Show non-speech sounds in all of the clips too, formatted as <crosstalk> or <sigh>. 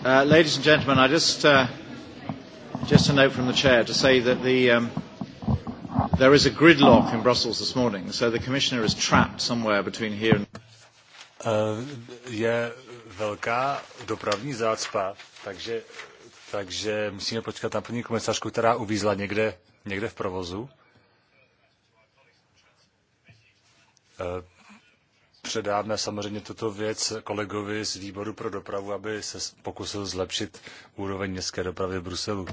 Uh, ladies and gentlemen, I just, uh, just a note from the chair to say that the, um, there is a gridlock in Brussels this morning, so the commissioner is trapped somewhere between here and... Uh, je velká dopravní zácpa, takže, takže musíme počkat na paní komisařku, která uvízla někde, někde v provozu. Uh, předáme samozřejmě tuto věc kolegovi z výboru pro dopravu, aby se pokusil zlepšit úroveň městské dopravy v Bruselu.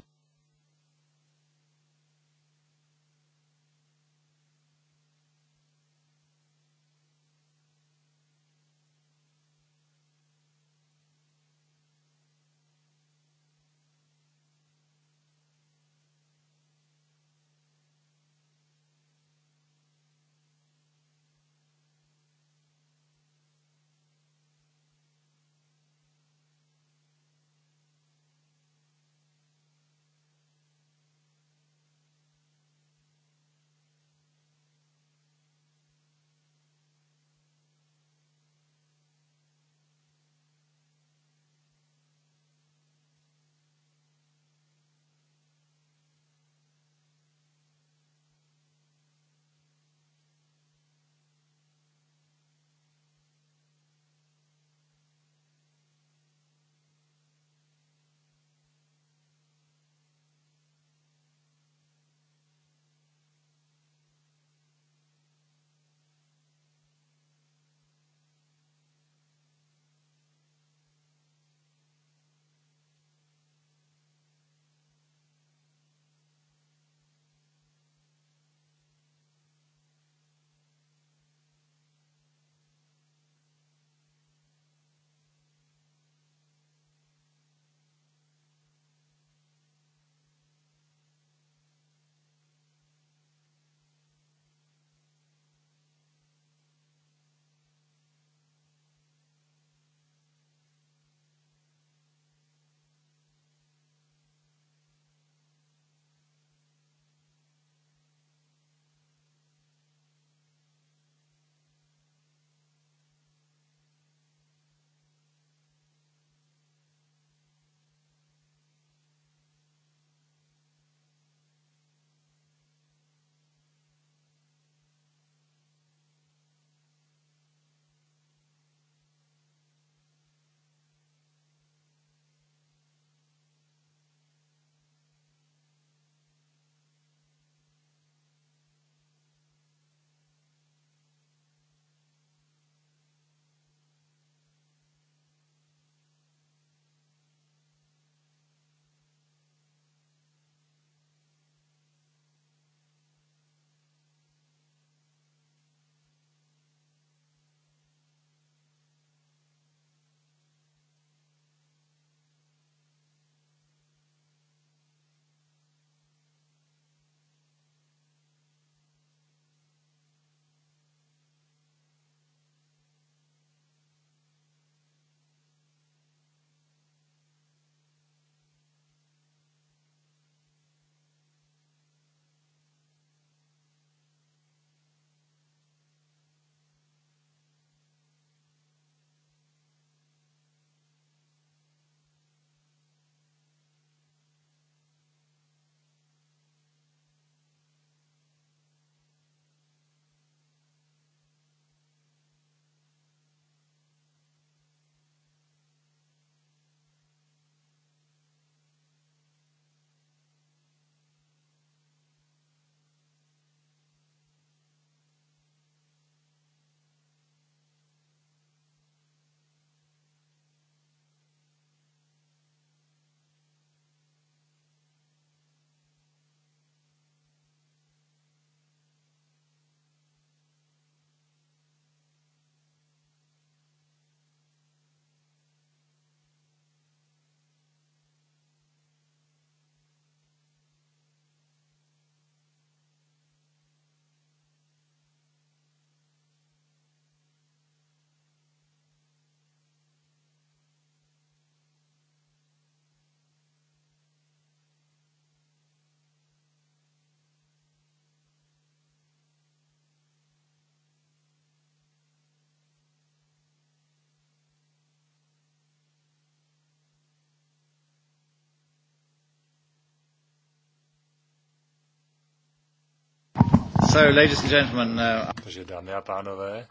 So, ladies and gentlemen, uh... Takže dámy a pánové,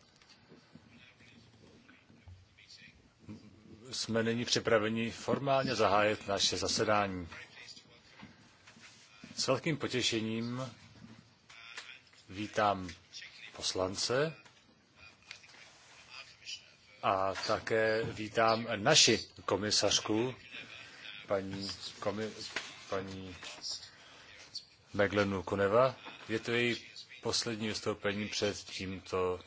jsme nyní připraveni formálně zahájit naše zasedání. S velkým potěšením vítám poslance a také vítám naši komisařku, paní, komi, paní Meglenu Kuneva. Je to její poslední vystoupení před tímto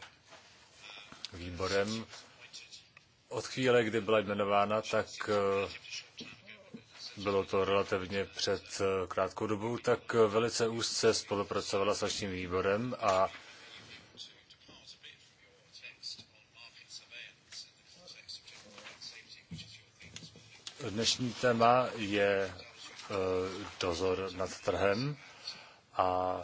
výborem. Od chvíle, kdy byla jmenována, tak eh, bylo to relativně před eh, krátkou dobou, tak eh, velice úzce spolupracovala s naším výborem a dnešní téma je dozor nad trhem a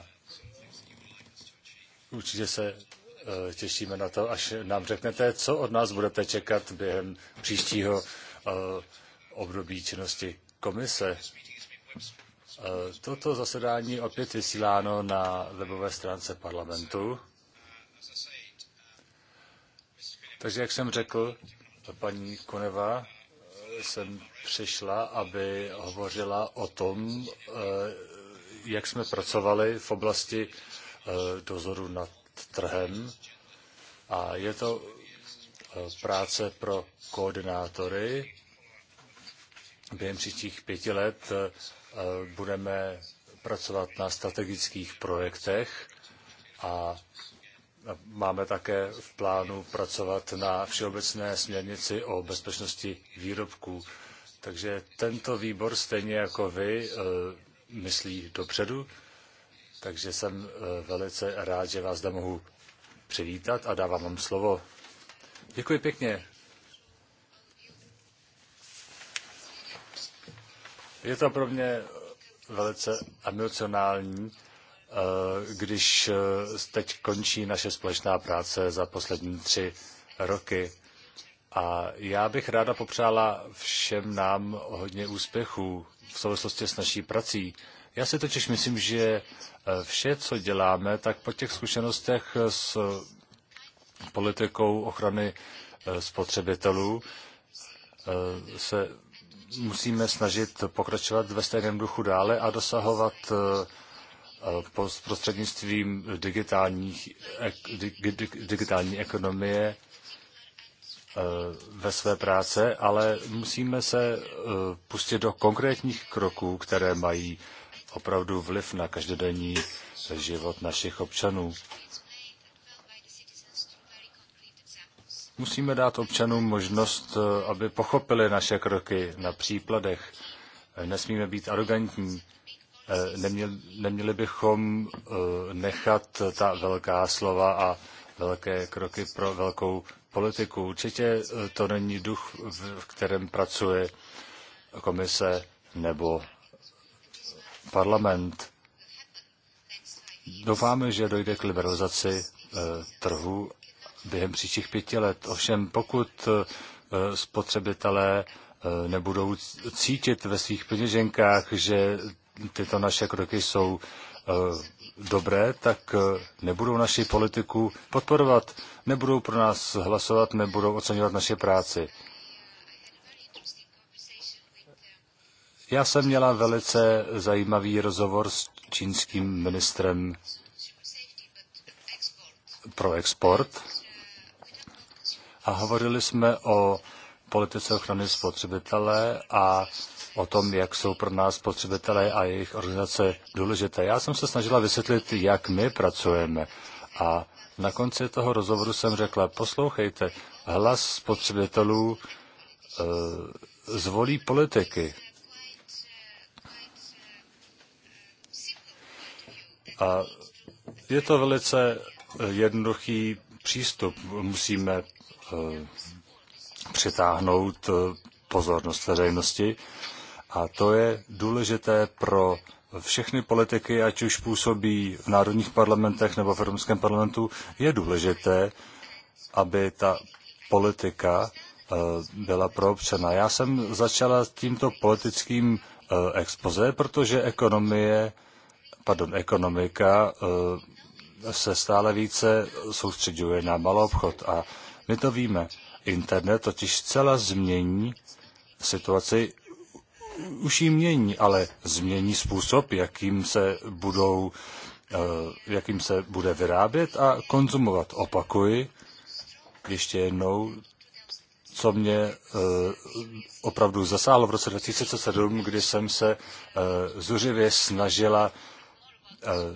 určitě se eh, těšíme na to, až nám řeknete, co od nás budete čekat během příštího eh, období činnosti komise. Eh, toto zasedání opět vysíláno na webové stránce parlamentu. Takže, jak jsem řekl, paní Koneva jsem přišla, aby hovořila o tom, jak jsme pracovali v oblasti Eh, dozoru nad trhem a je to eh, práce pro koordinátory. Během příštích pěti let eh, budeme pracovat na strategických projektech a máme také v plánu pracovat na všeobecné směrnici o bezpečnosti výrobků. Takže tento výbor, stejně jako vy, myslí dopředu takže jsem eh, velice rád, že vás zde mohu přivítat a dávám vám slovo. Děkuji pěkně. Je to pro mě eh, velice emocionální, eh, když teď končí naše společná práce za poslední tři roky. A já bych ráda popřála všem nám hodně úspěchů v souvislosti s naší prací. Já si totiž myslím, že vše, co děláme, tak po těch zkušenostech s politikou ochrany eh, spotřebitelů eh, se musíme snažit pokračovat ve stejném duchu dále a dosahovat eh, prostřednictvím digitálních, digitální ekonomie ve své práce, ale musíme se pustit do konkrétních kroků, které mají opravdu vliv na každodenní život našich občanů. Musíme dát občanům možnost, eh, aby pochopili naše kroky na příkladech. Eh, nesmíme být arrogantní. Eh, neměli, neměli bychom nechat ta velká slova a velké kroky pro velkou politiku. Určitě to není duch, v kterém pracuje komise nebo parlament. Doufáme, že dojde k liberalizaci eh, trhu během příštích pěti let. Ovšem, pokud eh, spotřebitelé eh, nebudou cítit ve svých peněženkách, že tyto naše kroky jsou dobré, tak nebudou naši politiku podporovat, nebudou pro nás hlasovat, nebudou oceňovat naše práci. Já jsem měla velice zajímavý rozhovor s čínským ministrem pro export a hovořili jsme o politice ochrany spotřebitele a o tom, jak jsou pro nás spotřebitelé a jejich organizace důležité. Já jsem se snažila vysvětlit, jak my pracujeme. A na konci toho rozhovoru jsem řekla, poslouchejte, hlas spotřebitelů e, zvolí politiky. A je to velice eh, jednoduchý přístup. Musíme eh, přitáhnout eh, pozornost veřejnosti a to je důležité pro všechny politiky, ať už působí v národních parlamentech nebo v Evropském parlamentu, je důležité, aby ta politika byla občana. Já jsem začala s tímto politickým expoze, protože ekonomie pardon, ekonomika eh, se stále více soustředuje na maloobchod a my to víme. Internet totiž zcela změní situaci, už ji mění, ale změní způsob, jakým se budou, eh, jakým se bude vyrábět a konzumovat. Opakuji ještě jednou, co mě eh, opravdu zasáhlo v roce 2007, kdy jsem se zuřivě snažila Eh,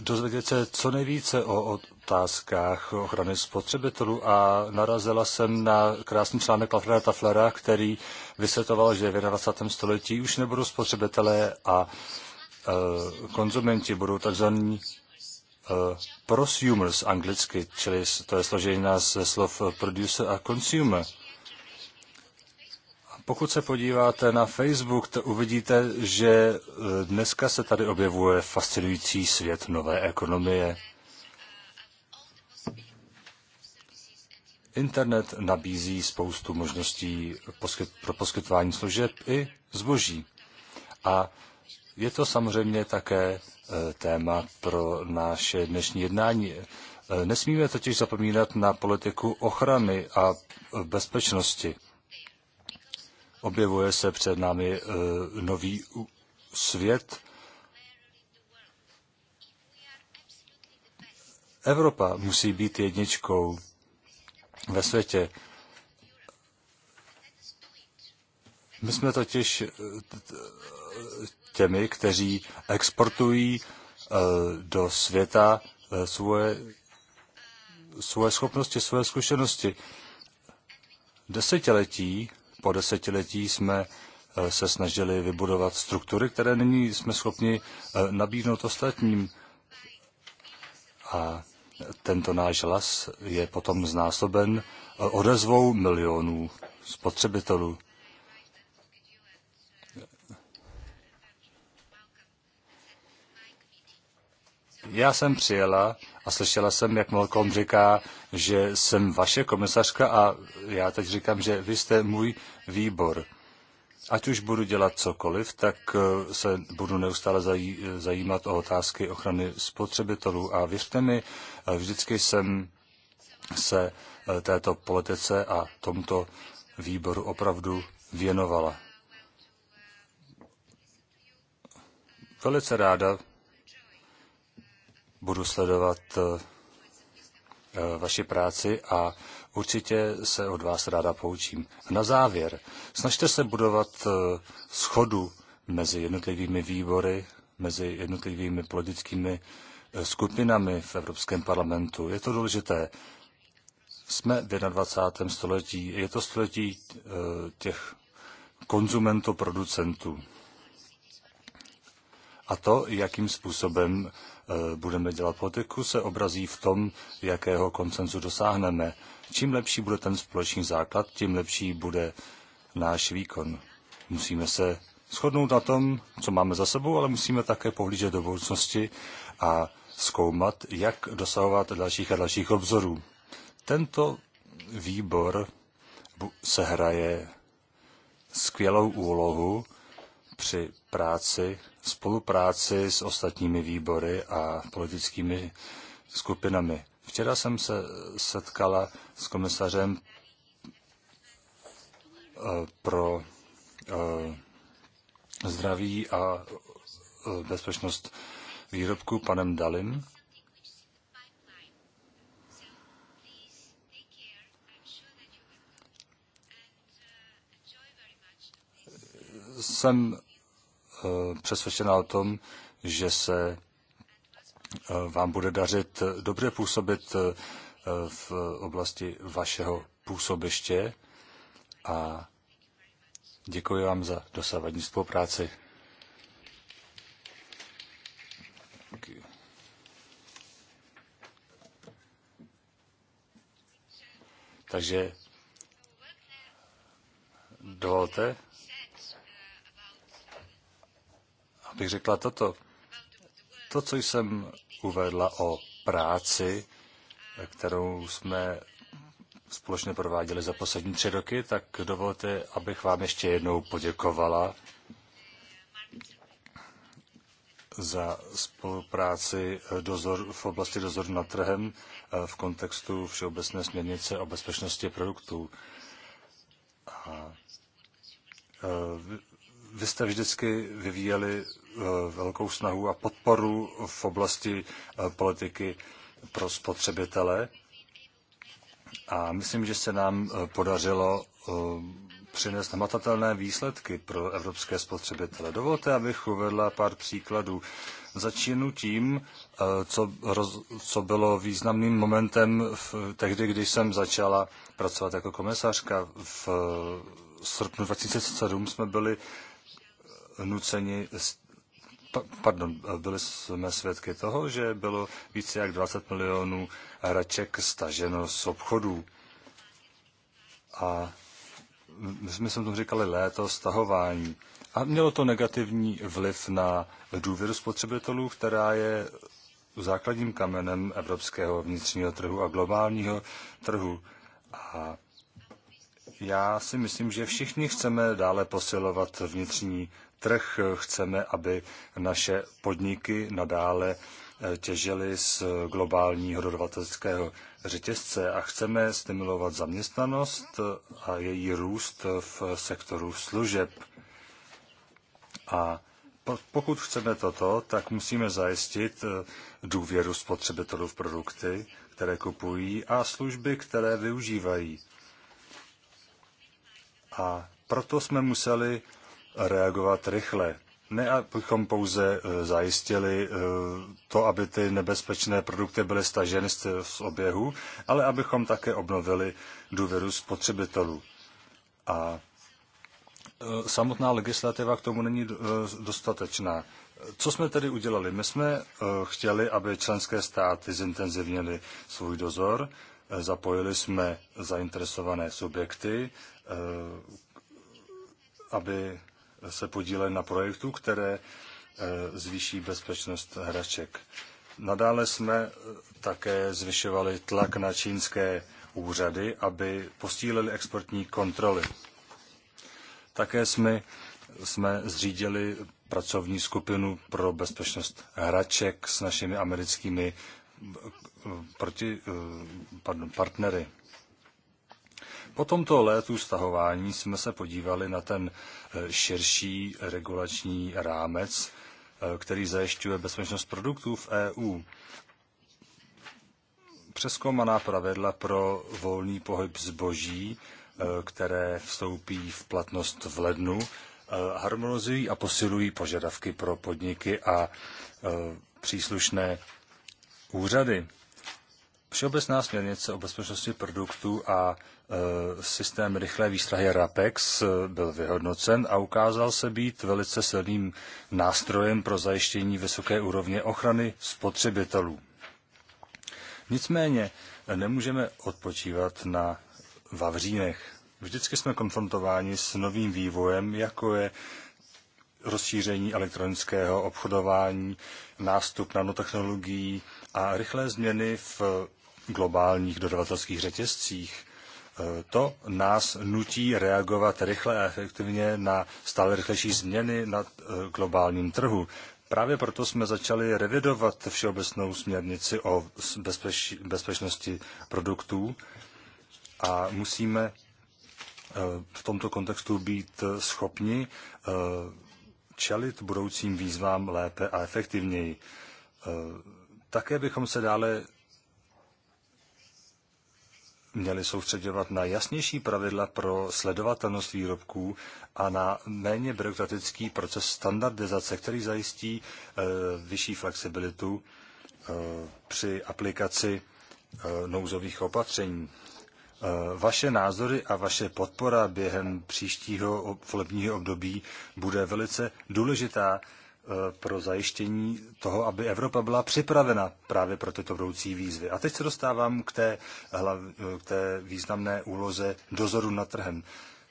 dozvědět se co nejvíce o otázkách ochrany spotřebitelů a narazila jsem na krásný článek Alfreda Taflera, který vysvětloval, že v 21. století už nebudou spotřebitelé a eh, konzumenti budou takzvaní eh, prosumers anglicky, čili to je složení ze slov producer a consumer. Pokud se podíváte na Facebook, to uvidíte, že e, dneska se tady objevuje fascinující svět nové ekonomie. Internet nabízí spoustu možností poskyt, pro poskytování služeb i zboží. A je to samozřejmě také e, téma pro naše dnešní jednání. E, nesmíme totiž zapomínat na politiku ochrany a bezpečnosti. Objevuje se před námi eh, nový svět. Evropa musí být jedničkou ve světě. My jsme totiž eh, těmi, kteří exportují eh, do světa svoje, svoje schopnosti, svoje zkušenosti. Desetiletí po desetiletí jsme eh, se snažili vybudovat struktury, které nyní jsme schopni eh, nabídnout ostatním. A tento náš hlas je potom znásoben eh, odezvou milionů spotřebitelů. Já jsem přijela a slyšela jsem, jak Malcolm říká, že jsem vaše komisařka a já teď říkám, že vy jste můj výbor. Ať už budu dělat cokoliv, tak eh, se budu neustále zajímat o otázky ochrany spotřebitelů. A věřte mi, eh, vždycky jsem se eh, této politice a tomto výboru opravdu věnovala. Velice ráda budu sledovat eh, eh, vaši práci a určitě se od vás ráda poučím. A na závěr, snažte se budovat eh, schodu mezi jednotlivými výbory, mezi jednotlivými politickými skupinami v Evropském parlamentu. Je to důležité. Jsme v 21. století, je to století těch konzumentů, producentů. A to, jakým způsobem Eh, budeme dělat politiku, se obrazí v tom, jakého koncenzu dosáhneme. Čím lepší bude ten společný základ, tím lepší bude náš výkon. Musíme se shodnout na tom, co máme za sebou, ale musíme také pohlížet do budoucnosti a zkoumat, jak dosahovat dalších a dalších obzorů. Tento výbor se hraje skvělou úlohu při práci, spolupráci s ostatními výbory a politickými skupinami. Včera jsem se setkala s komisařem eh, pro eh, zdraví a eh, bezpečnost výrobku panem Dalim. Jsem Eh, přesvědčena o tom, že se eh, vám bude dařit dobře působit eh, v oblasti vašeho působiště a děkuji vám za dosavadní spolupráci. Takže dovolte, abych řekla toto. To, co jsem uvedla o práci, kterou jsme společně prováděli za poslední tři roky, tak dovolte, abych vám ještě jednou poděkovala za spolupráci eh, dozor, v oblasti dozoru nad trhem eh, v kontextu Všeobecné směrnice o bezpečnosti produktů. A eh, vy jste vždycky vyvíjeli Eh, velkou snahu a podporu v oblasti eh, politiky pro spotřebitele. A myslím, že se nám eh, podařilo přinést hmatatelné výsledky pro evropské spotřebitele. Dovolte, abych uvedla pár příkladů. Začínu tím, co, roz, co bylo významným momentem v, tehdy, když jsem začala pracovat jako komisařka. V srpnu 2007 jsme byli nuceni pardon, byli jsme svědky toho, že bylo více jak 20 milionů hraček staženo z obchodů. A my jsme tomu říkali léto stahování. A mělo to negativní vliv na důvěru spotřebitelů, která je základním kamenem evropského vnitřního trhu a globálního trhu. A já si myslím, že všichni chceme dále posilovat vnitřní trh, chceme, aby naše podniky nadále eh, těžily z globálního dodavatelského řetězce a chceme stimulovat zaměstnanost eh, a její růst v sektoru služeb. A pokud chceme toto, tak musíme zajistit eh, důvěru spotřebitelů v produkty, které kupují a služby, které využívají a proto jsme museli reagovat rychle. Ne, abychom pouze e, zajistili e, to, aby ty nebezpečné produkty byly staženy z oběhu, ale abychom také obnovili důvěru spotřebitelů. A e, samotná legislativa k tomu není dostatečná. Co jsme tedy udělali? My jsme chtěli, aby členské státy zintenzivnili svůj dozor, zapojili jsme zainteresované subjekty, Eh, aby se podílel na projektu, které eh, zvýší bezpečnost hraček. Nadále jsme eh, také zvyšovali tlak na čínské úřady, aby posílili exportní kontroly. Také jsme, jsme zřídili pracovní skupinu pro bezpečnost hraček s našimi americkými proti, pardon, partnery. Po tomto létu stahování jsme se podívali na ten eh, širší regulační rámec, eh, který zajišťuje bezpečnost produktů v EU. Přeskoumaná pravidla pro volný pohyb zboží, eh, které vstoupí v platnost v lednu, harmonizují a posilují požadavky pro podniky a příslušné úřady. Všeobecná směrnice o bezpečnosti produktů a e, systém rychlé výstrahy RAPEX e, byl vyhodnocen a ukázal se být velice silným nástrojem pro zajištění vysoké úrovně ochrany spotřebitelů. Nicméně e, nemůžeme odpočívat na vavřínech. Vždycky jsme konfrontováni s novým vývojem, jako je rozšíření elektronického obchodování, nástup nanotechnologií a rychlé změny v globálních dodavatelských řetězcích. E, to nás nutí reagovat rychle a efektivně na stále rychlejší změny na e, globálním trhu. Právě proto jsme začali revidovat Všeobecnou směrnici o bezpeč, bezpečnosti produktů a musíme e, v tomto kontextu být schopni čelit budoucím výzvám lépe a efektivněji. Také bychom se dále měli soustředovat na jasnější pravidla pro sledovatelnost výrobků a na méně byrokratický proces standardizace, který zajistí eh, vyšší flexibilitu eh, při aplikaci eh, nouzových opatření. Vaše názory a vaše podpora během příštího volebního období bude velice důležitá Eh, pro zajištění toho, aby Evropa byla připravena právě pro tyto budoucí výzvy. A teď se dostávám k té, eh, k té významné úloze dozoru nad trhem.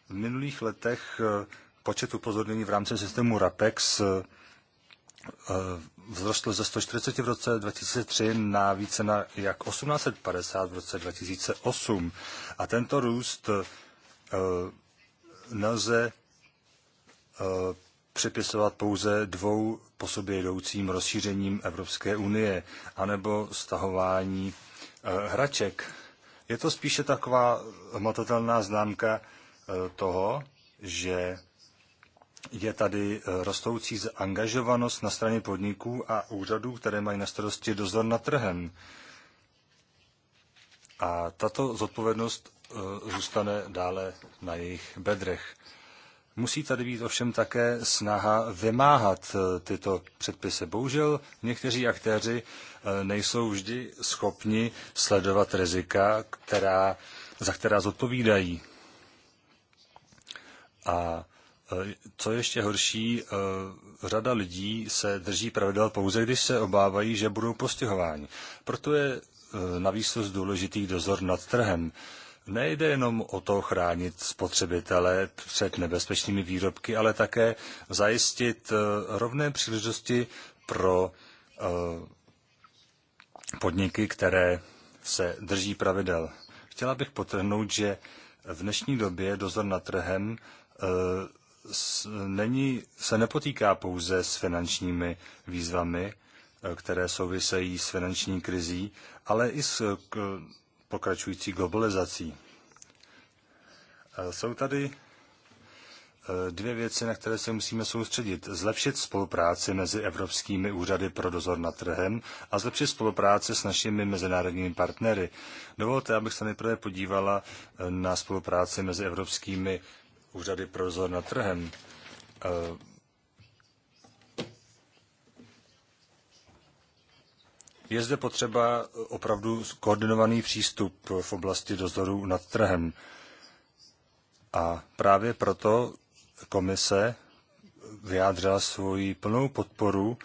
V minulých letech eh, počet upozornění v rámci systému RAPEX vzrostl ze 140 v roce 2003 na více na jak 1850 v roce 2008. A tento růst nelze přepisovat pouze dvou po sobě jdoucím rozšířením Evropské unie, anebo stahování eh, hraček. Je to spíše taková hmatatelná známka eh, toho, že je tady eh, rostoucí zaangažovanost na straně podniků a úřadů, které mají na starosti dozor nad trhem. A tato zodpovědnost zůstane dále na jejich bedrech. Musí tady být ovšem také snaha vymáhat eh, tyto předpisy. Bohužel někteří aktéři eh, nejsou vždy schopni sledovat rizika, která, za která zodpovídají. A eh, co ještě horší, řada lidí se drží pravidel pouze, když se obávají, že budou postihováni. Proto je na důležitý dozor nad trhem. Nejde jenom o to chránit spotřebitele před nebezpečnými výrobky, ale také zajistit eh, rovné příležitosti pro eh, podniky, které se drží pravidel. Chtěla bych potrhnout, že v dnešní době dozor nad trhem eh, není, se nepotýká pouze s finančními výzvami, které souvisejí s finanční krizí, ale i s pokračující globalizací. E, jsou tady e, dvě věci, na které se musíme soustředit. Zlepšit spolupráci mezi evropskými úřady pro dozor nad trhem a zlepšit spolupráci s našimi mezinárodními partnery. Dovolte, abych se nejprve podívala e, na spolupráci mezi evropskými úřady pro dozor nad trhem. Je zde potřeba opravdu koordinovaný přístup v oblasti dozoru nad trhem. A právě proto komise vyjádřila svoji plnou podporu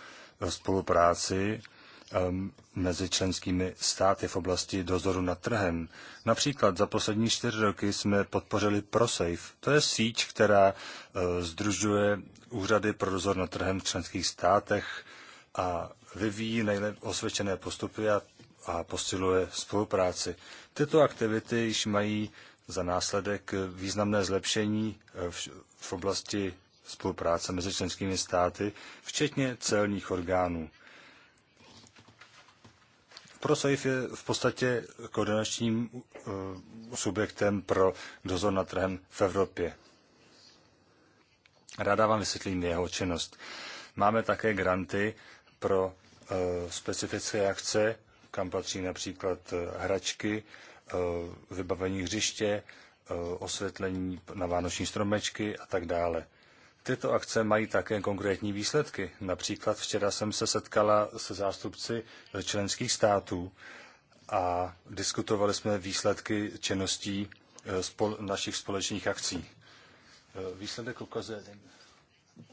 spolupráci ehm, mezi členskými státy v oblasti dozoru nad trhem. Například za poslední čtyři roky jsme podpořili ProSafe. To je síť, která združuje eh, úřady pro dozor nad trhem v členských státech a vyvíjí nejlépe osvědčené postupy a, a posiluje spolupráci. Tyto aktivity již mají za následek významné zlepšení eh, v, v oblasti spolupráce mezi členskými státy, včetně celních orgánů. ProSafe je v podstatě koordinačním eh, subjektem pro dozor nad trhem v Evropě. Ráda vám vysvětlím jeho činnost. Máme také granty pro eh, specifické akce, kam patří například eh, hračky, eh, vybavení hřiště, osvětlení na vánoční stromečky a tak dále. Tyto akce mají také konkrétní výsledky. Například včera jsem se setkala se zástupci členských států a diskutovali jsme výsledky činností našich společných akcí. Výsledek ukazuje.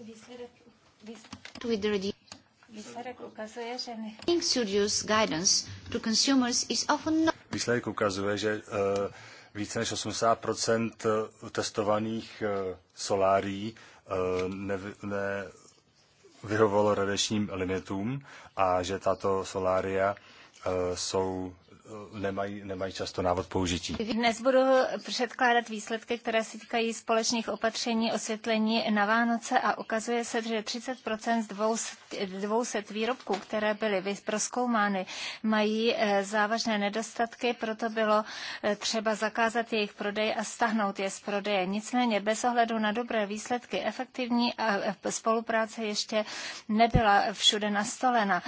Výsledek, výsledek. Výsledek ukazuje, že více než 80 eh, testovaných uh, solárií uh, eh, radiačním limitům a že tato solária jsou nemají, nemají často návod použití. Dnes budu předkládat výsledky, které se týkají společných opatření osvětlení na Vánoce a ukazuje se, že 30 z 200, výrobků, které byly proskoumány, mají eh, závažné nedostatky, proto bylo eh, třeba zakázat jejich prodej a stahnout je z prodeje. Nicméně bez ohledu na dobré výsledky efektivní eh, spolupráce ještě nebyla všude nastolena.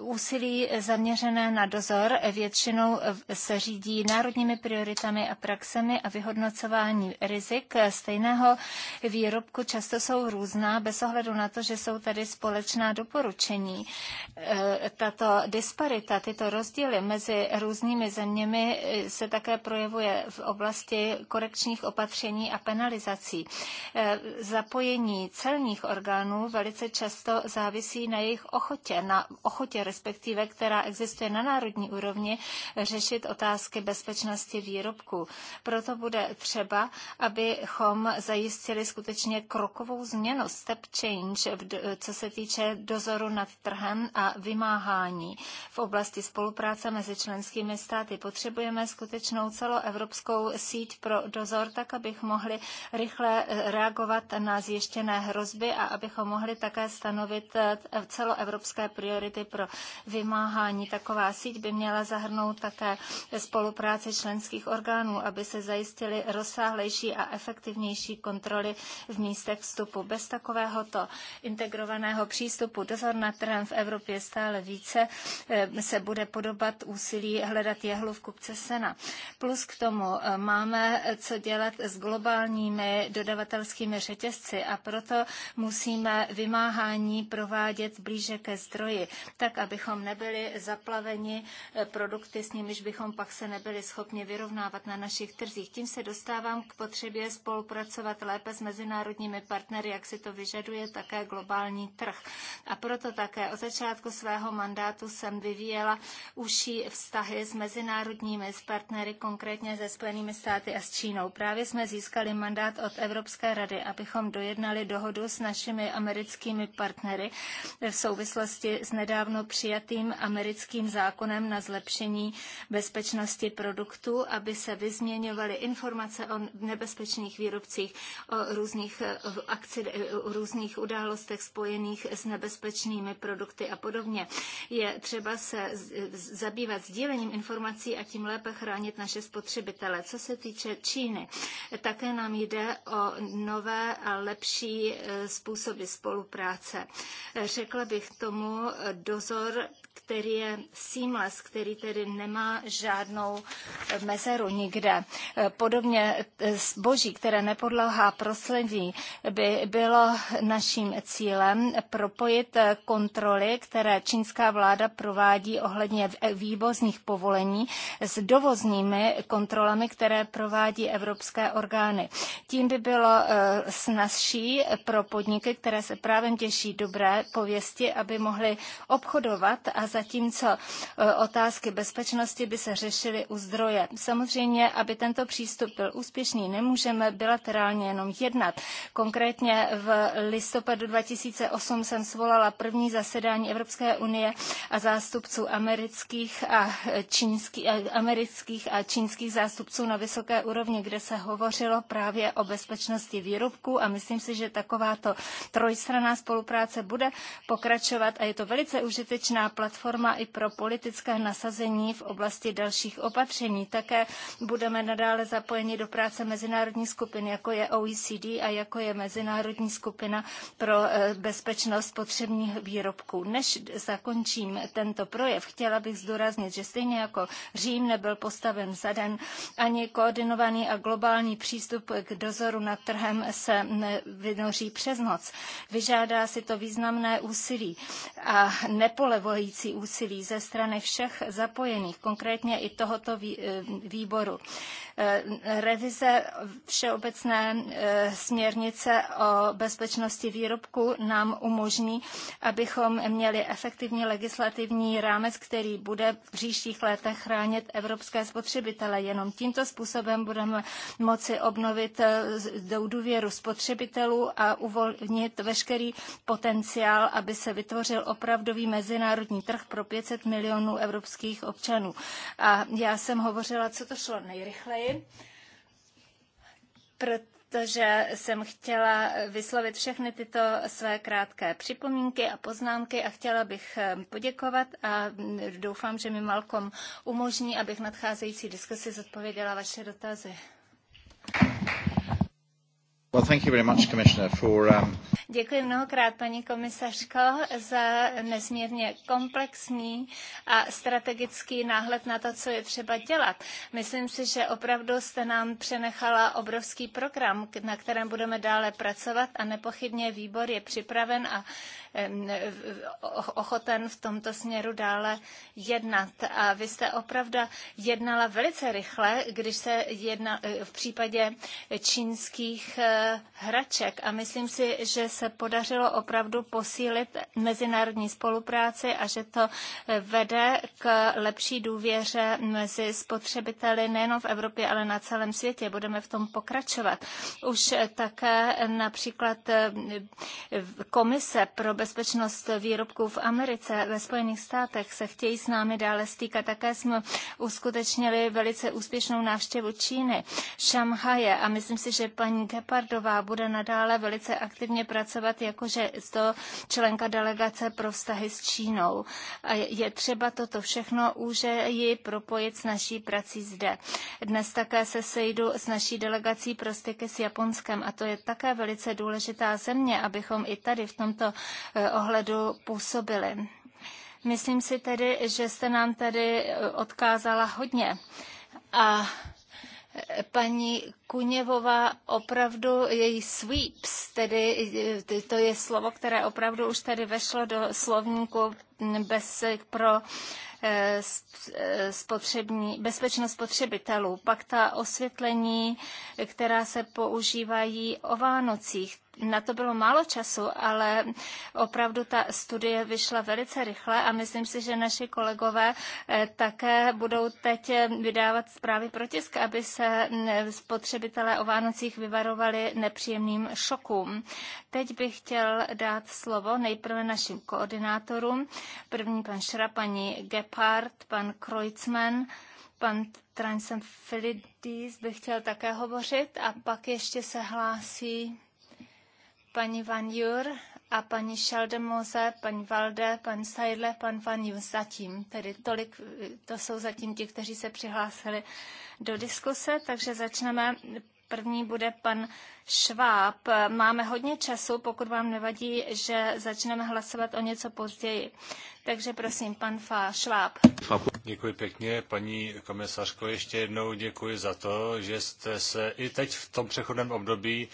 Úsilí zaměřené na dozor větší většinou eh, se řídí národními prioritami a praxemi a vyhodnocování rizik stejného výrobku často jsou různá bez ohledu na to, že jsou tady společná doporučení. Eh, tato disparita, tyto rozdíly mezi různými zeměmi eh, se také projevuje v oblasti korekčních opatření a penalizací. Zapojení celních orgánů velice často závisí na jejich ochotě, na ochotě respektive, která existuje na národní úrovni řešit otázky bezpečnosti výrobků. Proto bude třeba, abychom zajistili skutečně krokovou změnu, step change, co se týče dozoru nad trhem a vymáhání. V oblasti spolupráce mezi členskými státy potřebujeme skutečnou celoevropskou síť pro dozor, tak abych mohli rychle eh, reagovat na zjištěné hrozby a abychom mohli také stanovit eh, celoevropské priority pro vymáhání. Taková síť by měla zahrnout navrhnout také spolupráci členských orgánů, aby se zajistily rozsáhlejší a efektivnější kontroly v místech vstupu. Bez takovéhoto integrovaného přístupu dozor na trhem v Evropě stále více eh, se bude podobat úsilí hledat jehlu v kupce sena. Plus k tomu eh, máme co dělat s globálními dodavatelskými řetězci a proto musíme vymáhání provádět blíže ke zdroji, tak abychom nebyli zaplaveni eh, produkt produkty, s nimiž bychom pak se nebyli schopni vyrovnávat na našich trzích. Tím se dostávám k potřebě spolupracovat lépe s mezinárodními partnery, jak si to vyžaduje také globální trh. A proto také od začátku svého mandátu jsem vyvíjela užší vztahy s mezinárodními s partnery, konkrétně se Spojenými státy a s Čínou. Právě jsme získali mandát od Evropské rady, abychom dojednali dohodu s našimi americkými partnery v souvislosti s nedávno přijatým americkým zákonem na zlepšení zajištění bezpečnosti produktů, aby se vyzměňovaly informace o nebezpečných výrobcích, o různých, eh, akci, eh, různých událostech spojených s nebezpečnými produkty a podobně. Je třeba se zabývat sdílením informací a tím lépe chránit naše spotřebitele. Co se týče Číny, také nám jde o nové a lepší eh, způsoby spolupráce. Řekla bych tomu dozor který je seamless, který tedy nemá žádnou mezeru nikde. Podobně eh, zboží, které nepodlohá prosledí, by bylo naším cílem propojit eh, kontroly, které čínská vláda provádí ohledně eh, vývozních povolení s dovozními kontrolami, které provádí evropské orgány. Tím by bylo snazší pro podniky, které se právě těší dobré pověsti, aby mohly obchodovat a zatímco e, otázky bezpečnosti by se řešily u zdroje. Samozřejmě, aby tento přístup byl úspěšný, nemůžeme bilaterálně jenom jednat. Konkrétně v listopadu 2008 jsem svolala první zasedání Evropské unie a zástupců amerických a, čínský, e, amerických a čínských zástupců na vysoké úrovni, kde se hovořilo právě o bezpečnosti výrobků a myslím si, že takováto trojstranná spolupráce bude pokračovat a je to velice užitečná platforma platforma i pro politické nasazení v oblasti dalších opatření. Také budeme nadále zapojeni do práce mezinárodní skupiny, jako je OECD a jako je Mezinárodní skupina pro eh, bezpečnost spotřebních výrobků. Než zakončím tento projev, chtěla bych zdůraznit, že stejně jako Řím nebyl postaven za den, ani koordinovaný a globální přístup k dozoru nad trhem se vynoří přes noc. Vyžádá si to významné úsilí a nepolevojící vynikající úsilí ze strany všech zapojených, konkrétně i tohoto eh, výboru. Eh, revize všeobecné eh, směrnice o bezpečnosti výrobku nám umožní, abychom měli efektivní legislativní rámec, který bude v příštích letech chránit evropské spotřebitele. Jenom tímto způsobem budeme moci obnovit důvěru spotřebitelů a uvolnit veškerý potenciál, aby se vytvořil opravdový mezinárodní trh pro 500 milionů evropských občanů. A já jsem hovořila, co to šlo nejrychleji, protože jsem chtěla vyslovit všechny tyto své krátké připomínky a poznámky a chtěla bych eh, poděkovat a mm, doufám, že mi Malcolm umožní, abych nadcházející diskusi zodpověděla vaše dotazy. Um, Děkuji mnohokrát, paní komisařko, za nesmírně komplexní a strategický náhled na to, co je třeba dělat. Myslím si, že opravdu jste nám přenechala obrovský program, na kterém budeme dále pracovat a nepochybně výbor je připraven a Eh, ochoten v tomto směru dále jednat. A vy jste opravdu jednala velice rychle, když se jedna eh, v případě čínských eh, hraček. A myslím si, že se podařilo opravdu posílit mezinárodní spolupráci a že to vede k lepší důvěře mezi spotřebiteli nejen v Evropě, ale na celém světě. Budeme v tom pokračovat. Už také například komise pro bezpečnost výrobků v Americe, ve Spojených státech se chtějí s námi dále stýkat. Také jsme uskutečnili velice úspěšnou návštěvu Číny, Šamhaje a myslím si, že paní Gepardová bude nadále velice aktivně pracovat jakože to členka delegace pro vztahy s Čínou. A je třeba toto všechno už ji propojit s naší prací zde. Dnes také se sejdu s naší delegací pro styky s Japonskem a to je také velice důležitá země, abychom i tady v tomto Eh, ohledu působili. Myslím si tedy, že jste nám tady eh, odkázala hodně. A eh, paní Kuněvová opravdu její sweeps, tedy to je slovo, které opravdu už tady vešlo do slovníku mm, bez, pro spotřební, bezpečnost spotřebitelů. Pak ta osvětlení, která se používají o Vánocích, na to bylo málo času, ale opravdu ta studie vyšla velice rychle a myslím si, že naši kolegové eh, také budou teď eh, vydávat zprávy pro tisk, aby se mm, spotřebitelé o Vánocích vyvarovali nepříjemným šokům. Teď bych chtěl dát slovo nejprve našim koordinátorům. První pan Šra, paní Gephardt, pan Kreuzmann, pan Transem Filidis chtěl také hovořit a pak ještě se hlásí paní Van Jur a paní Šaldemose, paní Valde, pan Seidle, pan Van Jur zatím. Tedy tolik, to jsou zatím ti, kteří se přihlásili do diskuse, takže začneme. První bude pan Šváb. Máme hodně času, pokud vám nevadí, že začneme hlasovat o něco později. Takže prosím, pan Fá, Šváb. Děkuji pěkně, paní komisařko, ještě jednou děkuji za to, že jste se i teď v tom přechodném období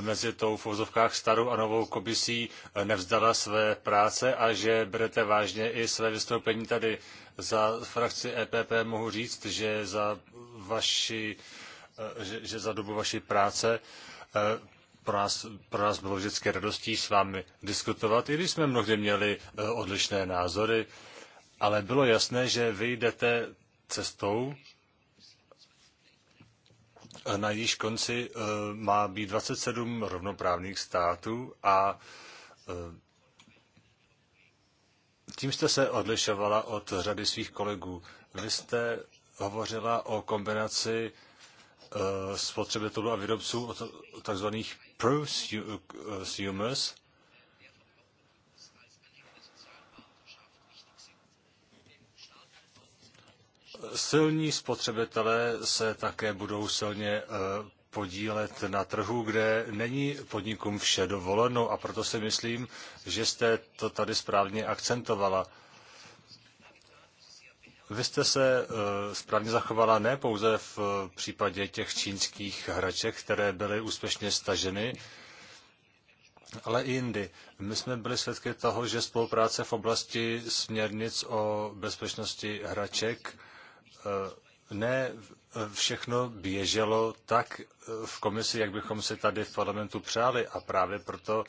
mezi tou v vozovkách starou a novou komisí eh, nevzdala své práce a že berete vážně i své vystoupení tady. Za frakci EPP mohu říct, že za, vaši, eh, že, že za dobu vaší práce eh, pro nás, pro nás bylo vždycky radostí s vámi diskutovat, i když jsme mnohdy měli odlišné názory, ale bylo jasné, že vy jdete cestou, na jejíž konci eh, má být 27 rovnoprávných států a eh, tím jste se odlišovala od řady svých kolegů. Vy jste hovořila o kombinaci eh, spotřebitelů a výrobců, o takzvaných prosumers, silní spotřebitelé se také budou silně eh, podílet na trhu, kde není podnikům vše dovoleno a proto si myslím, že jste to tady správně akcentovala. Vy jste se eh, správně zachovala ne pouze v eh, případě těch čínských hraček, které byly úspěšně staženy, ale i jindy. My jsme byli svědky toho, že spolupráce v oblasti směrnic o bezpečnosti hraček Eh, ne všechno běželo tak eh, v komisi, jak bychom si tady v parlamentu přáli a právě proto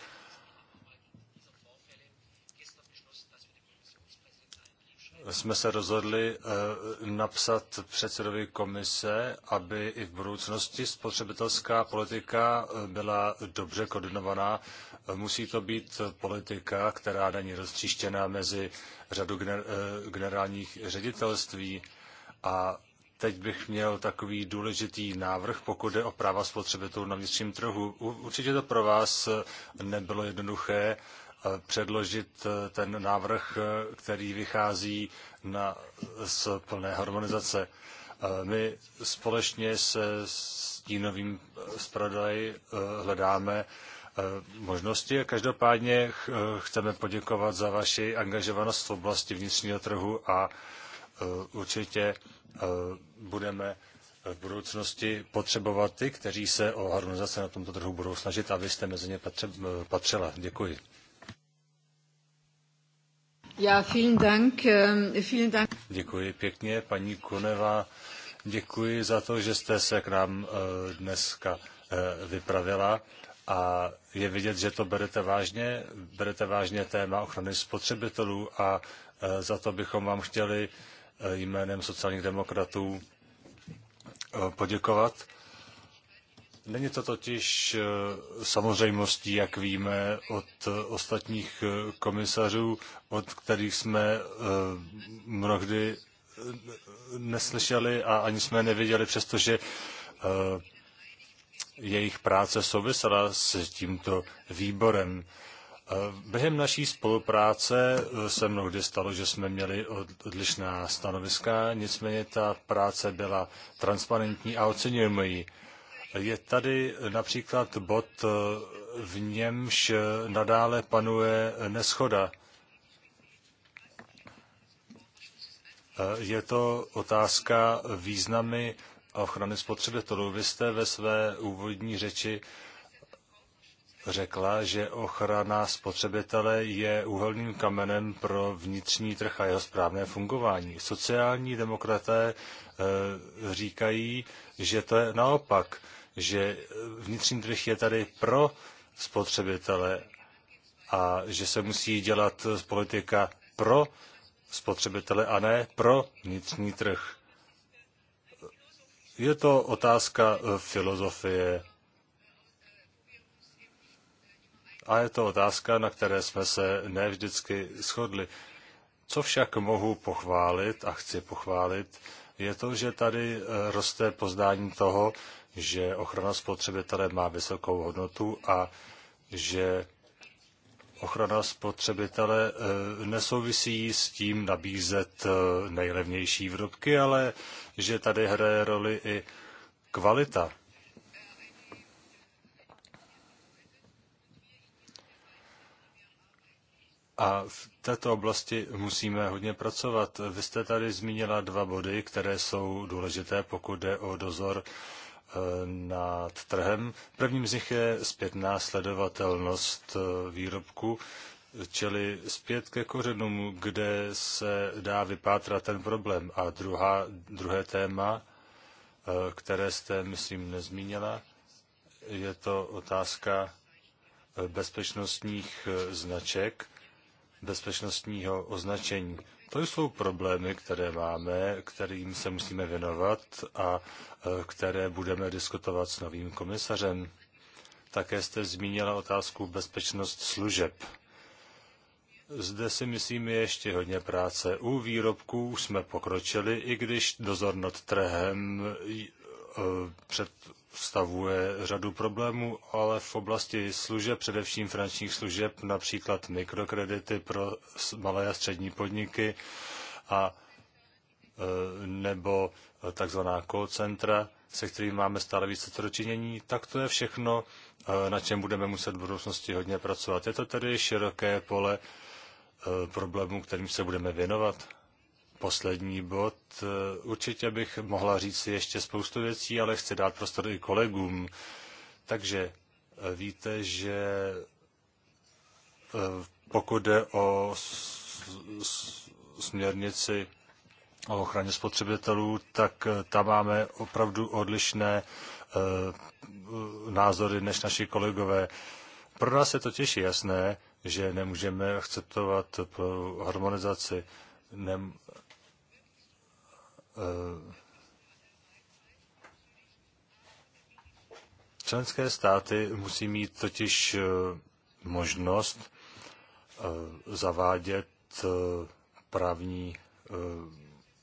jsme se rozhodli eh, napsat předsedovi komise, aby i v budoucnosti spotřebitelská politika byla dobře koordinovaná. Musí to být politika, která není roztříštěná mezi řadu generálních ředitelství. A teď bych měl takový důležitý návrh, pokud je o práva spotřebitelů na vnitřním trhu. Určitě to pro vás nebylo jednoduché eh, předložit eh, ten návrh, eh, který vychází na, z plné harmonizace. My společně se stínovým zpravodaji hledáme možnosti. Každopádně chceme poděkovat za vaši angažovanost v oblasti vnitřního trhu a Eh, určitě eh, budeme v budoucnosti potřebovat ty, kteří se o harmonizaci na tomto trhu budou snažit, abyste mezi ně eh, patřila. Děkuji. Já, vielen Dank, vielen Dank. Děkuji pěkně, paní Koneva. Děkuji za to, že jste se k nám dneska vypravila a je vidět, že to berete vážně, berete vážně téma ochrany spotřebitelů a za to bychom vám chtěli jménem sociálních demokratů eh, poděkovat. Není to totiž eh, samozřejmostí, jak víme, od eh, ostatních komisařů, od kterých jsme mnohdy neslyšeli a ani jsme neviděli, přestože jejich práce souvisela s tímto výborem. Eh, během naší spolupráce eh, se mnohdy stalo, že jsme měli odlišná stanoviska, nicméně ta práce byla transparentní a oceňujeme ji. Je tady například bod, eh, v němž nadále panuje neschoda. Je to otázka významy ochrany spotřebitelů. Vy jste ve své úvodní řeči řekla, že ochrana spotřebitele je úhelným kamenem pro vnitřní trh a jeho správné fungování. Sociální demokraté eh, říkají, že to je naopak, že vnitřní trh je tady pro spotřebitele a že se musí dělat politika pro spotřebitele a ne pro vnitřní trh. Je to otázka filozofie A je to otázka, na které jsme se ne vždycky shodli. Co však mohu pochválit a chci pochválit, je to, že tady eh, roste poznání toho, že ochrana spotřebitele má vysokou hodnotu a že ochrana spotřebitele eh, nesouvisí s tím nabízet eh, nejlevnější výrobky, ale že tady hraje roli i kvalita. A v této oblasti musíme hodně pracovat. Vy jste tady zmínila dva body, které jsou důležité, pokud jde o dozor e, nad trhem. Prvním z nich je zpětná sledovatelnost e, výrobku, čili zpět ke kořenům, kde se dá vypátrat ten problém. A druhá, druhé téma, e, které jste, myslím, nezmínila, je to otázka bezpečnostních značek bezpečnostního označení. To jsou problémy, které máme, kterým se musíme věnovat a e, které budeme diskutovat s novým komisařem. Také jste zmínila otázku bezpečnost služeb. Zde si myslím je ještě hodně práce. U výrobků jsme pokročili, i když dozor nad trhem e, před představuje řadu problémů, ale v oblasti služeb, především finančních služeb, například mikrokredity pro malé a střední podniky a e, nebo takzvaná call centra, se kterými máme stále více co dočinění, tak to je všechno, e, na čem budeme muset v budoucnosti hodně pracovat. Je to tedy široké pole e, problémů, kterým se budeme věnovat poslední bod. Eh, určitě bych mohla říct ještě spoustu věcí, ale chci dát prostor i kolegům. Takže eh, víte, že eh, pokud jde o směrnici o ochraně spotřebitelů, tak tam máme opravdu odlišné názory než naši kolegové. Pro nás je totiž jasné, že nemůžeme akceptovat harmonizaci. Nem, Eh, členské státy musí mít totiž eh, možnost eh, zavádět právní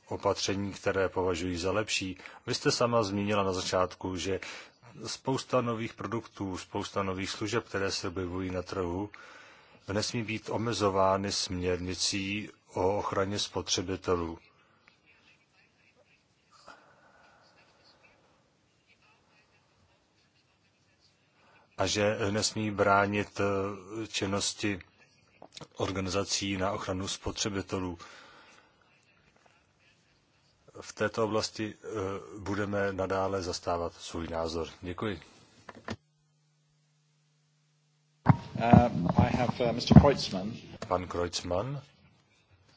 opatření, které považují za lepší. Vy jste sama zmínila na začátku, že spousta nových produktů, spousta nových služeb, které se objevují na trhu, nesmí být omezovány směrnicí o ochraně spotřebitelů. a že nesmí bránit eh, činnosti organizací na ochranu spotřebitelů. V této oblasti eh, budeme nadále zastávat svůj názor. Děkuji. Uh, I have, uh, Mr. Kreutzmann. Pan Kreutzmann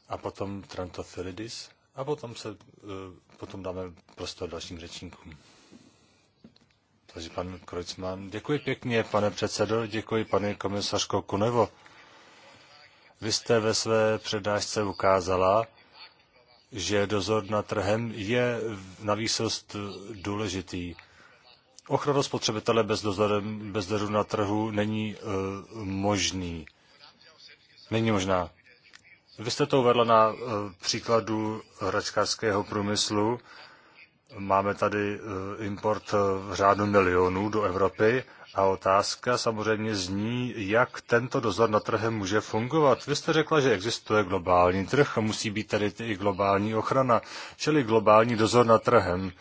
a potom Trantofilidis a potom, se, uh, potom dáme prostor dalším řečníkům. Takže pan Krojcman. Děkuji pěkně, pane předsedo, děkuji, paní komisařko Kunevo. Vy jste ve své přednášce ukázala, že dozor nad trhem je na výsost důležitý. Ochrana spotřebitele bez, dozorem, bez dozoru na trhu není uh, možný. Není možná. Vy jste to uvedla na uh, příkladu hračkářského průmyslu. Máme tady eh, import eh, v řádu milionů do Evropy a otázka samozřejmě zní, jak tento dozor na trhem může fungovat. Vy jste řekla, že existuje globální trh a musí být tady i globální ochrana, čili globální dozor na trhem.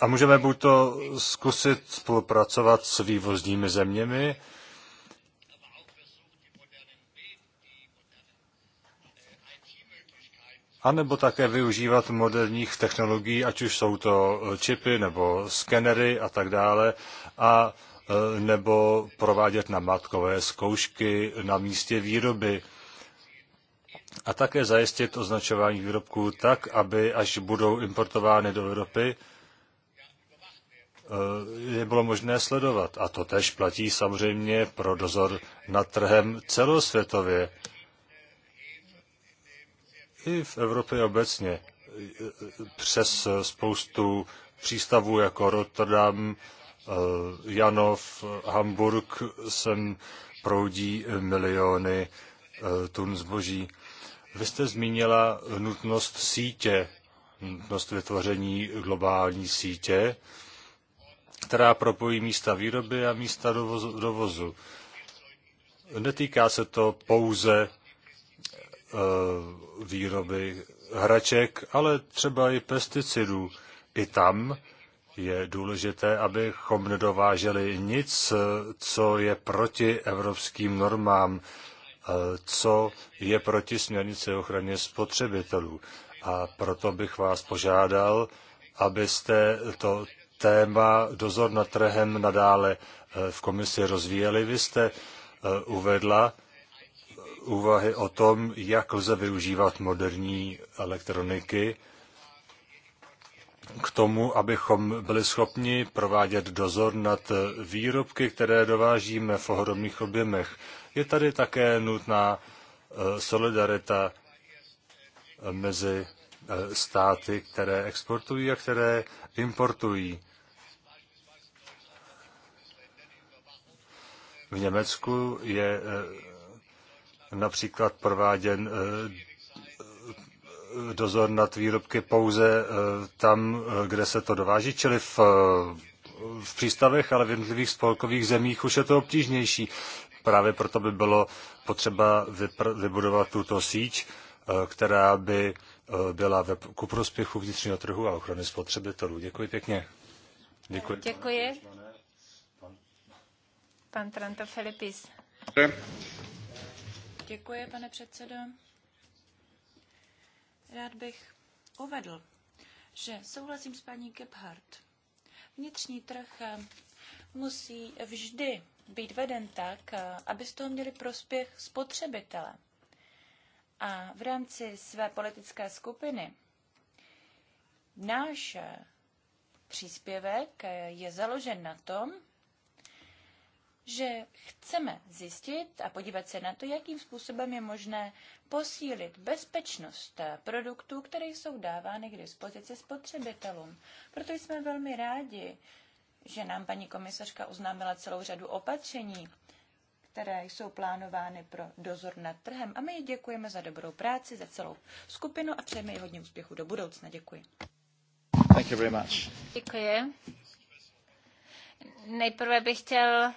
A můžeme buď to zkusit spolupracovat s vývozními zeměmi, anebo také využívat moderních technologií, ať už jsou to e, čipy nebo skenery a tak dále, a e, nebo provádět namátkové zkoušky na místě výroby a také zajistit označování výrobků tak, aby až budou importovány do Evropy, e, je bylo možné sledovat. A to tež platí samozřejmě pro dozor nad trhem celosvětově i v Evropě obecně e, e, přes spoustu přístavů jako Rotterdam, e, Janov, Hamburg sem proudí miliony tun zboží. Vy jste zmínila nutnost sítě, nutnost vytvoření globální sítě, která propojí místa výroby a místa dovozu. Netýká se to pouze Eh, výroby hraček, ale třeba i pesticidů. I tam je důležité, abychom nedováželi nic, co je proti evropským normám, eh, co je proti směrnici ochraně spotřebitelů. A proto bych vás požádal, abyste to téma dozor nad trhem nadále eh, v komisi rozvíjeli. Vy jste uvedla, úvahy o tom, jak lze využívat moderní elektroniky k tomu, abychom byli schopni provádět dozor nad výrobky, které dovážíme v ohromných objemech. Je tady také nutná eh, solidarita eh, mezi eh, státy, které exportují a které importují. V Německu je například prováděn eh, dozor nad výrobky pouze eh, tam, eh, kde se to dováží, čili v, v přístavech, ale v jednotlivých spolkových zemích už je to obtížnější. Právě proto by bylo potřeba vybudovat tuto síť, která by byla ve, ku prospěchu vnitřního trhu a ochrany spotřebitelů. Děkuji pěkně. Děkuji. Děkuji. Pan Tranto Filipis. Děkuji, pane předsedo. Rád bych uvedl, že souhlasím s paní Gebhardt. Vnitřní trh eh, musí vždy být veden tak, eh, aby z toho měli prospěch spotřebitele. A v rámci své politické skupiny náš eh, příspěvek je založen na tom, že chceme zjistit a podívat se na to, jakým způsobem je možné posílit bezpečnost produktů, které jsou dávány k dispozici spotřebitelům. Proto jsme velmi rádi, že nám paní komisařka oznámila celou řadu opatření, které jsou plánovány pro dozor nad trhem. A my jí děkujeme za dobrou práci, za celou skupinu a přejeme jí hodně úspěchu do budoucna. Děkuji. Thank you very much. Děkuji. Nejprve bych chtěl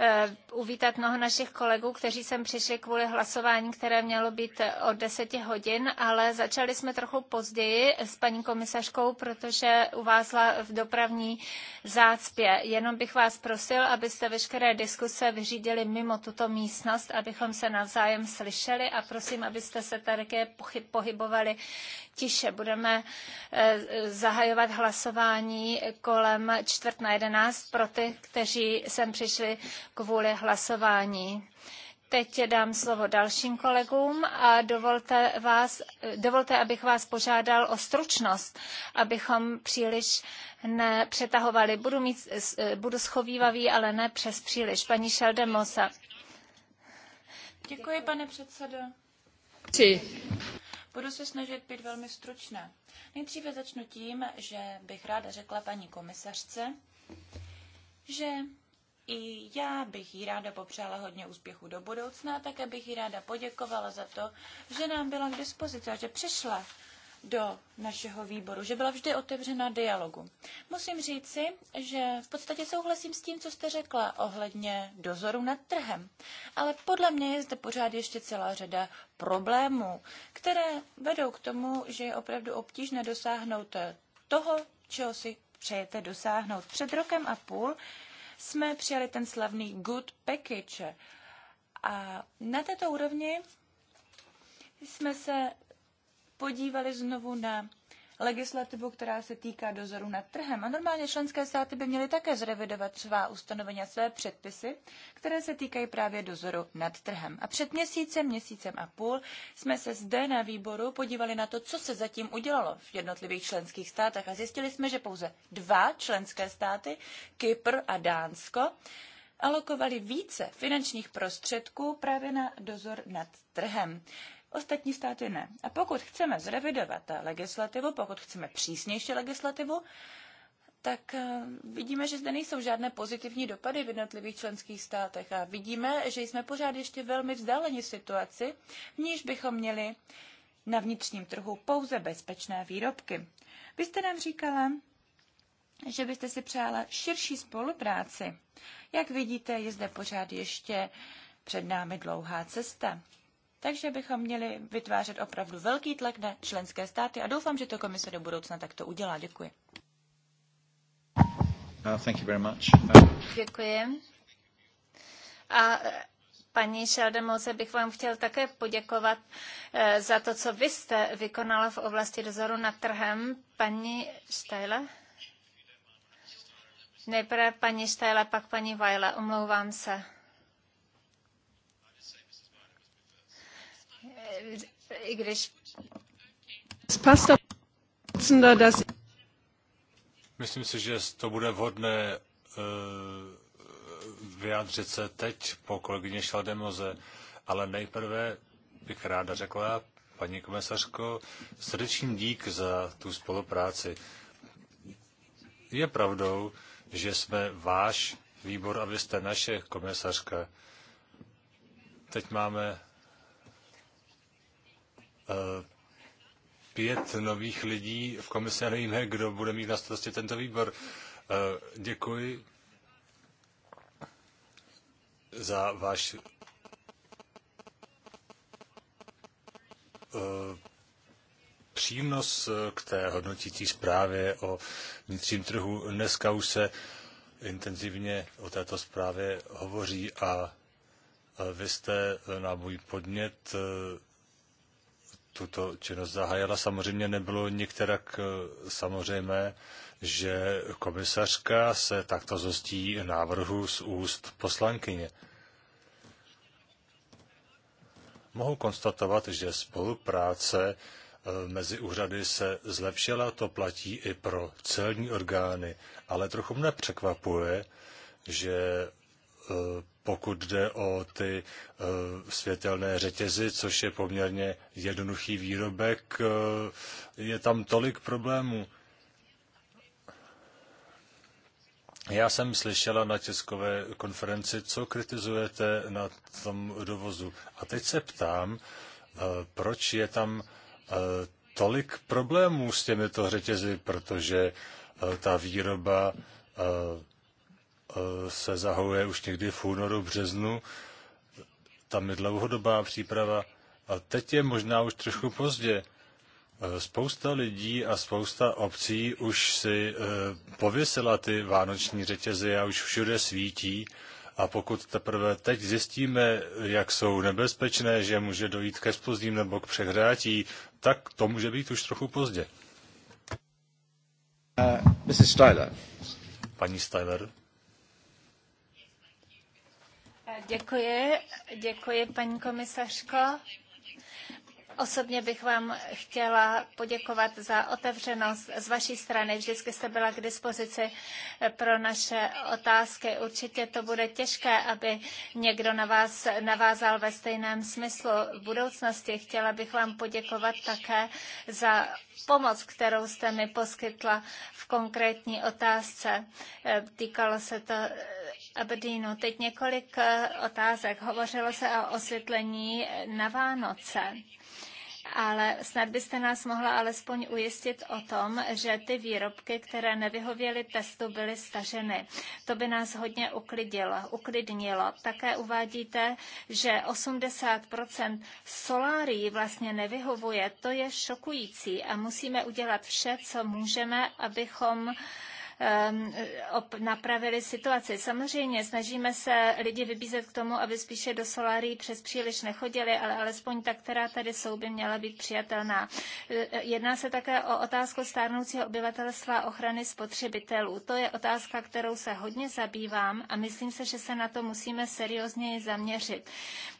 Eh, uvítat mnoho našich kolegů, kteří sem přišli kvůli hlasování, které mělo být eh, od 10 hodin, ale začali jsme trochu později s paní komisařkou, protože uvázla v dopravní zácpě. Jenom bych vás prosil, abyste veškeré diskuse vyřídili mimo tuto místnost, abychom se navzájem slyšeli a prosím, abyste se tady pohybovali tiše. Budeme eh, zahajovat hlasování kolem čtvrt na jedenáct pro ty, kteří sem přišli kvůli hlasování. Teď dám slovo dalším kolegům a dovolte, vás, dovolte, abych vás požádal o stručnost, abychom příliš nepřetahovali. Budu, mít, budu schovývavý, ale ne přes příliš. Paní Šeldemosa. Děkuji, pane předsedo. Tři. Budu se snažit být velmi stručná. Nejdříve začnu tím, že bych ráda řekla paní komisařce, že i já bych jí ráda popřála hodně úspěchu do budoucna a také bych jí ráda poděkovala za to, že nám byla k dispozici a že přišla do našeho výboru, že byla vždy otevřena dialogu. Musím říci, že v podstatě souhlasím s tím, co jste řekla ohledně dozoru nad trhem, ale podle mě je zde pořád ještě celá řada problémů, které vedou k tomu, že je opravdu obtížné dosáhnout toho, čeho si přejete dosáhnout. Před rokem a půl jsme přijali ten slavný good package. A na této úrovni jsme se podívali znovu na legislativu, která se týká dozoru nad trhem. A normálně členské státy by měly také zrevidovat svá ustanovení a své předpisy, které se týkají právě dozoru nad trhem. A před měsícem, měsícem a půl jsme se zde na výboru podívali na to, co se zatím udělalo v jednotlivých členských státech a zjistili jsme, že pouze dva členské státy, Kypr a Dánsko, alokovali více finančních prostředků právě na dozor nad trhem ostatní státy ne. A pokud chceme zrevidovat legislativu, pokud chceme přísnější legislativu, tak eh, vidíme, že zde nejsou žádné pozitivní dopady v jednotlivých členských státech a vidíme, že jsme pořád ještě velmi vzdáleni situaci, v níž bychom měli na vnitřním trhu pouze bezpečné výrobky. Vy jste nám říkala, že byste si přála širší spolupráci. Jak vidíte, je zde pořád ještě před námi dlouhá cesta. Takže bychom měli vytvářet opravdu velký tlak na členské státy a doufám, že to komise do budoucna takto udělá. Děkuji. Uh, thank you very much. Děkuji. A eh, paní Šaldemouze bych vám chtěl také poděkovat eh, za to, co vy jste vykonala v oblasti dozoru nad trhem. Paní Štajle? Nejprve paní Štajle, pak paní Vajle. Omlouvám se. i když... Myslím si, že to bude vhodné eh, vyjádřit se teď po kolegyně Šaldemoze, ale nejprve bych ráda řekla, paní komisařko, srdečný dík za tu spolupráci. Je pravdou, že jsme váš výbor a vy jste naše komisařka. Teď máme Eh, pět nových lidí v komisi a nevíme, kdo bude mít na starosti tento výbor. Eh, děkuji za váš eh, přínos k té hodnotící zprávě o vnitřním trhu. Dneska už se intenzivně o této zprávě hovoří a vy jste na můj podnět tuto činnost zahájila. Samozřejmě nebylo některak e, samozřejmé, že komisařka se takto zostí návrhu z úst poslankyně. Mohu konstatovat, že spolupráce e, mezi úřady se zlepšila, to platí i pro celní orgány, ale trochu mne překvapuje, že e, pokud jde o ty eh, světelné řetězy, což je poměrně jednoduchý výrobek. Eh, je tam tolik problémů. Já jsem slyšela na tiskové konferenci, co kritizujete na tom dovozu. A teď se ptám, eh, proč je tam tolik problémů s těmito řetězy, protože ta výroba Eh, se zahojuje už někdy v únoru, březnu. Tam je dlouhodobá příprava. A teď je možná už trošku pozdě. Eh, spousta lidí a spousta obcí už si eh, pověsila ty vánoční řetězy a už všude svítí. A pokud teprve teď zjistíme, jak jsou nebezpečné, že může dojít ke spozdím nebo k přehrátí, tak to může být už trochu pozdě. Uh, Mrs. Styler. Paní Styler. Děkuji, děkuji paní komisařko. Osobně bych vám chtěla poděkovat za otevřenost z vaší strany. Vždycky jste byla k dispozici pro naše otázky. Určitě to bude těžké, aby někdo na vás navázal ve stejném smyslu. V budoucnosti chtěla bych vám poděkovat také za pomoc, kterou jste mi poskytla v konkrétní otázce. Týkalo se to Aberdeenu. Teď několik otázek. Hovořilo se o osvětlení na Vánoce ale snad byste nás mohla alespoň ujistit o tom, že ty výrobky, které nevyhověly testu, byly staženy. To by nás hodně uklidilo, uklidnilo. Také uvádíte, že 80 solárií vlastně nevyhovuje. To je šokující a musíme udělat vše, co můžeme, abychom Ehm, napravili situaci. Samozřejmě snažíme se lidi vybízet k tomu, aby spíše do solárií přes příliš nechodili, ale alespoň ta, která tady jsou, by měla být přijatelná. E, jedná se také o otázku stárnoucího obyvatelstva ochrany spotřebitelů. To je otázka, kterou se hodně zabývám a myslím se, že se na to musíme seriózněji zaměřit.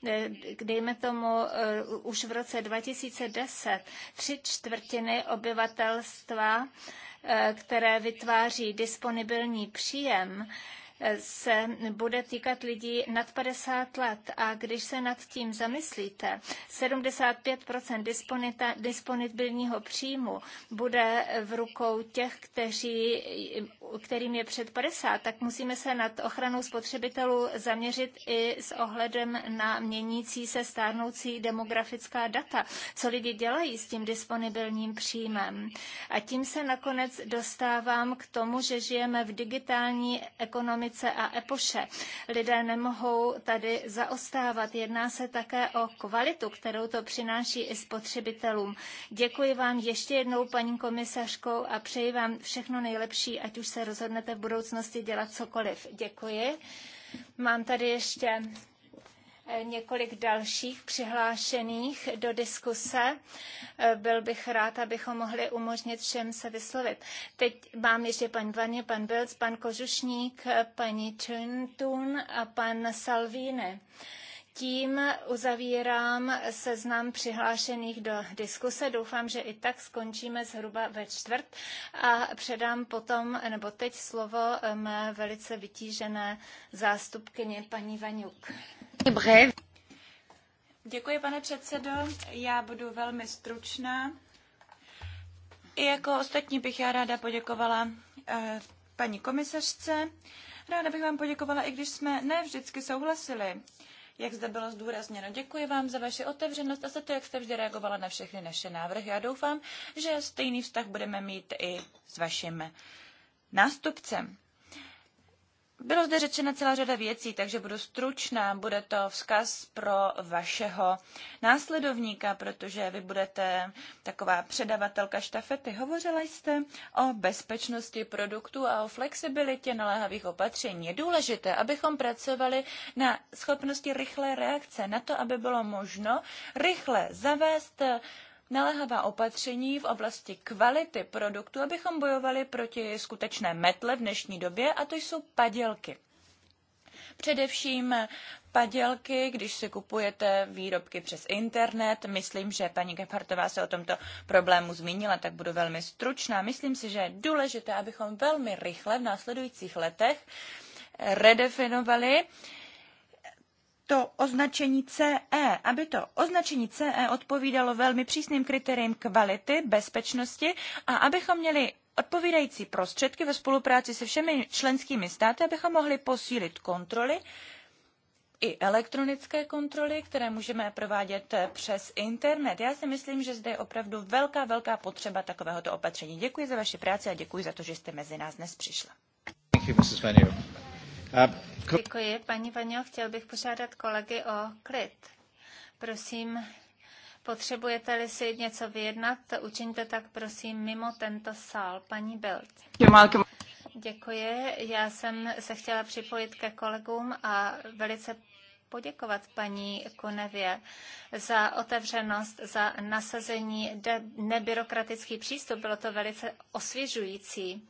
Eh, dejme tomu eh, už v roce 2010, tři čtvrtiny obyvatelstva, eh, které vytváří disponibilní příjem, se bude týkat lidí nad 50 let a když se nad tím zamyslíte, 75 disponibilního příjmu bude v rukou těch, kteří, kterým je před 50, tak musíme se nad ochranou spotřebitelů zaměřit i s ohledem na měnící se stárnoucí demografická data, co lidi dělají s tím disponibilním příjmem. A tím se nakonec dostávám k tomu, že žijeme v digitální ekonomice, ekonomice a epoše. Lidé nemohou tady zaostávat. Jedná se také o kvalitu, kterou to přináší i spotřebitelům. Děkuji vám ještě jednou, paní komisařko, a přeji vám všechno nejlepší, ať už se rozhodnete v budoucnosti dělat cokoliv. Děkuji. Mám tady ještě několik dalších přihlášených do diskuse. Byl bych rád, abychom mohli umožnit všem se vyslovit. Teď mám ještě pan Vaně, pan Bilc, pan Kožušník, paní Čuntun a pan Salvíny. Tím uzavírám seznam přihlášených do diskuse. Doufám, že i tak skončíme zhruba ve čtvrt a předám potom, nebo teď slovo eh, mé velice vytížené zástupkyně paní Vaňuk. Děkuji, pane předsedo. Já budu velmi stručná. I jako ostatní bych já ráda poděkovala eh, paní komisařce. Ráda bych vám poděkovala, i když jsme ne vždycky souhlasili jak zde bylo zdůrazněno. Děkuji vám za vaši otevřenost a za to, jak jste vždy reagovala na všechny naše návrhy. Já doufám, že stejný vztah budeme mít i s vaším nástupcem. Bylo zde řečena celá řada věcí, takže budu stručná. Bude to vzkaz pro vašeho následovníka, protože vy budete taková předavatelka štafety. Hovořila jste o bezpečnosti produktů a o flexibilitě naléhavých opatření. Je důležité, abychom pracovali na schopnosti rychlé reakce, na to, aby bylo možno rychle zavést naléhavá opatření v oblasti kvality produktu, abychom bojovali proti skutečné metle v dnešní době, a to jsou padělky. Především padělky, když si kupujete výrobky přes internet. Myslím, že paní Gefartová se o tomto problému zmínila, tak budu velmi stručná. Myslím si, že je důležité, abychom velmi rychle v následujících letech redefinovali eh, to označení CE, aby to označení CE odpovídalo velmi přísným kritériím kvality, bezpečnosti a abychom měli odpovídající prostředky ve spolupráci se všemi členskými státy, abychom mohli posílit kontroly, i elektronické kontroly, které můžeme provádět přes internet. Já si myslím, že zde je opravdu velká, velká potřeba takovéhoto opatření. Děkuji za vaši práci a děkuji za to, že jste mezi nás dnes přišla. Thank you, Mrs. Děkuji, paní Vaňo. Chtěl bych požádat kolegy o klid. Prosím, potřebujete-li si něco vyjednat, učiňte tak prosím mimo tento sál. Paní Bild. Děkuji. Já jsem se chtěla připojit ke kolegům a velice poděkovat paní Konevě za otevřenost, za nasazení nebyrokratický přístup. Bylo to velice osvěžující.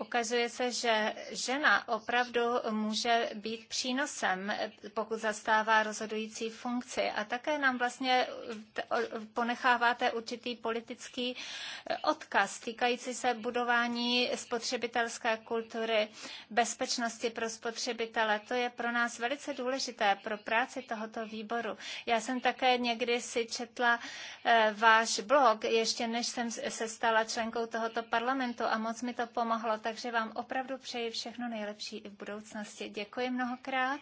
Ukazuje se, že žena opravdu může být přínosem, pokud zastává rozhodující funkci. A také nám vlastně ponecháváte určitý politický e, odkaz týkající se budování spotřebitelské kultury, bezpečnosti pro spotřebitele. To je pro nás velice důležité pro práci tohoto výboru. Já jsem také někdy si četla e, váš blog, ještě než jsem se stala členkou tohoto parlamentu a moc mi to pomohlo takže vám opravdu přeji všechno nejlepší i v budoucnosti. Děkuji mnohokrát.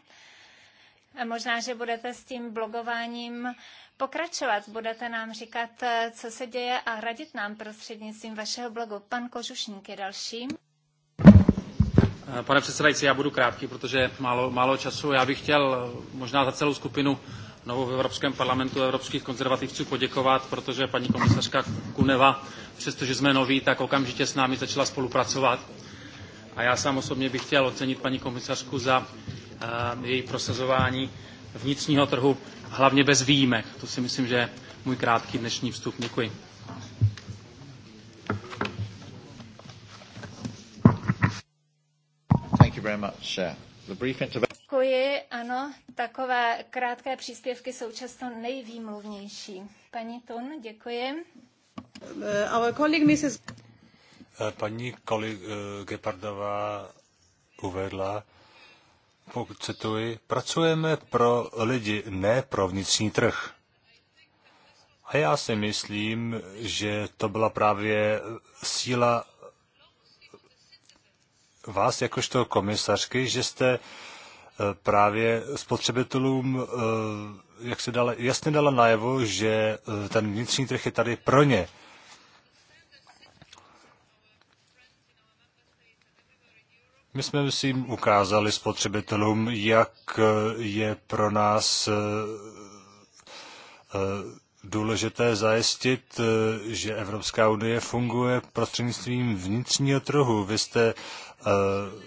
Možná, že budete s tím blogováním pokračovat, budete nám říkat, co se děje a radit nám prostřednictvím vašeho blogu. Pan Kožušník je další. Pane předsedající, já budu krátký, protože málo, málo času. Já bych chtěl možná za celou skupinu novou v Evropském parlamentu evropských konzervativců poděkovat, protože paní komisařka Kuneva, přestože jsme noví, tak okamžitě s námi začala spolupracovat. A já sám osobně bych chtěl ocenit paní komisařku za eh, její prosazování vnitřního trhu, hlavně bez výjimek. To si myslím, že je můj krátký dnešní vstup. Děkuji. Thank you very much. Uh, the brief Děkuji. Ano, takové krátké příspěvky jsou často nejvýmluvnější. Paní Tun, děkuji. Eh, our colleague Mrs. Eh, paní kolik, eh, Gepardová uvedla, pokud cituji, pracujeme pro lidi, ne pro vnitřní trh. A já si myslím, že to byla právě síla vás jakožto komisařky, že jste Eh, právě spotřebitelům eh, jak se dala, jasně dala najevo, že eh, ten vnitřní trh je tady pro ně. My jsme, myslím, ukázali spotřebitelům, jak je pro nás důležité zajistit, že Evropská unie funguje prostřednictvím vnitřního trhu. Vy jste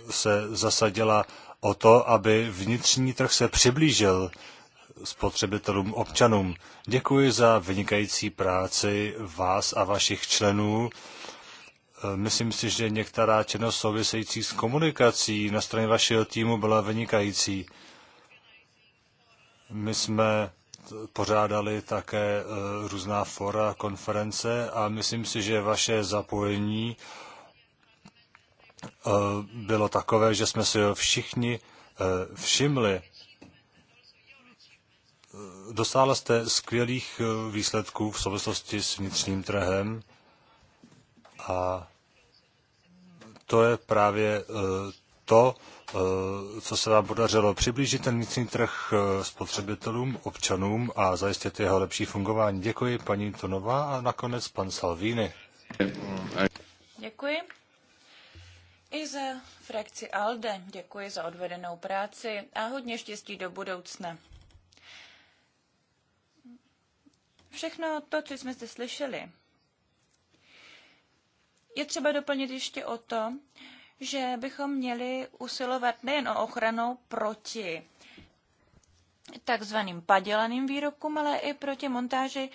se zasadila o to, aby vnitřní trh se přiblížil spotřebitelům, občanům. Děkuji za vynikající práci vás a vašich členů. E, myslím si, že některá činnost související s komunikací na straně vašeho týmu byla vynikající. My jsme pořádali také e, různá fora, konference a myslím si, že vaše zapojení Eh, bylo takové, že jsme si ho všichni eh, všimli. Eh, Dosáhla jste skvělých výsledků v souvislosti s vnitřním trhem a to je právě to, co se vám podařilo přiblížit ten vnitřní trh spotřebitelům, občanům a zajistit jeho lepší fungování. Děkuji paní Tonová a nakonec pan Salvini. Děkuji i za frakci ALDE děkuji za odvedenou práci a hodně štěstí do budoucna. Všechno to, co jsme zde slyšeli, je třeba doplnit ještě o to, že bychom měli usilovat nejen o ochranu proti takzvaným padělaným výrobkům, ale i proti montáži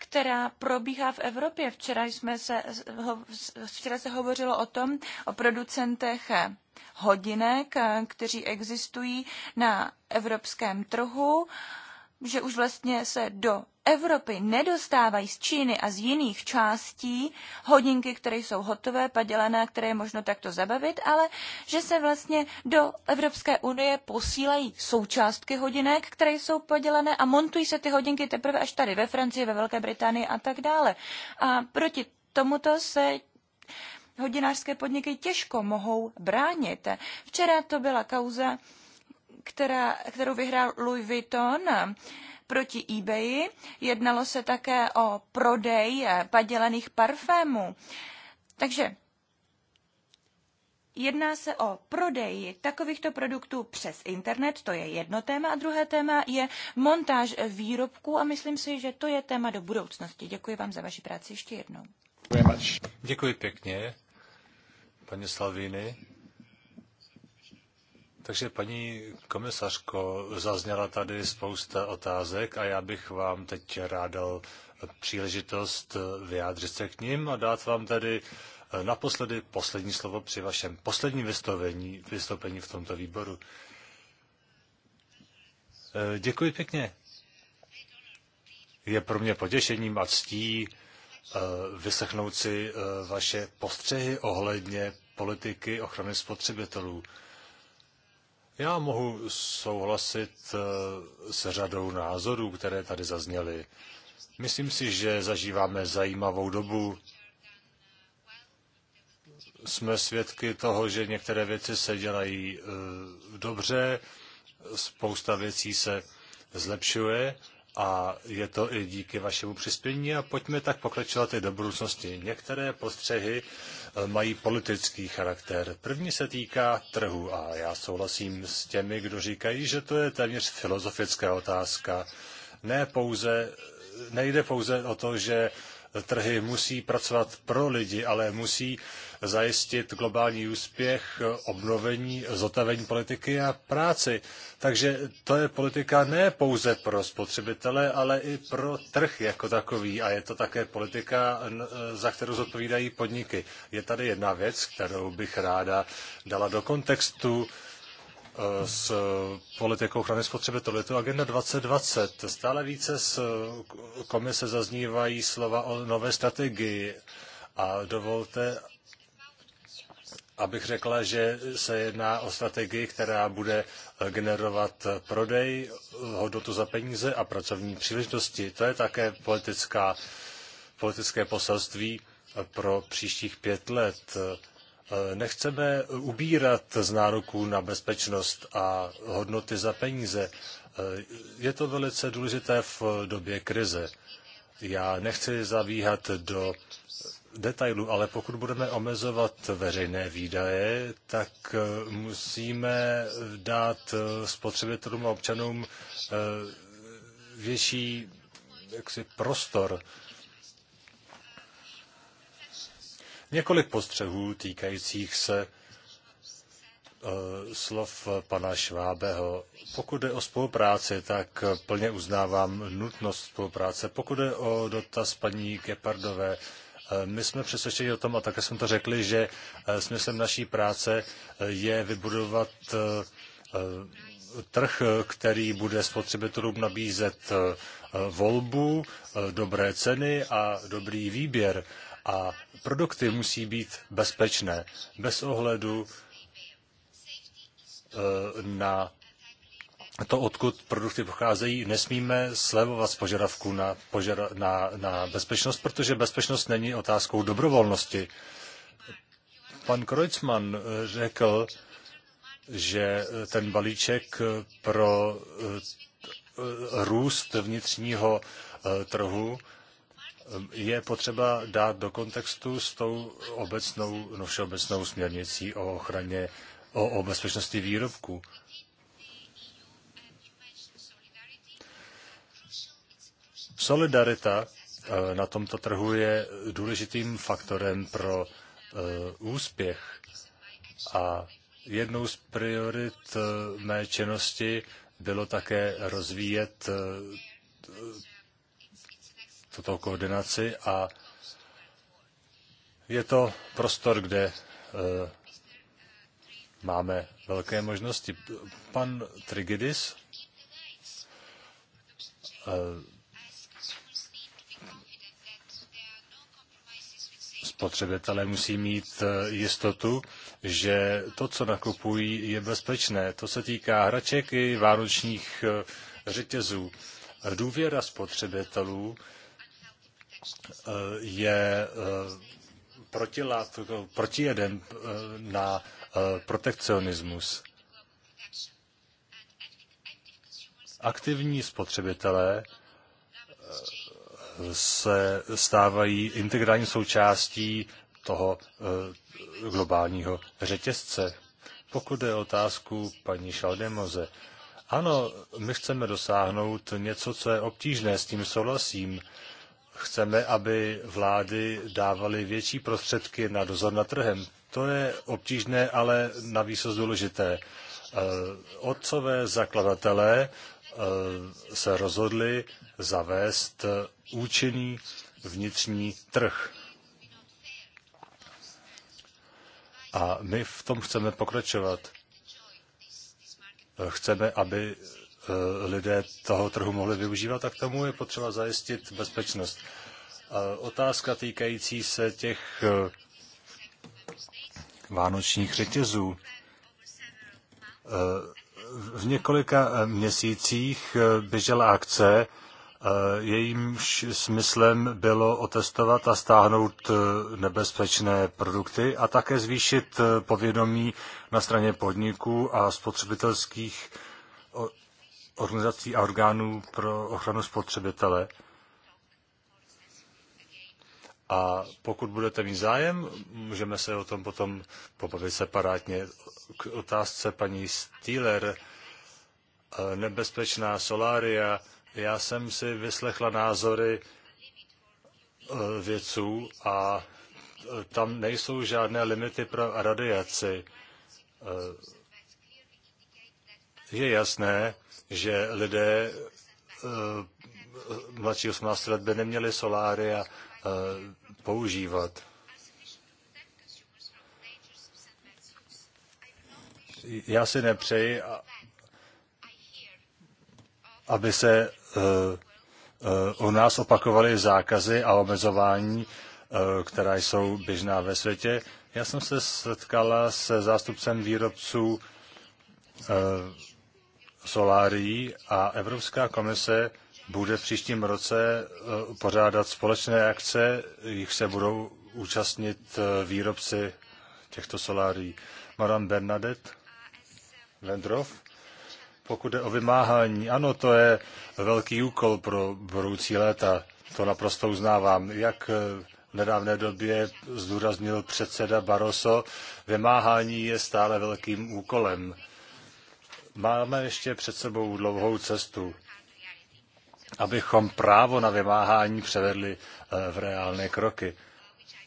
která probíhá v Evropě. Včera, jsme se, ho, včera se hovořilo o tom, o producentech hodinek, eh, kteří existují na evropském trhu že už vlastně se do Evropy nedostávají z Číny a z jiných částí hodinky, které jsou hotové, padělené, které je možno takto zabavit, ale že se vlastně do Evropské unie posílají součástky hodinek, které jsou padělené a montují se ty hodinky teprve až tady ve Francii, ve Velké Británii a tak dále. A proti tomuto se hodinářské podniky těžko mohou bránit. Včera to byla kauza která, kterou vyhrál Louis Vuitton eh, proti eBayi. Jednalo se také o prodej eh, padělených parfémů. Takže Jedná se o prodej takovýchto produktů přes internet, to je jedno téma, a druhé téma je montáž výrobků a myslím si, že to je téma do budoucnosti. Děkuji vám za vaši práci ještě jednou. Děkuji pěkně, paní Slavíny. Takže paní komisařko, zazněla tady spousta otázek a já bych vám teď rád dal příležitost vyjádřit se k ním a dát vám tedy eh, naposledy poslední slovo při vašem posledním vystoupení, vystoupení v tomto výboru. Eh, děkuji pěkně. Je pro mě potěšením a ctí eh, vyslechnout si vaše postřehy ohledně politiky ochrany spotřebitelů. Já mohu souhlasit eh, s řadou názorů, které tady zazněly. Myslím si, že zažíváme zajímavou dobu. Jsme svědky toho, že některé věci se dělají eh, dobře, spousta věcí se zlepšuje a je to i díky vašemu přispění a pojďme tak pokračovat i do budoucnosti. Některé postřehy eh, mají politický charakter. První se týká trhu a já souhlasím s těmi, kdo říkají, že to je téměř filozofická otázka. Ne pouze, nejde pouze o to, že trhy musí pracovat pro lidi, ale musí zajistit globální úspěch, obnovení, zotavení politiky a práci. Takže to je politika ne pouze pro spotřebitele, ale i pro trh jako takový. A je to také politika, za kterou zodpovídají podniky. Je tady jedna věc, kterou bych ráda dala do kontextu e, s politikou ochrany spotřebitelů. Je to agenda 2020. Stále více z komise zaznívají slova o nové strategii. A dovolte, abych řekla, že se jedná o strategii, která bude generovat prodej, hodnotu za peníze a pracovní příležitosti. To je také politická, politické poselství pro příštích pět let. Nechceme ubírat z nároků na bezpečnost a hodnoty za peníze. Je to velice důležité v době krize. Já nechci zavíhat do detailů, ale pokud budeme omezovat veřejné výdaje, tak eh, musíme dát eh, spotřebitelům a občanům eh, větší jaksi, prostor. Několik postřehů týkajících se slov pana Švábeho. Pokud jde o spolupráci, tak plně uznávám nutnost spolupráce. Pokud jde o dotaz paní Gepardové, Eh, my jsme přesvědčeni o tom, a také jsme to řekli, že eh, smyslem naší práce eh, je vybudovat trh, který bude spotřebitelům nabízet volbu, dobré ceny a dobrý výběr. A produkty musí být bezpečné, bez ohledu na to, odkud produkty pocházejí, nesmíme slevovat z požadavku na, požada, na, na bezpečnost, protože bezpečnost není otázkou dobrovolnosti. Pan Kreuzmann eh, řekl, že eh, ten balíček eh, pro růst vnitřního trhu je potřeba dát do kontextu s tou obecnou, no všeobecnou směrnicí o ochraně, o, o bezpečnosti výrobků. Solidarita eh, na tomto trhu je důležitým faktorem pro eh, úspěch a jednou z priorit eh, mé činnosti bylo také rozvíjet tuto koordinaci a je to prostor, kde máme velké možnosti. Pan Trigidis spotřebitelé musí mít eh, jistotu, že to, co nakupují, je bezpečné. To se týká hraček i vánočních eh, řetězů. Důvěra spotřebitelů eh, je proti protijedem na protekcionismus. Aktivní spotřebitelé se stávají integrální součástí toho eh, globálního řetězce. Pokud je otázku paní Šaldemoze, ano, my chceme dosáhnout něco, co je obtížné, s tím souhlasím. Chceme, aby vlády dávaly větší prostředky na dozor nad trhem. To je obtížné, ale navíc důležité. Eh, otcové zakladatelé eh, se rozhodli zavést účinný vnitřní trh. A my v tom chceme pokračovat. Chceme, aby eh, lidé toho trhu mohli využívat a k tomu je potřeba zajistit bezpečnost. Otázka týkající se těch eh, vánočních řetězů. Eh, v několika měsících běžela akce Jejímž smyslem bylo otestovat a stáhnout e, nebezpečné produkty a také zvýšit e, povědomí na straně podniků a spotřebitelských organizací a orgánů pro ochranu spotřebitele. A pokud budete mít zájem, můžeme se o tom potom pobavit separátně. K otázce paní Steeler, e, nebezpečná solária, já jsem si vyslechla názory eh, věců a eh, tam nejsou žádné limity pro radiaci. Eh, je jasné, že lidé mladší 18 let by neměli a používat. Já si nepřeji, aby se Eh, eh, u nás opakovaly zákazy a omezování, eh, která jsou běžná ve světě. Já jsem se setkala se zástupcem výrobců solárií a Evropská komise bude v příštím roce pořádat společné akce, jich se budou účastnit výrobci těchto solárií. Madame Bernadette Vendrov. Pokud je o vymáhání, ano, to je velký úkol pro budoucí léta. To naprosto uznávám. Jak v nedávné době zdůraznil předseda Barroso, vymáhání je stále velkým úkolem. Máme ještě před sebou dlouhou cestu, abychom právo na vymáhání převedli eh, v reálné kroky.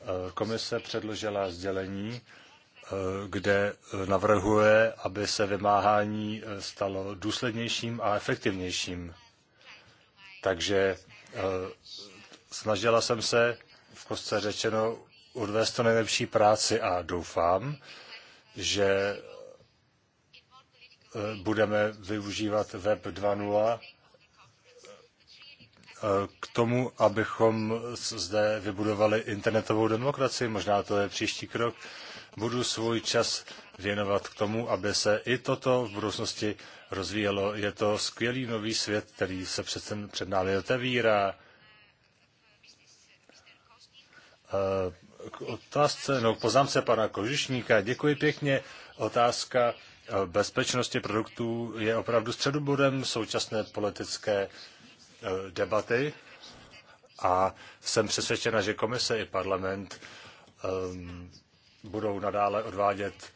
Eh, komise předložila sdělení, kde navrhuje, aby se vymáhání stalo důslednějším a efektivnějším. Takže eh, snažila jsem se, v kostce řečeno, odvést to nejlepší práci a doufám, že eh, budeme využívat Web 2.0 eh, k tomu, abychom zde vybudovali internetovou demokracii. Možná to je příští krok budu svůj čas věnovat k tomu, aby se i toto v budoucnosti rozvíjelo. Je to skvělý nový svět, který se před, před námi otevírá. E, k otázce, no, k poznámce pana Kožišníka. Děkuji pěkně. Otázka e, bezpečnosti produktů je opravdu středobodem současné politické e, debaty a jsem přesvědčena, že komise i parlament um, budou nadále odvádět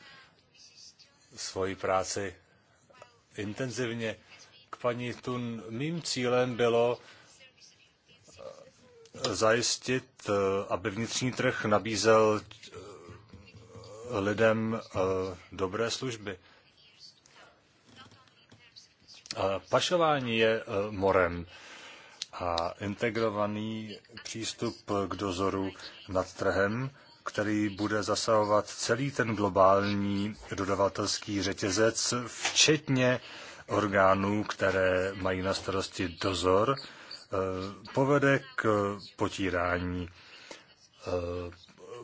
svoji práci intenzivně. K paní Tun, mým cílem bylo eh, zajistit, eh, aby vnitřní trh nabízel eh, lidem dobré služby. Pašování je morem a integrovaný přístup k dozoru nad trhem který bude zasahovat celý ten globální dodavatelský řetězec, včetně orgánů, které mají na starosti dozor, eh, povede k potírání eh,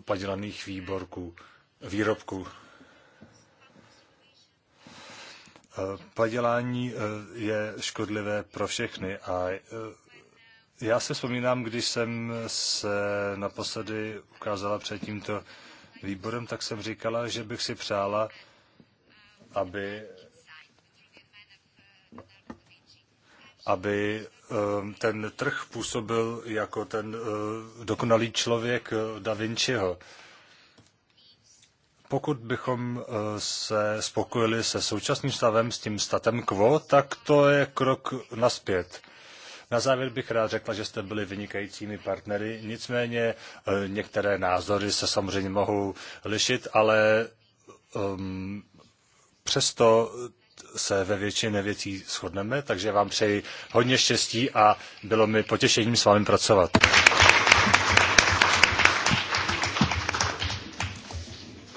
padělaných výborků, výrobků. Eh, padělání je škodlivé pro všechny a já se vzpomínám, když jsem se naposledy ukázala před tímto výborem, tak jsem říkala, že bych si přála, aby aby ehm, ten trh působil jako ten eh, dokonalý člověk Da Vinciho. Pokud bychom eh, se spokojili se současným stavem, s tím statem quo, tak to je krok naspět. Na závěr bych rád řekla, že jste byli vynikajícími partnery, nicméně e, některé názory se samozřejmě mohou lišit, ale um, přesto se ve většině věcí shodneme, takže vám přeji hodně štěstí a bylo mi potěšením s vámi pracovat.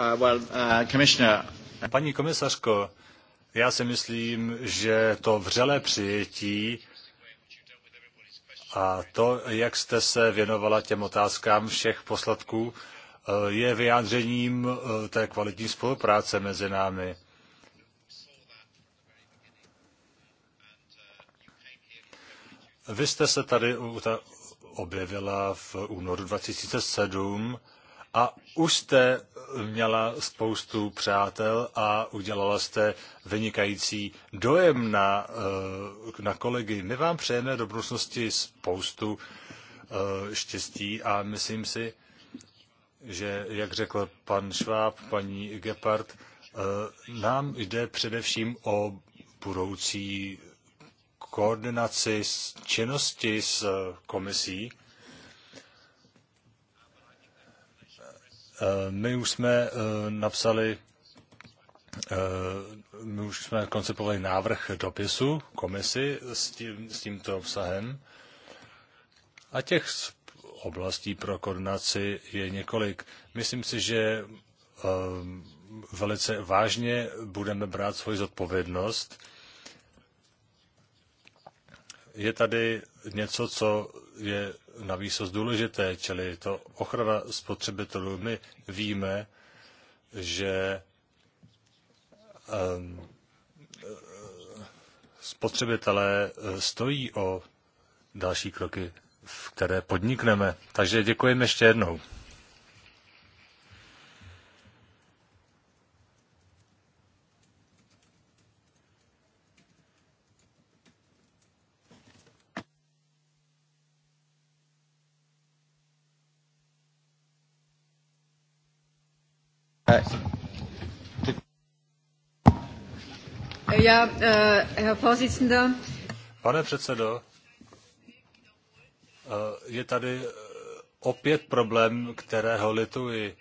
Uh, well, uh, uh Paní komisařko, já si myslím, že to vřelé přijetí a to, jak jste se věnovala těm otázkám všech posledků, eh, je vyjádřením eh, té kvalitní spolupráce mezi námi. Vy jste se tady objevila v únoru 2007 a už jste měla spoustu přátel a udělala jste vynikající dojem na, eh, na kolegy. My vám přejeme do budoucnosti spoustu eh, štěstí a myslím si, že, jak řekl pan Šváb, paní Gepard, eh, nám jde především o budoucí koordinaci činnosti s komisí Eh, my už jsme eh, napsali, eh, my už jsme koncipovali návrh dopisu komisi s, tím, s tímto obsahem a těch oblastí pro koordinaci je několik. Myslím si, že velice vážně budeme brát svoji zodpovědnost. Je tady něco, co je na výsost důležité, čili to ochrana spotřebitelů. My víme, že spotřebitelé stojí o další kroky, které podnikneme. Takže děkujeme ještě jednou. Eh, Pane předsedo, eh, je tady eh, opět problém, kterého lituji.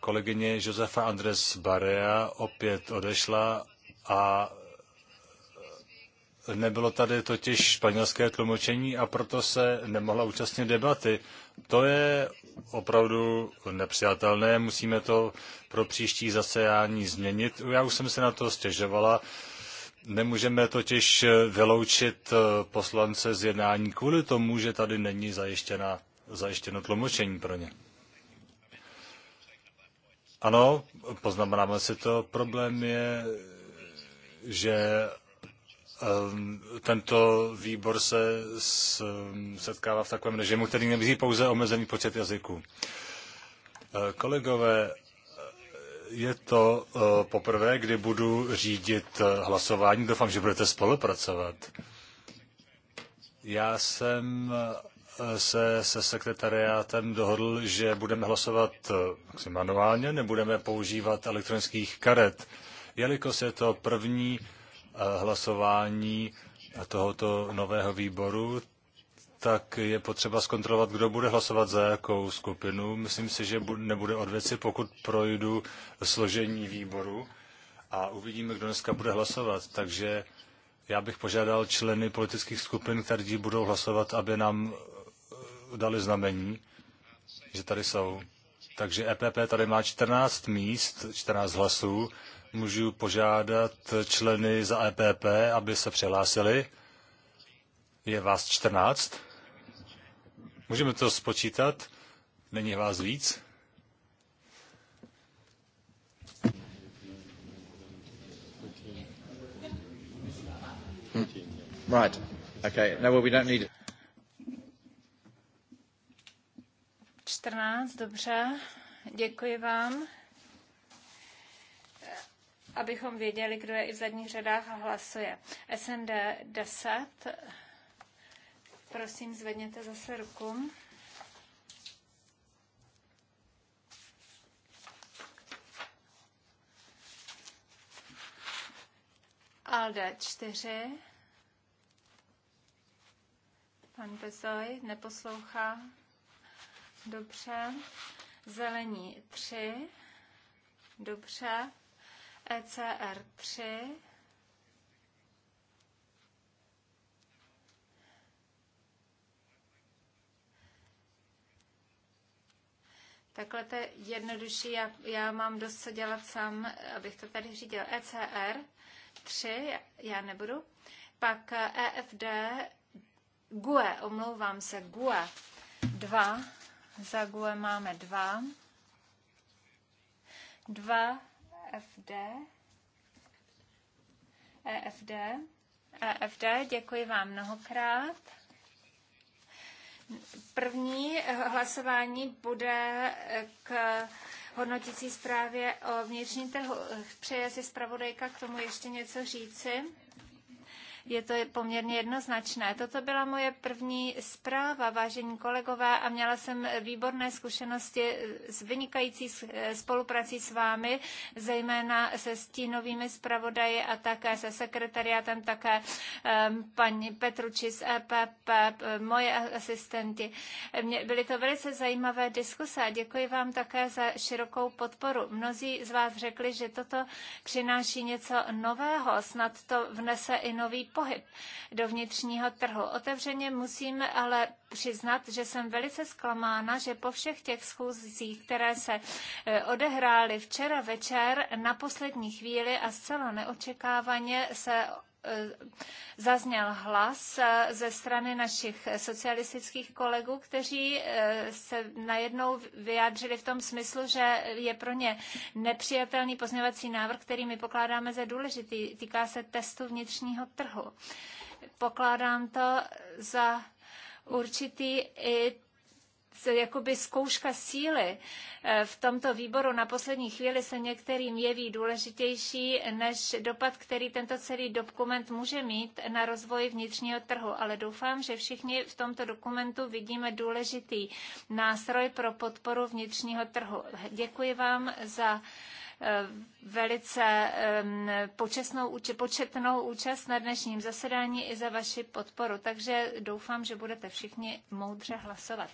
Kolegyně Josefa Andres Barea opět odešla a Nebylo tady totiž španělské tlumočení a proto se nemohla účastnit debaty. To je opravdu nepřijatelné, musíme to pro příští zasejání změnit. Já už jsem se na to stěžovala. Nemůžeme totiž vyloučit eh, poslance z jednání kvůli tomu, že tady není zajištěna, zajištěno tlumočení pro ně. Ano, poznamenáme si to. Problém je, že Ehm, tento výbor se ehm, setkává v takovém režimu, který nabízí pouze omezený počet jazyků. Ehm, kolegové, je to poprvé, kdy budu řídit hlasování. Doufám, že budete spolupracovat. Já jsem se se sekretariátem dohodl, že budeme hlasovat manuálně, nebudeme používat elektronických karet, jelikož je to první Eh, hlasování tohoto nového výboru, tak je potřeba zkontrolovat, kdo bude hlasovat za jakou skupinu. Myslím si, že nebude od věci, pokud projdu složení výboru a uvidíme, kdo dneska bude hlasovat. Takže já bych požádal členy politických skupin, kteří budou hlasovat, aby nám eh, dali znamení, že tady jsou. Takže EPP tady má 14 míst, 14 hlasů, můžu požádat členy za EPP, aby se přihlásili. Je vás 14. Můžeme to spočítat? Není vás víc? Hmm. Right. Okay. No, well, we don't need it. 14, dobře. Děkuji vám abychom věděli, kdo je i v zadních řadách a hlasuje. SND 10. Prosím, zvedněte zase ruku. Alde 4. Pan Bezoj neposlouchá. Dobře. Zelení 3. Dobře. ECR 3. Takhle to je jednodušší, já, já mám dost co dělat sám, abych to tady řídil. ECR 3, já nebudu. Pak EFD, GUE, omlouvám se, GUE 2, za GUE máme 2. 2 EFD. EFD. EFD, děkuji vám mnohokrát. První hlasování bude k hodnotící zprávě o vnitřní trhu. Přeje si zpravodajka k tomu ještě něco říci? je to poměrně jednoznačné. Toto byla moje první zpráva, vážení kolegové, a měla jsem výborné zkušenosti s vynikající eh, spoluprací s vámi, zejména se stínovými zpravodaji a také se sekretariátem, také ehm, paní Petruči z EPP, eh, moje asistenti. Byly to velice zajímavé diskuse a děkuji vám také za širokou podporu. Mnozí z vás řekli, že toto přináší něco nového, snad to vnese i nový pohyb do vnitřního trhu. Otevřeně musím ale přiznat, že jsem velice zklamána, že po všech těch schůzích, které se eh, odehrály včera večer, na poslední chvíli a zcela neočekávaně se Eh, zazněl hlas eh, ze strany našich socialistických kolegů, kteří eh, se najednou vyjádřili v tom smyslu, že je pro ně nepřijatelný pozměvací návrh, který my pokládáme za důležitý. Týká se testu vnitřního trhu. Pokládám to za určitý i jakoby zkouška síly. Eh, v tomto výboru na poslední chvíli se některým jeví důležitější než dopad, který tento celý dokument může mít na rozvoj vnitřního trhu. Ale doufám, že všichni v tomto dokumentu vidíme důležitý nástroj pro podporu vnitřního trhu. Děkuji vám za eh, velice eh, počesnou, početnou účast na dnešním zasedání i za vaši podporu. Takže doufám, že budete všichni moudře hlasovat.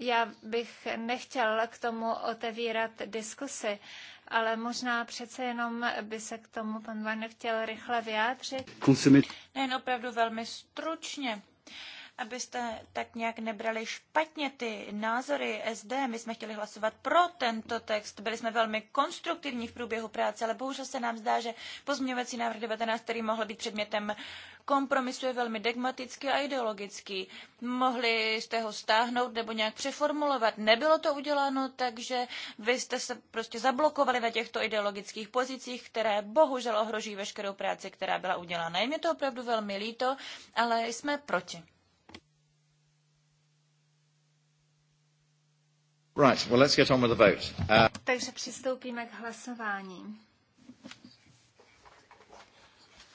Já bych nechtěl k tomu otevírat diskusy, ale možná přece jenom by se k tomu pan Vane chtěl rychle vyjádřit. Jen opravdu velmi stručně abyste tak nějak nebrali špatně ty názory SD. My jsme chtěli hlasovat pro tento text, byli jsme velmi konstruktivní v průběhu práce, ale bohužel se nám zdá, že pozměňovací návrh 19, který mohl být předmětem kompromisu, je velmi dogmatický a ideologický. Mohli jste ho stáhnout nebo nějak přeformulovat. Nebylo to uděláno, takže vy jste se prostě zablokovali na těchto ideologických pozicích, které bohužel ohrožují veškerou práci, která byla udělána. Je mě to opravdu velmi líto, ale jsme proti. Right, well, let's get on with the vote. Uh... Takže přistoupíme k hlasování.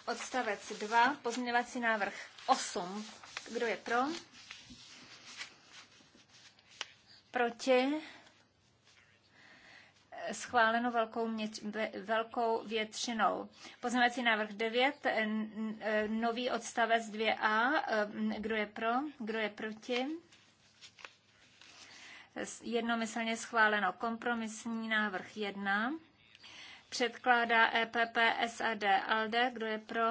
Odstavec 2, pozměňovací návrh 8. Kdo je pro? Proti? schváleno velkou, měč, velkou většinou. Pozměňovací návrh 9, nový odstavec 2a. Kdo je pro? Kdo je proti? jednomyslně schváleno kompromisní návrh 1. Předkládá EPP SAD ALDE. Kdo je pro?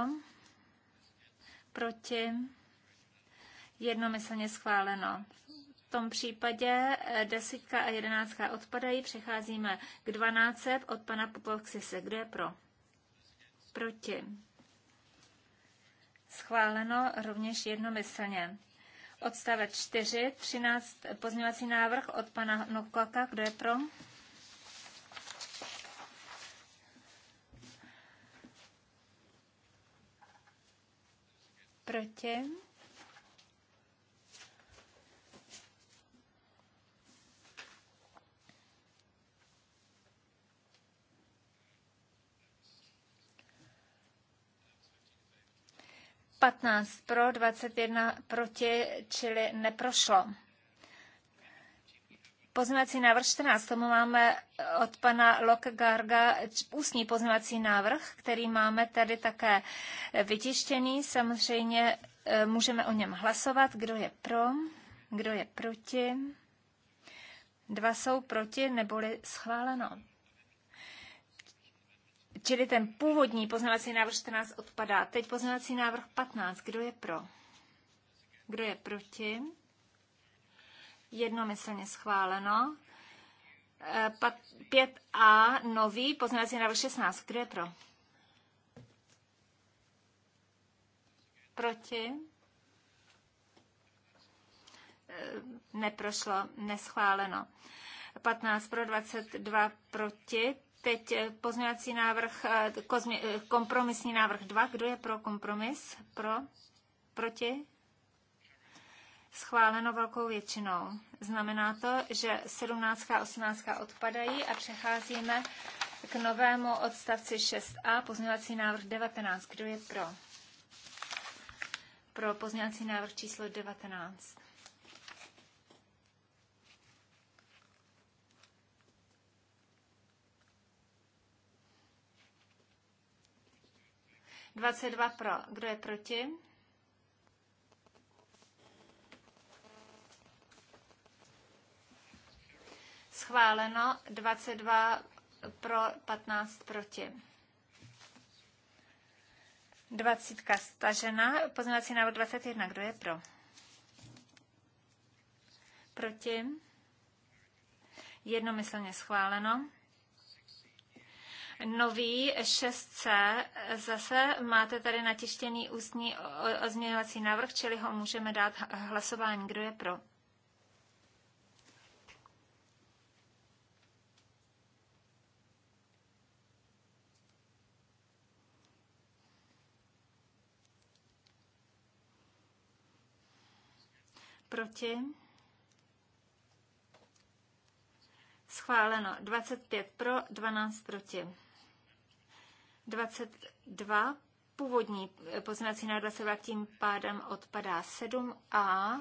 Proti? Jednomyslně schváleno. V tom případě e, desítka a jedenáctka odpadají. Přecházíme k 12 od pana Popovksise. Kdo je pro? Proti? Schváleno rovněž jednomyslně odstavec 4, 13 pozměňovací návrh od pana Nukaka, kdo je pro? Proti? 15 pro, 21 proti, čili neprošlo. Pozměvací návrh 14, tomu máme od pana Lokgarga ústní pozměvací návrh, který máme tady také vytištěný. Samozřejmě e, můžeme o něm hlasovat. Kdo je pro? Kdo je proti? Dva jsou proti, neboli schváleno. Čili ten původní poznávací návrh 14 odpadá. Teď poznávací návrh 15. Kdo je pro? Kdo je proti? Jednomyslně schváleno. 5a eh, nový poznávací návrh 16. Kdo je pro? Proti? Eh, neprošlo, neschváleno. 15 pro 22 proti, Teď eh, pozměňovací návrh, eh, eh, kompromisní návrh 2. Kdo je pro kompromis? Pro? Proti? Schváleno velkou většinou. Znamená to, že 17. a 18. odpadají a přecházíme k novému odstavci 6a, pozměňovací návrh 19. Kdo je pro? Pro pozměňovací návrh číslo 19. 22 pro. Kdo je proti? Schváleno 22 pro 15 proti. 20 stažena. Poznávací návrh 21. Kdo je pro? Proti? Jednomyslně schváleno nový 6C. Zase máte tady natištěný ústní ozměňovací návrh, čili ho můžeme dát hlasování. Kdo je pro? Proti? Schváleno 25 pro, 12 proti. 22, původní eh, poznací návrh 22 tím pádem odpadá 7a.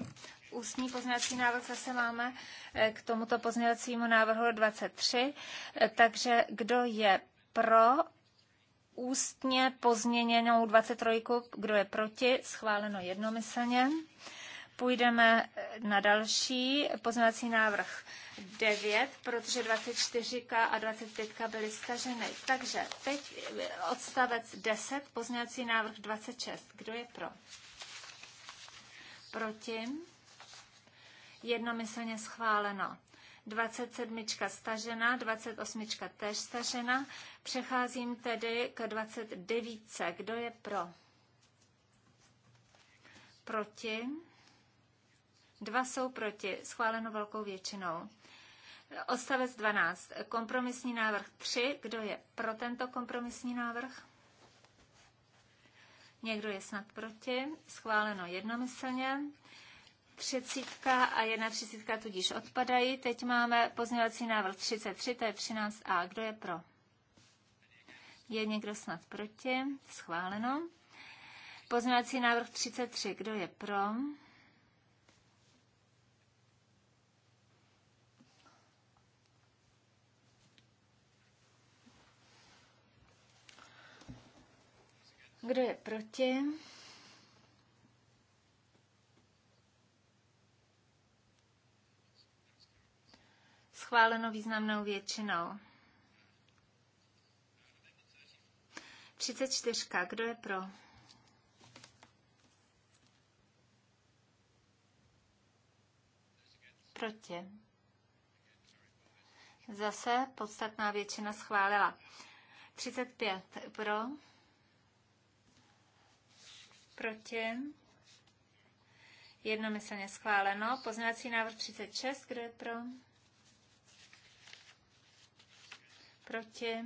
Ústní poznací návrh zase máme eh, k tomuto poznacímu návrhu 23. Eh, takže kdo je pro ústně pozměněnou 23, kdo je proti, schváleno jednomyslně půjdeme eh, na další poznací návrh 9, protože 24 a 25 byly staženy. Takže teď eh, odstavec 10, poznací návrh 26. Kdo je pro? Proti? Jednomyslně schváleno. 27. stažena, 28. tež stažena. Přecházím tedy k 29. Kdo je pro? Proti? Dva jsou proti, schváleno velkou většinou. Odstavec 12. Kompromisní návrh 3. Kdo je pro tento kompromisní návrh? Někdo je snad proti. Schváleno jednomyslně. Třicítka a jedna třicítka tudíž odpadají. Teď máme pozměňovací návrh 33, to je 13a. Kdo je pro? Je někdo snad proti? Schváleno. Pozměňovací návrh 33, kdo je pro? Kdo je proti? Schváleno významnou většinou. 34. Kdo je pro? Proti. Zase podstatná většina schválila. 35 pro. Proti? Jednomyslně schváleno. Pozměňovací návrh 36. Kdo je pro? Proti?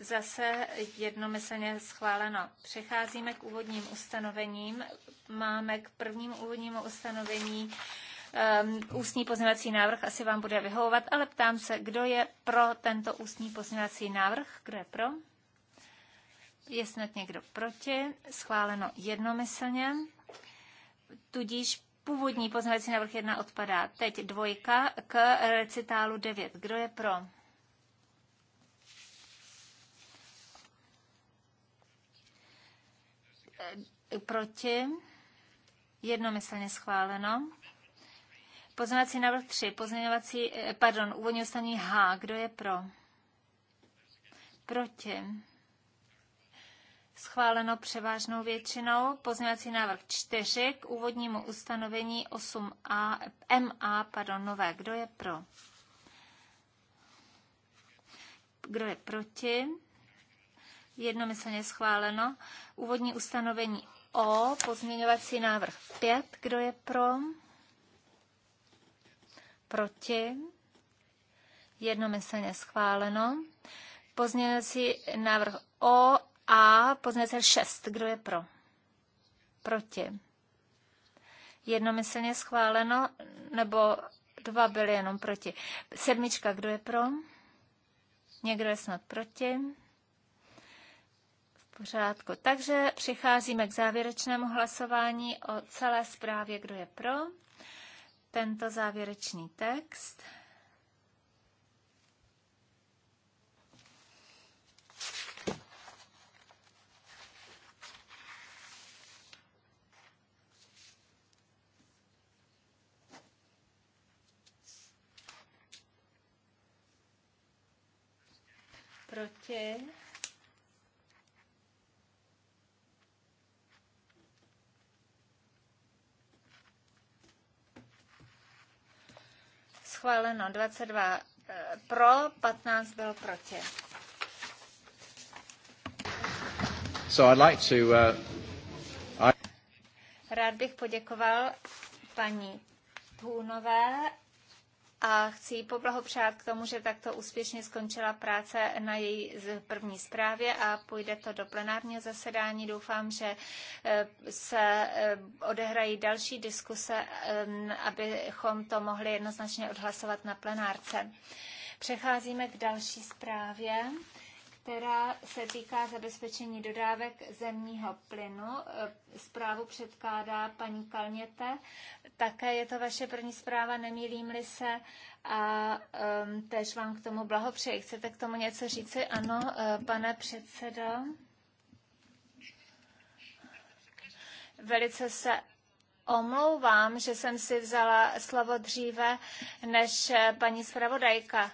Zase jednomyslně schváleno. Přecházíme k úvodním ustanovením. Máme k prvnímu úvodnímu ustanovení um, ústní pozměňovací návrh. Asi vám bude vyhovovat, ale ptám se, kdo je pro tento ústní pozměňovací návrh? Kdo je pro? Je snad někdo proti? Schváleno jednomyslně. Tudíž původní poznávací návrh 1 odpadá. Teď dvojka k recitálu 9. Kdo je pro? Proti? Jednomyslně schváleno. Pozměňovací návrh 3, pozměňovací, eh, pardon, úvodní ustaní H, kdo je pro? Proti schváleno převážnou většinou. Pozměňovací návrh 4 k úvodnímu ustanovení 8a, MA, pardon, nové. Kdo je pro? Kdo je proti? Jednomyslně schváleno. Úvodní ustanovení O, pozměňovací návrh 5. Kdo je pro? Proti? Jednomyslně schváleno. Pozměňovací návrh O a poznatel 6. Kdo je pro? Proti. Jednomyslně schváleno, nebo dva byly jenom proti. Sedmička, kdo je pro? Někdo je snad proti? V pořádku. Takže přicházíme k závěrečnému hlasování o celé zprávě, kdo je pro tento závěrečný text. Proti? Schváleno 22 eh, pro, 15 byl proti. So I'd like to, uh, I... Rád bych poděkoval paní Půnové a chci jí poblahopřát k tomu, že takto úspěšně skončila práce na její první zprávě a půjde to do plenárního zasedání. Doufám, že e, se e, odehrají další diskuse, e, abychom to mohli jednoznačně odhlasovat na plenárce. Přecházíme k další zprávě která se týká zabezpečení dodávek zemního plynu. E, zprávu předkládá paní Kalněte. Také je to vaše první zpráva, nemýlím-li se, a um, tež vám k tomu blahopřeji. Chcete k tomu něco říci? Ano, e, pane předsedo. Velice se omlouvám, že jsem si vzala slovo dříve než e, paní zpravodajka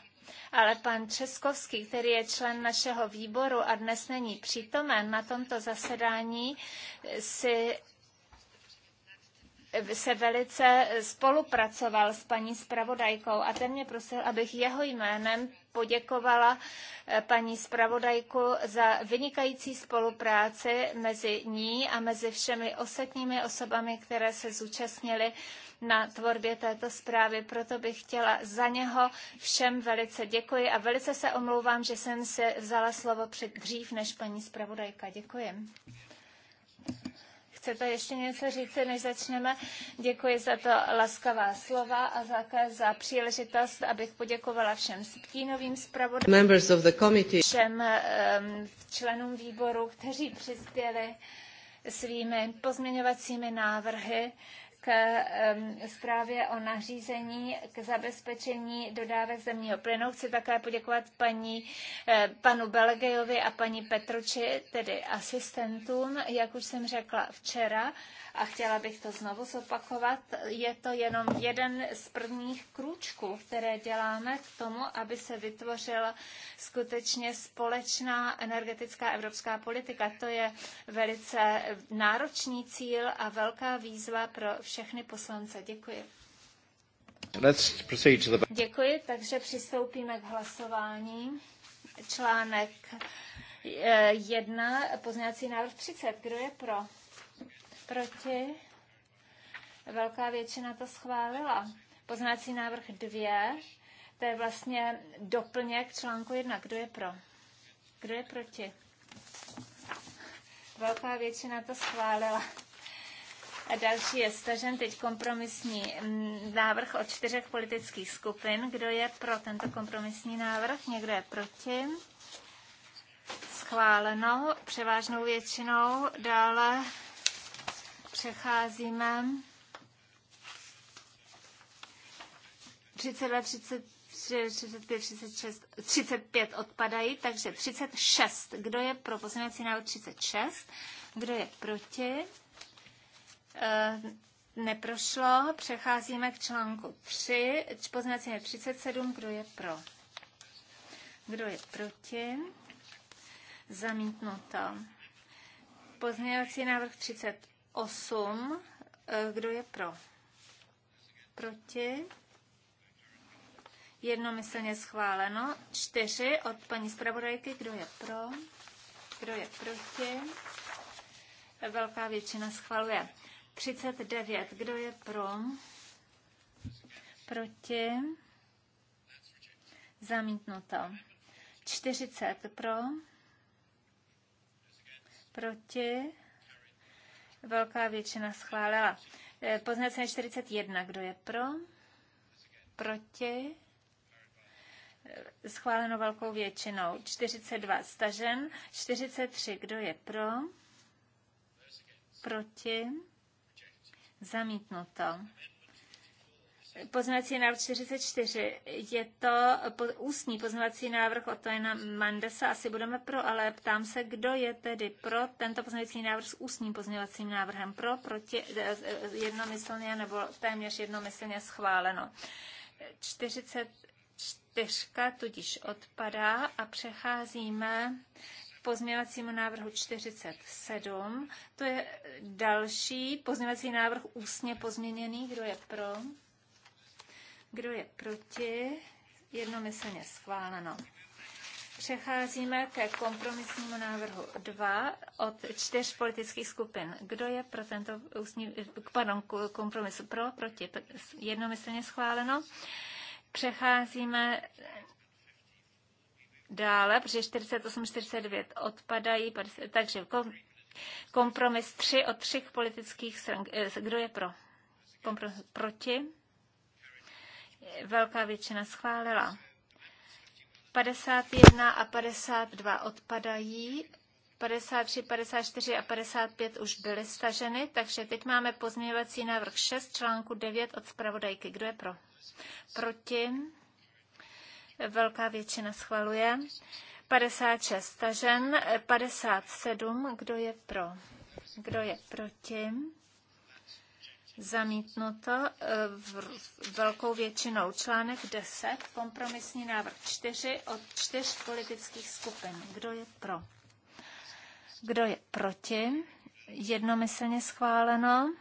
ale pan Českovský, který je člen našeho výboru a dnes není přítomen na tomto zasedání, si se velice spolupracoval s paní zpravodajkou a ten mě prosil, abych jeho jménem poděkovala eh, paní zpravodajku za vynikající spolupráci mezi ní a mezi všemi ostatními osobami, které se zúčastnily na tvorbě této zprávy, proto bych chtěla za něho všem velice děkuji a velice se omlouvám, že jsem se vzala slovo před dřív než paní zpravodajka. Děkuji. Chcete ještě něco říct, než začneme? Děkuji za to laskavá slova a za, za příležitost, abych poděkovala všem stínovým zpravodajům, všem um, členům výboru, kteří přispěli svými pozměňovacími návrhy k zprávě o nařízení k zabezpečení dodávek zemního plynu. Chci také poděkovat paní, eh, panu Belgejovi a paní Petroči, tedy asistentům, jak už jsem řekla včera, a chtěla bych to znovu zopakovat. Je to jenom jeden z prvních krůčků, které děláme k tomu, aby se vytvořila skutečně společná energetická evropská politika. To je velice náročný cíl a velká výzva pro všechny poslance. Děkuji. Let's proceed to the... Děkuji, takže přistoupíme k hlasování. Článek 1, eh, pozměňovací návrh 30. Kdo je pro? Proti? Velká většina to schválila. Pozměňovací návrh 2, to je vlastně doplněk článku 1. Kdo je pro? Kdo je proti? Velká většina to schválila. Další je stažen teď kompromisní mm, návrh od čtyřech politických skupin. Kdo je pro tento kompromisní návrh? Někdo je proti? Schváleno převážnou většinou. Dále přecházíme 32, 33, 35, 36, 35 odpadají, takže 36. Kdo je pro poslanecí návrh 36? Kdo je proti? Eh, neprošlo. Přecházíme k článku 3, poznací je 37, kdo je pro. Kdo je proti? Zamítnuto. Pozměňovací návrh 38. Eh, kdo je pro? Proti? Jednomyslně schváleno. 4 od paní zpravodajky. Kdo je pro? Kdo je proti? Velká většina schvaluje. 39. Kdo je pro? Proti? Zamítnuto. 40 pro? Proti? Velká většina schválila. Eh, Poznat 41. Kdo je pro? Proti? Eh, schváleno velkou většinou. 42 stažen. 43. Kdo je pro? Proti? Zamítnuto. Poznací návrh 44. Je to ústní poznací návrh od Tojena Mandesa, asi budeme pro, ale ptám se, kdo je tedy pro tento poznací návrh s ústním poznacím návrhem. Pro, proti, eh, eh, jednomyslně nebo téměř jednomyslně schváleno. 44 tudíž odpadá a přecházíme pozměvacímu návrhu 47. To je další pozměvací návrh ústně pozměněný. Kdo je pro? Kdo je proti? Jednomyslně schváleno. Přecházíme ke kompromisnímu návrhu 2 od čtyř politických skupin. Kdo je pro tento ústní, pardon, kompromis pro, proti, jednomyslně schváleno. Přecházíme dále, protože 48, 49 odpadají, 50, takže kompromis 3 od 3 politických stran. Eh, kdo je pro? Kompromis proti? Velká většina schválila. 51 a 52 odpadají, 53, 54 a 55 už byly staženy, takže teď máme pozměňovací návrh 6 článku 9 od zpravodajky. Kdo je pro? Proti? velká většina schvaluje. 56 stažen, 57, kdo je pro, kdo je proti. Zamítnuto v velkou většinou článek 10, kompromisní návrh 4 od 4 politických skupin. Kdo je pro? Kdo je proti? Jednomyslně schváleno.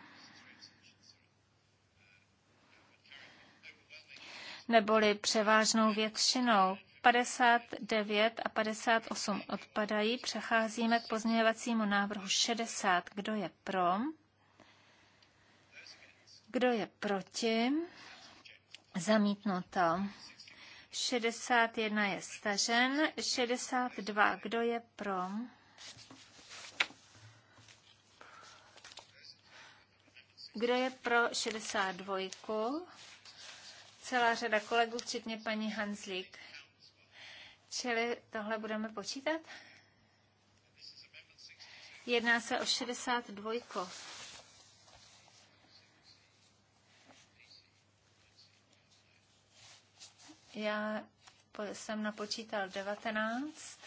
neboli převážnou většinou. 59 a 58 odpadají. Přecházíme k pozměňovacímu návrhu 60. Kdo je pro? Kdo je proti? Zamítnuto. 61 je stažen. 62. Kdo je pro? Kdo je pro 62? celá řada kolegů, včetně paní Hanslík. Čili tohle budeme počítat? Jedná se o 62. Já jsem napočítal 19.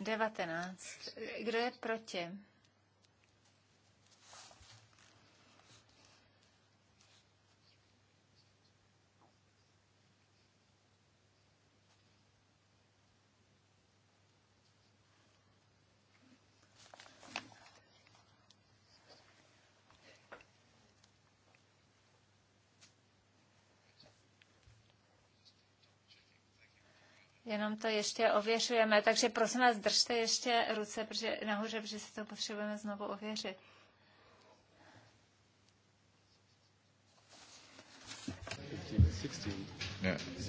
19. Kdo je proti? Jenom to ještě ověřujeme, takže prosím vás, držte ještě ruce protože, nahoře, protože si to potřebujeme znovu ověřit. 16.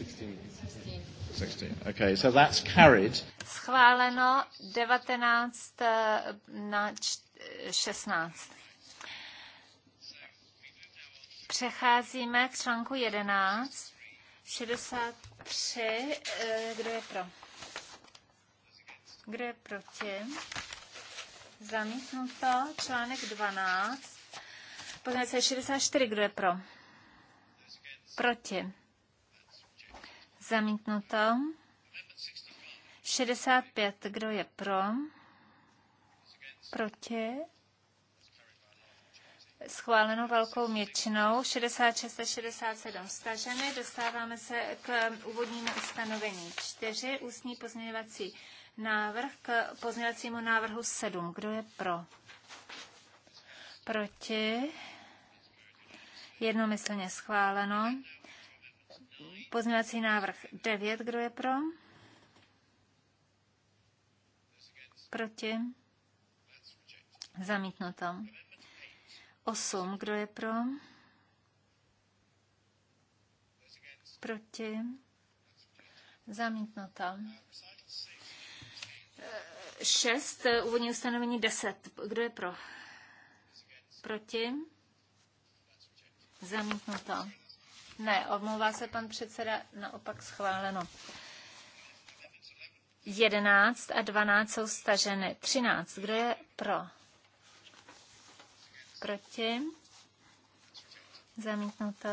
16. Okay, so that's carried. Schváleno 19 eh, na 16. Přecházíme k článku 11, 60 3. Eh, kdo je pro? Kdo je proti? Zamítnuto. Článek 12. Poznáte 64. Kdo je pro? Proti. Zamítnuto. 65. Kdo je pro? Proti schváleno velkou většinou, 66 a 67 staženy. Dostáváme se k úvodnímu ustanovení 4, ústní pozměňovací návrh k pozměňovacímu návrhu 7. Kdo je pro? Proti? Jednomyslně schváleno. Pozměňovací návrh 9. Kdo je pro? Proti? Zamítnuto. 8. Kdo je pro? Proti? Zamítnuto. 6. Úvodní ustanovení 10. Kdo je pro? Proti? Zamítnuto. Ne, omlouvá se pan předseda, naopak schváleno. 11 a 12 jsou staženy. 13. Kdo je pro? proti, zamítnuto.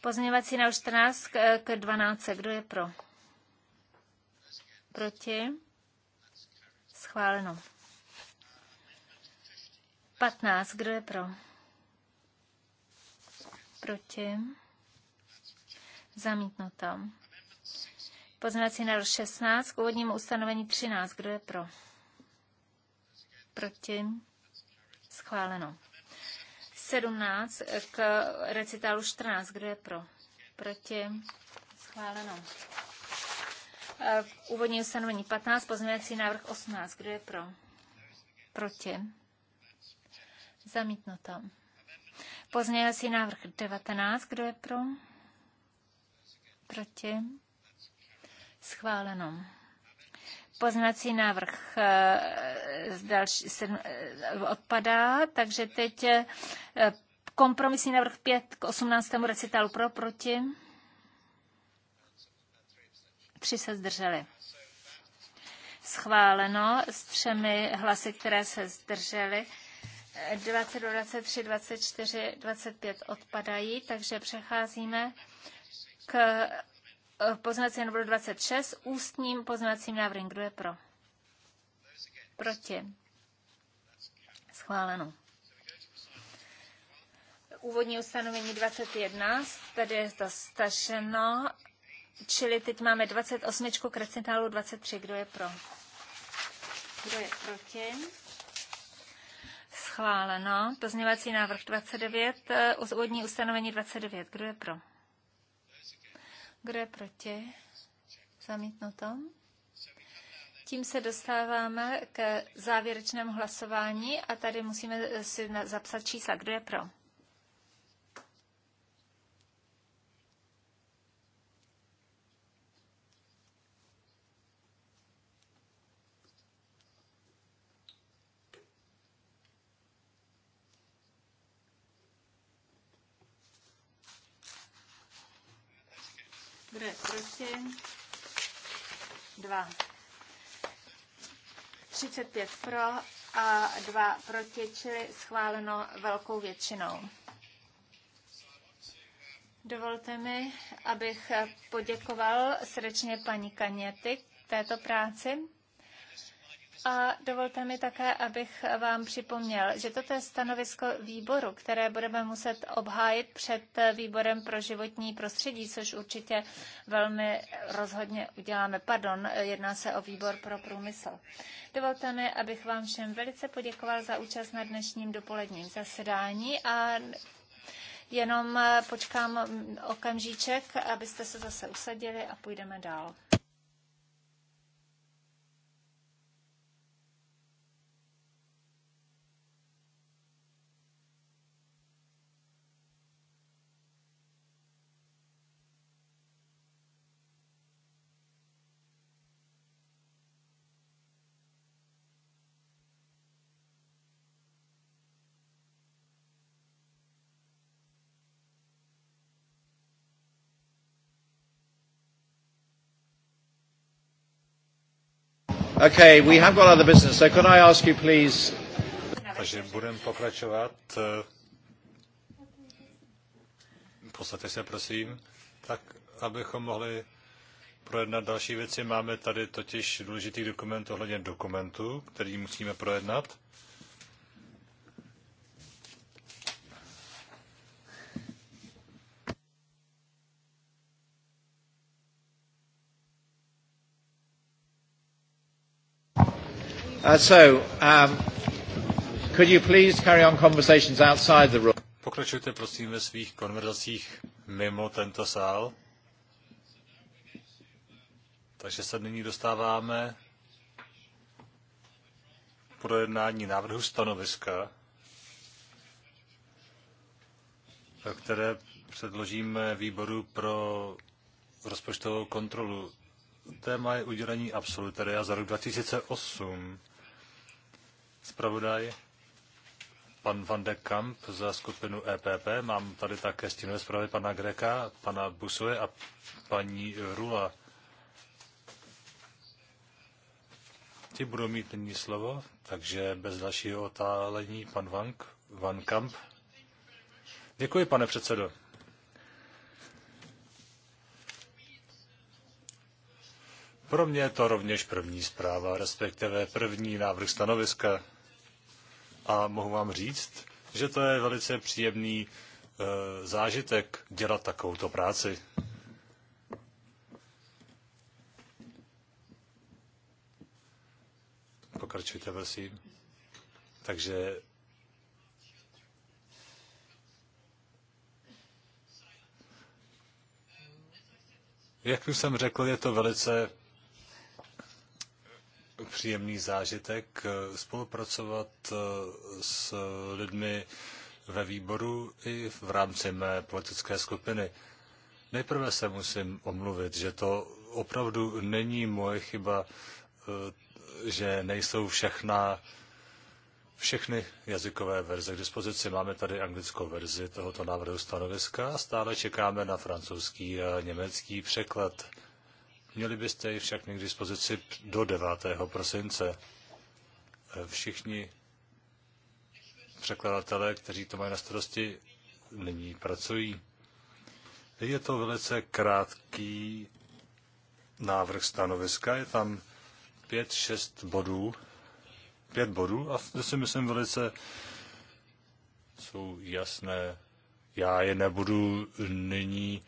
Pozměňovací na 14 k 12. Kdo je pro? Proti? Schváleno. 15. Kdo je pro? Proti? Zamítnuto. Pozměňovací návrh 16 k úvodnímu ustanovení 13. Kdo je pro? Proti? Schváleno. 17 k recitálu 14. Kdo je pro? Proti? Schváleno. E, úvodní ustanovení 15, pozměňovací návrh 18. Kdo je pro? Proti? Zamítnuto. Pozměňovací návrh 19. Kdo je pro? Proti? Schváleno. Poznací návrh eh, další, eh, odpadá, takže teď eh, kompromisní návrh 5 k 18. recitálu pro, proti. Tři se zdrželi. Schváleno s třemi hlasy, které se zdržely. 20, 23, 24, 25 odpadají, takže přecházíme k Eh, Poznací návrh 26 ústním poznacím návrhem. Kdo je pro? Proti. Schváleno. Úvodní ustanovení 21, tady je to stašeno, čili teď máme 28 k recitálu 23. Kdo je pro? Kdo je proti? Schváleno. Pozměňovací návrh 29, eh, úvodní ustanovení 29. Kdo je pro? Kdo je proti? Zamítnuto. Tím se dostáváme k závěrečnému hlasování a tady musíme si zapsat čísla. Kdo je pro? dva, 2. 35 pro a 2 proti, čili schváleno velkou většinou. Dovolte mi, abych poděkoval srdečně paní Kaněty této práci. A dovolte mi také, abych vám připomněl, že toto je stanovisko výboru, které budeme muset obhájit před výborem pro životní prostředí, což určitě velmi rozhodně uděláme. Pardon, jedná se o výbor pro průmysl. Dovolte mi, abych vám všem velice poděkoval za účast na dnešním dopoledním zasedání a jenom počkám okamžíček, abyste se zase usadili a půjdeme dál. Okay, we have got other business, so could I ask you please... Takže budeme pokračovat. Posaďte se, prosím. Tak, abychom mohli projednat další věci, máme tady totiž důležitý dokument ohledně dokumentu, který musíme projednat. Pokračujte prosím ve svých konverzacích mimo tento sál. Takže se nyní dostáváme k projednání návrhu stanoviska, které předložíme výboru pro rozpočtovou kontrolu. Téma je udělení absolutoria za rok 2008 zpravodaj pan Van de Kamp za skupinu EPP. Mám tady také stínové zprávy pana Greka, pana Busuje a paní Rula. Ti budou mít nyní slovo, takže bez dalšího otálení pan Vank, Van Kamp. Děkuji, pane předsedo. Pro mě je to rovněž první zpráva, respektive první návrh stanoviska a mohu vám říct, že to je velice příjemný eh, zážitek dělat takovouto práci. Pokračujte, prosím. Takže Jak už jsem řekl, je to velice příjemný zážitek eh, spolupracovat eh, s lidmi ve výboru i v rámci mé politické skupiny. Nejprve se musím omluvit, že to opravdu není moje chyba, eh, že nejsou všechna, všechny jazykové verze k dispozici. Máme tady anglickou verzi tohoto návrhu stanoviska, stále čekáme na francouzský a německý překlad. Měli byste ji však mít k dispozici do 9. prosince. Všichni překladatelé, kteří to mají na starosti, nyní pracují. Je to velice krátký návrh stanoviska, je tam pět, šest bodů, pět bodů a to si myslím velice jsou jasné. Já je nebudu nyní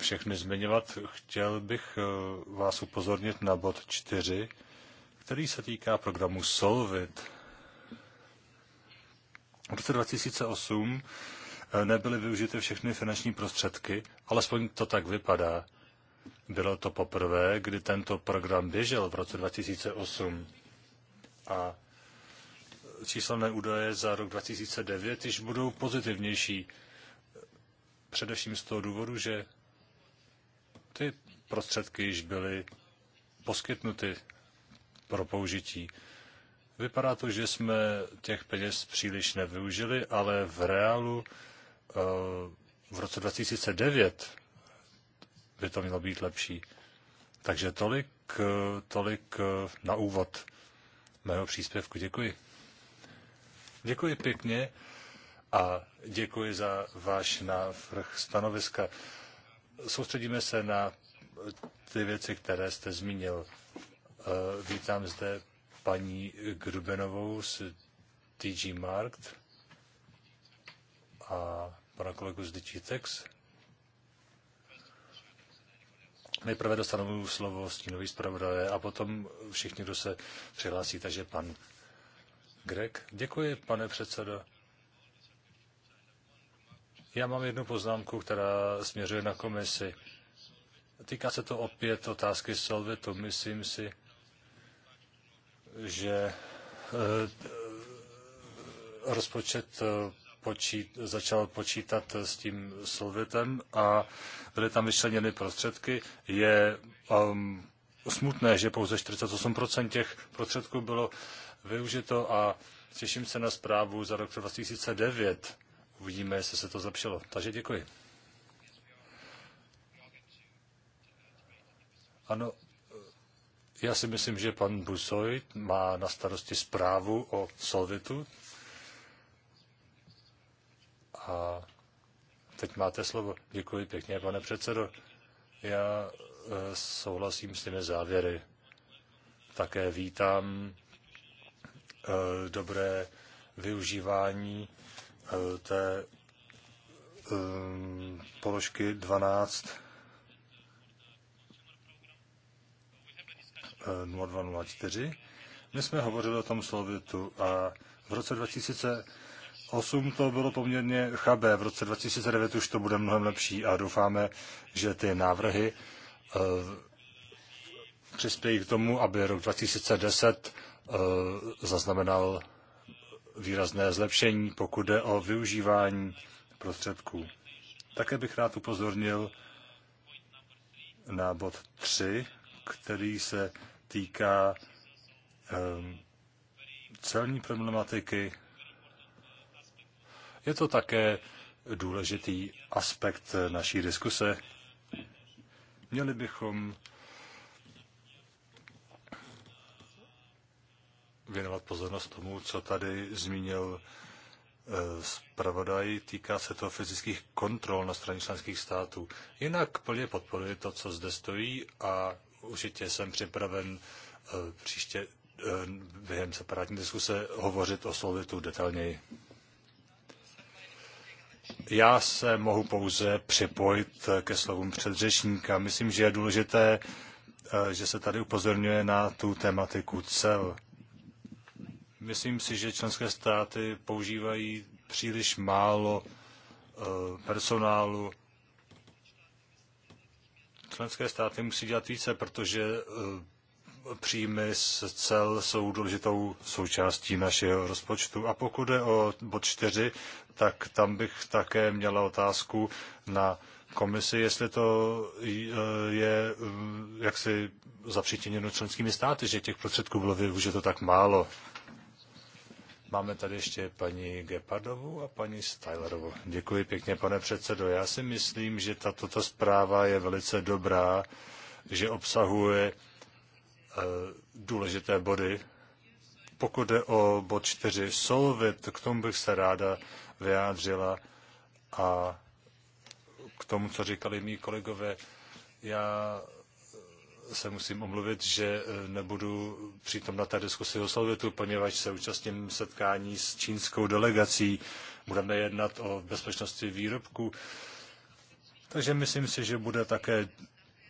všechny zmiňovat, chtěl bych eh, vás upozornit na bod 4, který se týká programu Solvit. V roce 2008 eh, nebyly využity všechny finanční prostředky, alespoň to tak vypadá. Bylo to poprvé, kdy tento program běžel v roce 2008. A číselné údaje za rok 2009 již budou pozitivnější. Především z toho důvodu, že ty prostředky již byly poskytnuty pro použití. Vypadá to, že jsme těch peněz příliš nevyužili, ale v reálu eh, v roce 2009 by to mělo být lepší. Takže tolik, eh, tolik eh, na úvod mého příspěvku. Děkuji. Děkuji pěkně a děkuji za váš návrh stanoviska soustředíme se na ty věci, které jste zmínil. Eh, vítám zde paní Grubenovou z DG Markt a pana kolegu z Digitex. Nejprve dostanou slovo stínový zpravodaje a potom všichni, kdo se přihlásí, takže pan Greg. Děkuji, pane předsedo. Já mám jednu poznámku, která směřuje na komisi. Týká se to opět otázky Solvitu. Myslím si, že eh, rozpočet eh, počít, začal počítat s tím Solvitem a byly tam vyčleněny prostředky. Je um, smutné, že pouze 48% těch prostředků bylo využito a těším se na zprávu za rok 2009 uvidíme, jestli se to zlepšilo. Takže děkuji. Ano, já si myslím, že pan Busoj má na starosti zprávu o Solvitu. A teď máte slovo. Děkuji pěkně, pane předsedo. Já eh, souhlasím s těmi závěry. Také vítám eh, dobré využívání Eh, té eh, položky 12 0204. Eh, My jsme hovořili o tom slovitu a v roce 2008 to bylo poměrně chabé, v roce 2009 už to bude mnohem lepší a doufáme, že ty návrhy přispějí k tomu, aby rok 2010 zaznamenal výrazné zlepšení, pokud jde o využívání prostředků. Také bych rád upozornil na bod 3, který se týká ehm, celní problematiky. Je to také důležitý aspekt naší diskuse. Měli bychom věnovat pozornost tomu, co tady zmínil eh, zpravodaj. Týká se to fyzických kontrol na straně členských států. Jinak plně podporuji to, co zde stojí a určitě jsem připraven eh, příště eh, během separátní diskuse hovořit o slovitu detailněji. Já se mohu pouze připojit ke slovům předřečníka. Myslím, že je důležité, že se tady upozorňuje na tu tematiku cel. Myslím si, že členské státy používají příliš málo eh, personálu. Členské státy musí dělat více, protože eh, příjmy z cel jsou důležitou součástí našeho rozpočtu. A pokud je o bod čtyři, tak tam bych také měla otázku na komisi, jestli to eh, je jaksi zapřítěněno členskými státy, že těch prostředků bylo využito tak málo. Máme tady ještě paní Gepardovou a paní Stylerovou. Děkuji pěkně, pane předsedo. Já si myslím, že tato ta zpráva je velice dobrá, že obsahuje eh, důležité body. Pokud jde o bod čtyři Solvit, k tomu bych se ráda vyjádřila a k tomu, co říkali mý kolegové, já se musím omluvit, že eh, nebudu přítom na té diskusi o Solvitu, poněvadž se účastním setkání s čínskou delegací. Budeme jednat o bezpečnosti výrobků. Takže myslím si, že bude také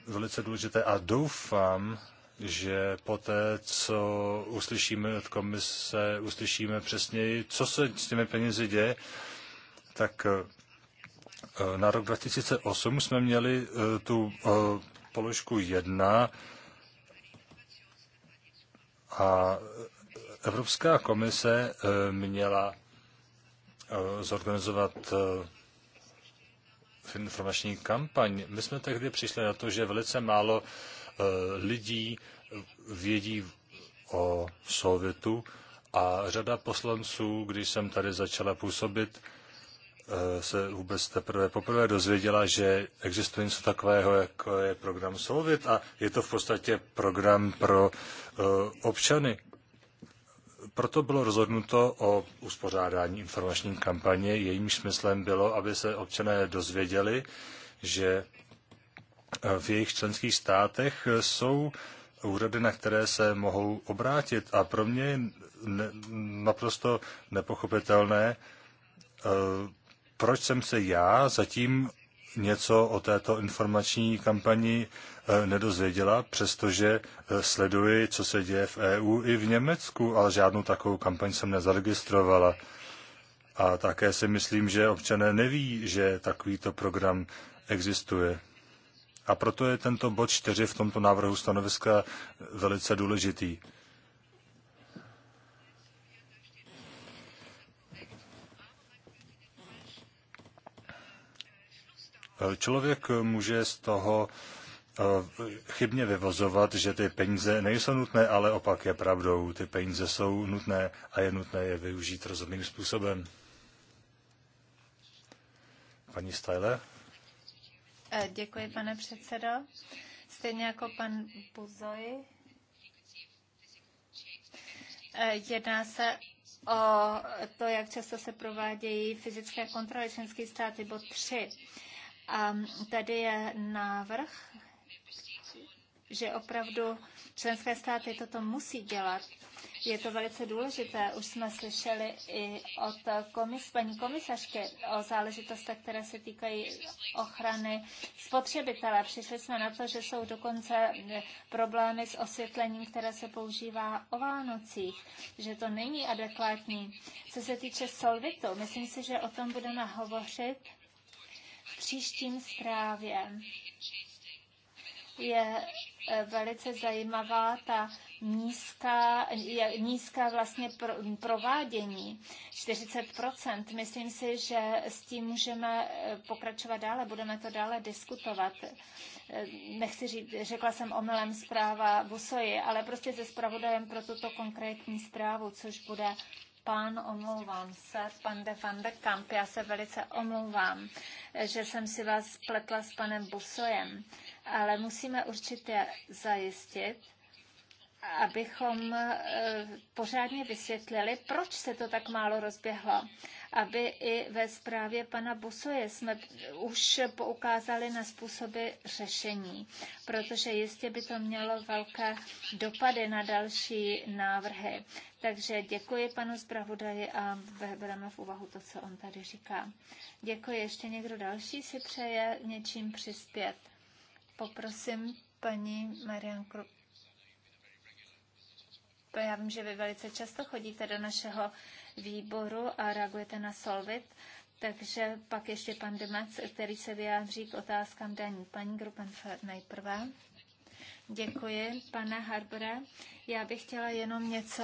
velice důležité a doufám, že poté, co uslyšíme od komise, uslyšíme přesněji, co se s těmi penězi děje, tak eh, na rok 2008 jsme měli eh, tu položku 1 a Evropská komise eh, měla eh, zorganizovat eh, informační kampaň. My jsme tehdy přišli na to, že velice málo lidí vědí o Sovětu a řada poslanců, když jsem tady začala působit, Eh, se vůbec teprve poprvé dozvěděla, že existuje něco takového, jako je program Solvit a je to v podstatě program pro eh, občany. Proto bylo rozhodnuto o uspořádání informační kampaně. Jejím smyslem bylo, aby se občané dozvěděli, že eh, v jejich členských státech jsou úřady, na které se mohou obrátit. A pro mě je naprosto nepochopitelné, proč jsem se já zatím něco o této informační kampani eh, nedozvěděla, přestože eh, sleduji, co se děje v EU i v Německu, ale žádnou takovou kampaň jsem nezaregistrovala. A také si myslím, že občané neví, že takovýto program existuje. A proto je tento bod 4 v tomto návrhu stanoviska velice důležitý. Člověk může z toho eh, chybně vyvozovat, že ty peníze nejsou nutné, ale opak je pravdou. Ty peníze jsou nutné a je nutné je využít rozumným způsobem. Paní Stajle? Eh, děkuji, pane předsedo. Stejně jako pan Buzoj. Eh, jedná se o to, jak často se provádějí fyzické kontroly členských států, bod 3 a tady je návrh, že opravdu členské státy toto musí dělat. Je to velice důležité. Už jsme slyšeli i od komis, paní komisařky o záležitostech, které se týkají ochrany spotřebitele. Přišli jsme na to, že jsou dokonce problémy s osvětlením, které se používá o Vánocích, že to není adekvátní. Co se týče solvitu, myslím si, že o tom budeme hovořit příštím zprávě. Je eh, velice zajímavá ta nízká, nízká vlastně provádění, 40%. Myslím si, že s tím můžeme eh, pokračovat dále, budeme to dále diskutovat. Eh, nechci říct, řekla jsem omylem zpráva Busoji, ale prostě se zpravodajem pro tuto konkrétní zprávu, což bude pán, omlouvám se, pan de van de Kamp, já se velice omlouvám, že jsem si vás spletla s panem Busojem, ale musíme určitě zajistit, abychom eh, pořádně vysvětlili, proč se to tak málo rozběhlo. Aby i ve zprávě pana Busoje jsme už poukázali na způsoby řešení, protože jistě by to mělo velké dopady na další návrhy. Takže děkuji panu zpravodaji a bereme v úvahu to, co on tady říká. Děkuji. Ještě někdo další si přeje něčím přispět? Poprosím paní Marian Krupa já vím, že vy velice často chodíte do našeho výboru a reagujete na Solvit, takže pak ještě pan Demac, který se vyjádří k otázkám daní. Paní Grupenfeld nejprve. Děkuji, pane Harbore. Já bych chtěla jenom něco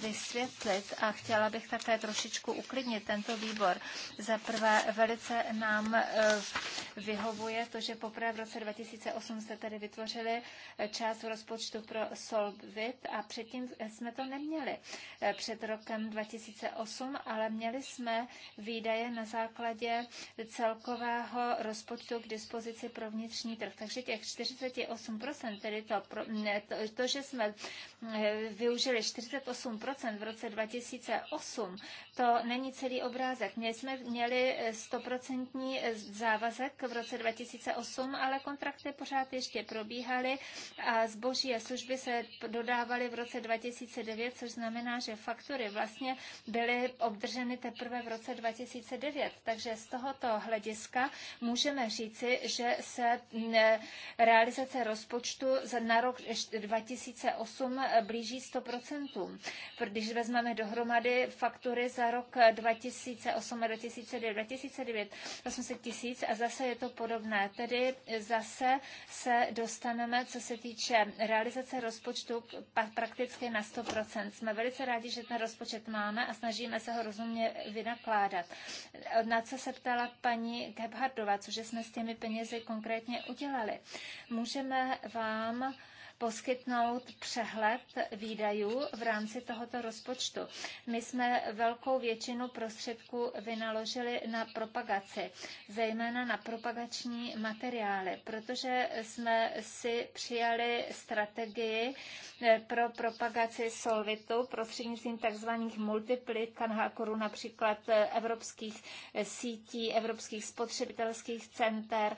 vysvětlit a chtěla bych také trošičku uklidnit tento výbor. Za prvé, velice nám e, vyhovuje to, že poprvé v roce 2008 jste tady vytvořili e, část rozpočtu pro Solvit a předtím jsme to neměli e, před rokem 2008, ale měli jsme výdaje na základě celkového rozpočtu k dispozici pro vnitřní trh. Takže těch 48%, tedy to, to, že jsme Eh, využili 48% v roce 2008, to není celý obrázek. My jsme měli 100% eh, eh, závazek v roce 2008, ale kontrakty pořád ještě probíhaly a zboží a služby se dodávaly v roce 2009, což znamená, že faktury vlastně byly obdrženy teprve v roce 2009. Takže z tohoto hlediska můžeme říci, že se mm, realizace rozpočtu na rok 2008 blíží 100%. Když vezmeme dohromady faktury za rok 2008 a 2009, 2009 800 tisíc a zase je to podobné. Tedy zase se dostaneme, co se týče realizace rozpočtu, prakticky na 100%. Jsme velice rádi, že ten rozpočet máme a snažíme se ho rozumně vynakládat. Na co se ptala paní Gebhardová, cože jsme s těmi penězi konkrétně udělali. Můžeme vám poskytnout přehled výdajů v rámci tohoto rozpočtu. My jsme velkou většinu prostředků vynaložili na propagaci, zejména na propagační materiály, protože jsme si přijali strategii eh, pro propagaci Solvitu prostřednictvím tzv. multiplikátorů, například eh, evropských eh, sítí, evropských spotřebitelských center,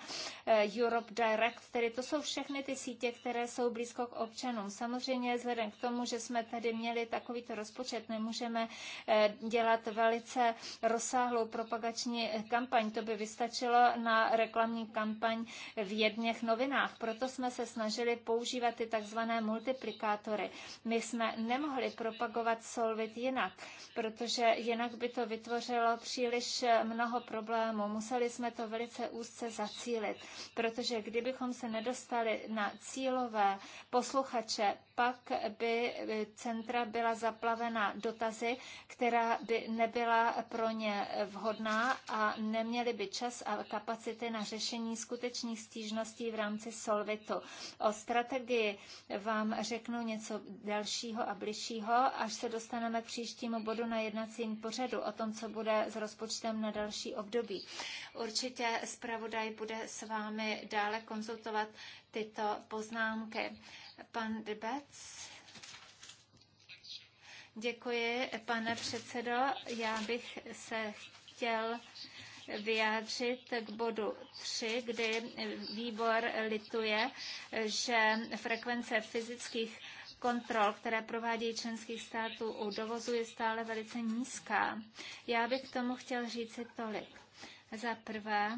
Europe Direct, tedy to jsou všechny ty sítě, které jsou blízké blízko k občanům. Samozřejmě vzhledem k tomu, že jsme tady měli takovýto rozpočet, nemůžeme eh, dělat velice rozsáhlou propagační eh, kampaň. To by vystačilo na reklamní kampaň v jedněch novinách. Proto jsme se snažili používat ty takzvané multiplikátory. My jsme nemohli propagovat Solvit jinak, protože jinak by to vytvořilo příliš eh, mnoho problémů. Museli jsme to velice úzce zacílit, protože kdybychom se nedostali na cílové posluchače. Pak by centra byla zaplavena dotazy, která by nebyla pro ně vhodná a neměli by čas a kapacity na řešení skutečných stížností v rámci Solvitu. O strategii vám řeknu něco dalšího a bližšího, až se dostaneme k příštímu bodu na jednacím pořadu o tom, co bude s rozpočtem na další období. Určitě zpravodaj bude s vámi dále konzultovat tyto poznámky. Pan Debec. Děkuji, pane předsedo. Já bych se chtěl vyjádřit k bodu 3, kdy výbor lituje, že frekvence fyzických kontrol, které provádějí členských států u dovozu, je stále velice nízká. Já bych k tomu chtěl říci tolik. Za prvé,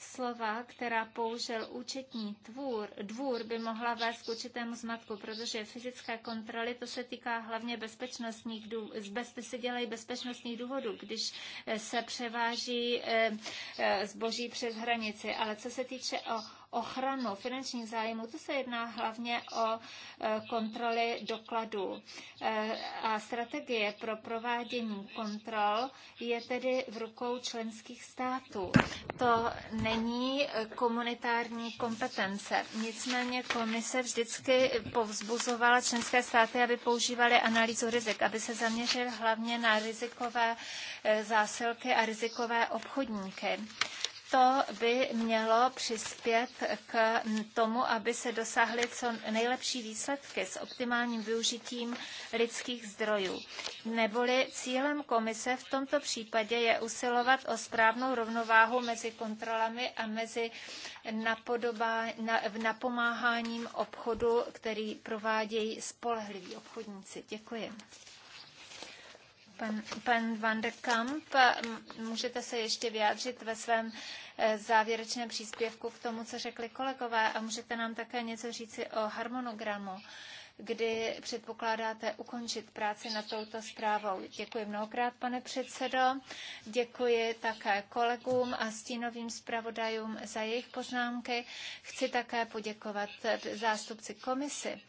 slova, která použil účetní tvůr, dvůr, by mohla vést k určitému zmatku, protože fyzické kontroly, to se týká hlavně bezpečnostních důvodů, se dělají bezpečnostních důvodů, když eh, se převáží eh, eh, zboží přes hranici. Ale co se týče o ochranu finančních zájmů, to se jedná hlavně o e, kontroly dokladů. E, a strategie pro provádění kontrol je tedy v rukou členských států. To není komunitární kompetence. Nicméně komise vždycky povzbuzovala členské státy, aby používali analýzu rizik, aby se zaměřil hlavně na rizikové e, zásilky a rizikové obchodníky to by mělo přispět k tomu, aby se dosáhly co nejlepší výsledky s optimálním využitím lidských zdrojů. Neboli cílem komise v tomto případě je usilovat o správnou rovnováhu mezi kontrolami a mezi napodobá, na, napomáháním obchodu, který provádějí spolehliví obchodníci. Děkuji. Pan, pan Van de Kamp, můžete se ještě vyjádřit ve svém eh, závěrečném příspěvku k tomu, co řekli kolegové a můžete nám také něco říci o harmonogramu, kdy předpokládáte ukončit práci na touto zprávou. Děkuji mnohokrát, pane předsedo. Děkuji také kolegům a stínovým zpravodajům za jejich poznámky. Chci také poděkovat zástupci komisy.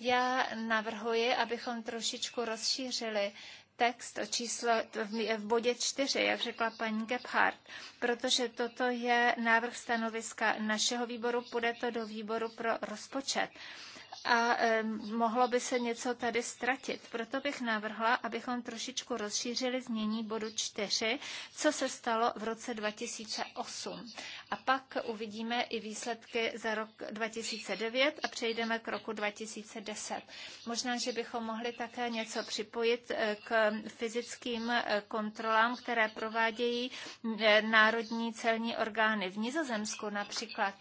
Já navrhuji, abychom trošičku rozšířili text o číslo v bodě 4, jak řekla paní Gebhardt, protože toto je návrh stanoviska našeho výboru, půjde to do výboru pro rozpočet a mohlo by se něco tady ztratit. Proto bych navrhla, abychom trošičku rozšířili změní bodu 4, co se stalo v roce 2008. A pak uvidíme i výsledky za rok 2009 a přejdeme k roku 2010. Možná, že bychom mohli také něco připojit eh, k fyzickým eh, kontrolám, které provádějí eh, národní celní orgány v Nizozemsku například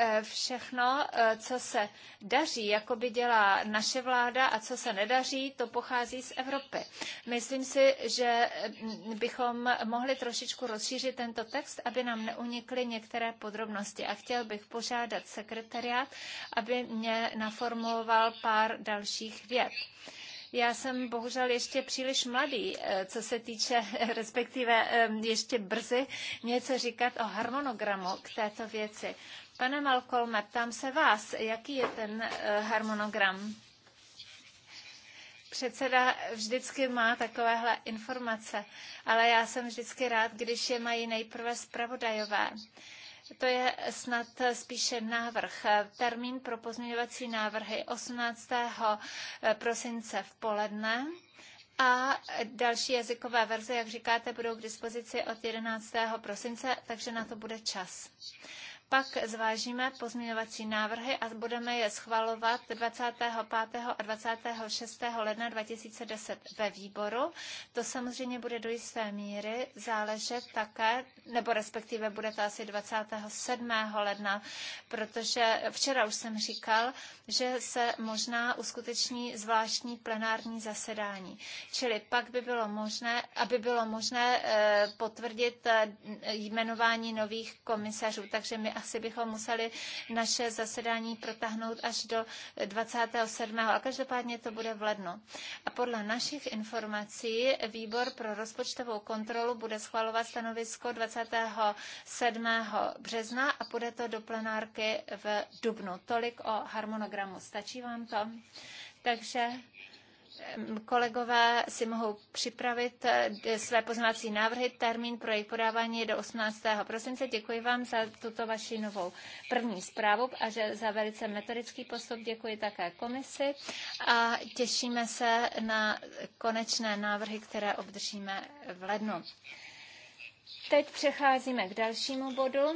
Eh, všechno, eh, co se daří, jako by dělá naše vláda a co se nedaří, to pochází z Evropy. Myslím si, že mm, bychom mohli trošičku rozšířit tento text, aby nám neunikly některé podrobnosti. A chtěl bych požádat sekretariát, aby mě naformuloval pár dalších věd. Já jsem bohužel ještě příliš mladý, eh, co se týče, <laughs> respektive ještě brzy, něco říkat o harmonogramu k této věci. Pane Malcolme, ptám se vás, jaký je ten eh, harmonogram? Předseda vždycky má takovéhle informace, ale já jsem vždycky rád, když je mají nejprve zpravodajové. To je snad eh, spíše návrh. Termín pro pozměňovací návrhy 18. Eh, prosince v poledne. A další jazykové verze, jak říkáte, budou k dispozici od 11. prosince, takže na to bude čas. Pak zvážíme pozměňovací návrhy a budeme je schvalovat 25. a 26. ledna 2010 ve výboru. To samozřejmě bude do jisté míry záležet také, nebo respektive bude to asi 27. ledna, protože včera už jsem říkal, že se možná uskuteční zvláštní plenární zasedání. Čili pak by bylo možné, aby bylo možné eh, potvrdit eh, jmenování nových komisařů. Takže my asi bychom museli naše zasedání protáhnout až do 27. a každopádně to bude v lednu. A podle našich informací výbor pro rozpočtovou kontrolu bude schvalovat stanovisko 27. března a bude to do plenárky v Dubnu. Tolik o harmonogramu. Stačí vám to? Takže Kolegové si mohou připravit eh, své poznávací návrhy. Termín pro jejich podávání je do 18. prosince. Děkuji vám za tuto vaši novou první zprávu a že za velice metodický postup. Děkuji také komisi a těšíme se na konečné návrhy, které obdržíme v lednu. Teď přecházíme k dalšímu bodu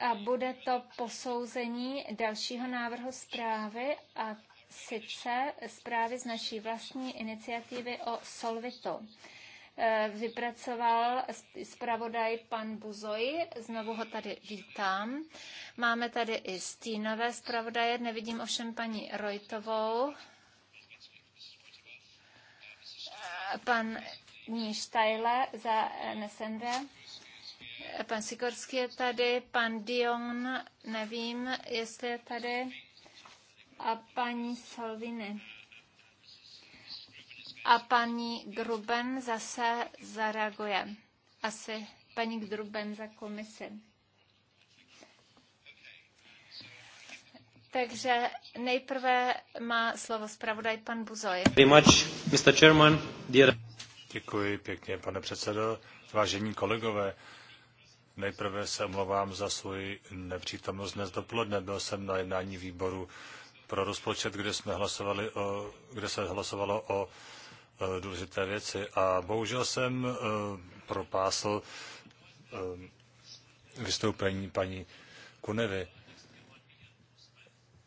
a bude to posouzení dalšího návrhu zprávy a sice zprávy z naší vlastní iniciativy o Solvitu eh, vypracoval zpravodaj pan Buzoj. Znovu ho tady vítám. Máme tady i stínové zpravodaje, nevidím ovšem paní Rojtovou. Eh, pan Níštajle za NSND. Eh, pan Sikorský je tady, pan Dion, nevím, jestli je tady a paní Salvini. A paní Gruben zase zareaguje. Asi paní Gruben za komisi. Takže nejprve má slovo zpravodaj pan Buzoj. Děkuji pěkně, pane předsedo. Vážení kolegové, nejprve se omlouvám za svůj nepřítomnost dnes dopoledne. Byl jsem na jednání výboru pro rozpočet, kde, jsme hlasovali o, kde se hlasovalo o e, důležité věci. A bohužel jsem e, propásl e, vystoupení paní Kunevy.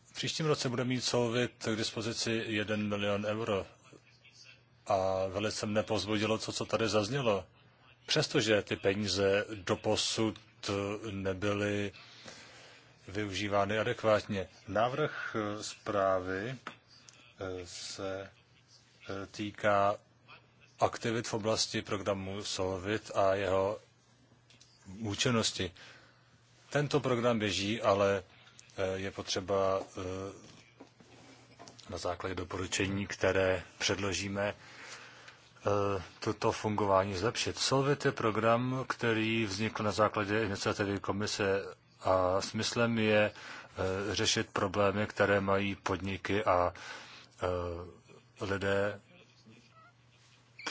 V příštím roce bude mít Solvit k dispozici 1 milion euro. A velice mne pozbudilo to, co tady zaznělo. Přestože ty peníze doposud nebyly využívány adekvátně. Návrh eh, zprávy eh, se eh, týká aktivit v oblasti programu Solvit a jeho účinnosti. Tento program běží, ale je potřeba na základě doporučení, které předložíme, toto fungování zlepšit. Solvit je program, který vznikl na základě iniciativy Komise a smyslem je eh, řešit problémy, které mají podniky a eh, lidé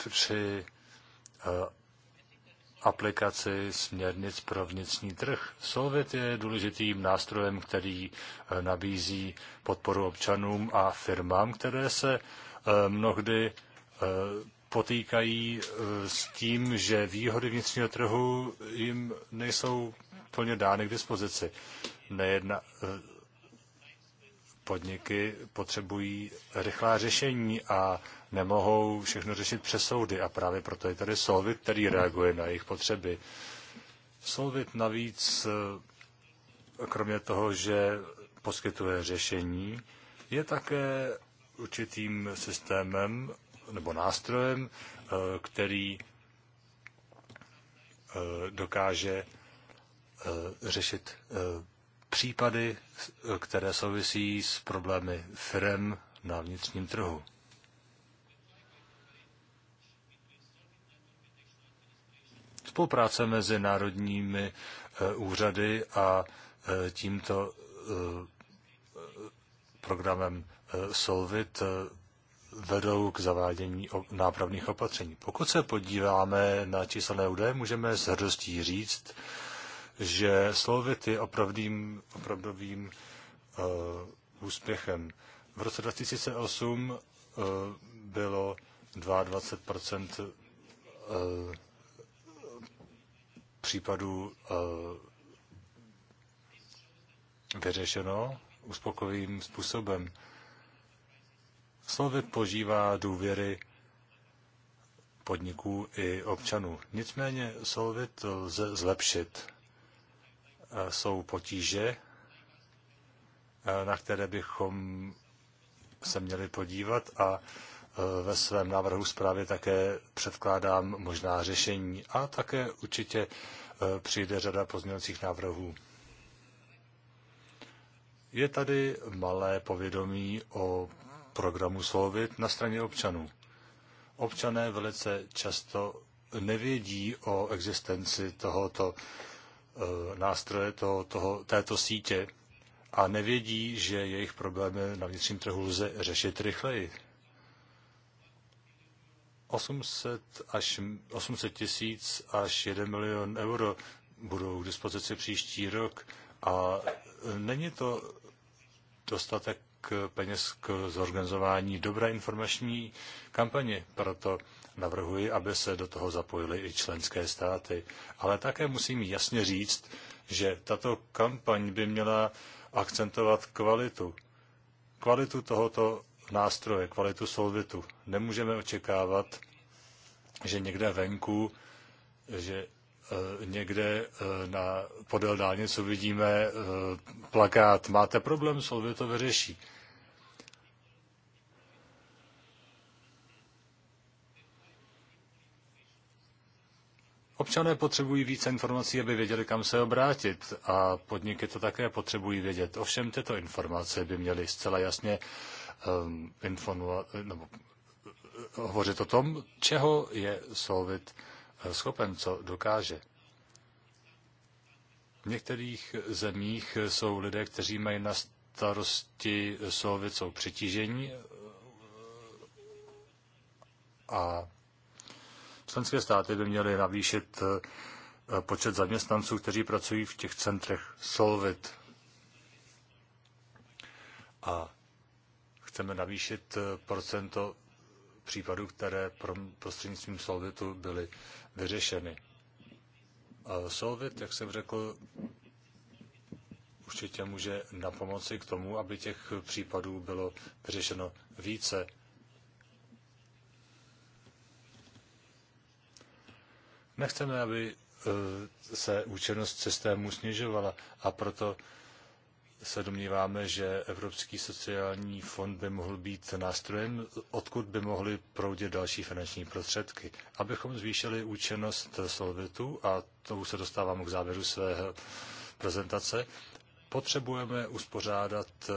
při eh, aplikaci směrnic pro vnitřní trh. Solvit je důležitým nástrojem, který nabízí podporu občanům a firmám, které se mnohdy potýkají s tím, že výhody vnitřního trhu jim nejsou plně dány k dispozici. Nejedna, eh, podniky potřebují rychlá řešení a nemohou všechno řešit přes soudy a právě proto je tady Solvit, který reaguje na jejich potřeby. Solvit navíc, eh, kromě toho, že poskytuje řešení, je také určitým systémem nebo nástrojem, eh, který dokáže Eh, řešit eh, případy, které souvisí s problémy firm na vnitřním trhu. Spolupráce mezi národními eh, úřady a tímto programem Solvit vedou k zavádění nápravných opatření. Pokud se podíváme na číselné údaje, můžeme s hrdostí říct, že Slovit je opravdým, opravdovým uh, úspěchem. V roce 2008 uh, eh, bylo 22 uh, eh, případů uh, vyřešeno uspokojivým způsobem. Slovit požívá důvěry podniků i občanů. Nicméně Solvit lze zlepšit. Eh, jsou potíže, eh, na které bychom se měli podívat a eh, ve svém návrhu zprávy také předkládám možná řešení a také určitě přijde řada pozměňovacích návrhů. Je tady malé povědomí o programu slovit na straně občanů. Občané velice často nevědí o existenci tohoto Eh, nástroje toho, toho, této sítě a nevědí, že jejich problémy na vnitřním trhu lze řešit rychleji. 800, až, 800 tisíc až 1 milion euro budou k dispozici příští rok a eh, není to dostatek peněz k zorganizování dobré informační kampaně, proto navrhuji, aby se do toho zapojily i členské státy. Ale také musím jasně říct, že tato kampaň by měla akcentovat kvalitu. Kvalitu tohoto nástroje, kvalitu solvitu. Nemůžeme očekávat, že někde venku, že eh, někde eh, na podél dálnic uvidíme eh, plakát Máte problém, solvit to vyřeší. Občané potřebují více informací, aby věděli, kam se obrátit a podniky to také potřebují vědět. Ovšem tyto informace by měly zcela jasně um, informovat, nebo eh, hovořit o tom, čeho je Solvit eh, schopen, co dokáže. V některých zemích jsou lidé, kteří mají na starosti Solvit, jsou přitížení eh, a Členské státy by měly navýšit eh, počet zaměstnanců, kteří pracují v těch centrech Solvit. A chceme navýšit eh, procento případů, které prostřednictvím Solvitu byly vyřešeny. Solvit, jak jsem řekl, určitě může na pomoci k tomu, aby těch případů bylo vyřešeno více. Nechceme, aby eh, se účinnost systému snižovala a proto se domníváme, že Evropský sociální fond by mohl být nástrojem, odkud by mohly proudit další finanční prostředky. Abychom zvýšili účinnost Solvitu, a to už se dostávám k závěru své prezentace, potřebujeme uspořádat eh,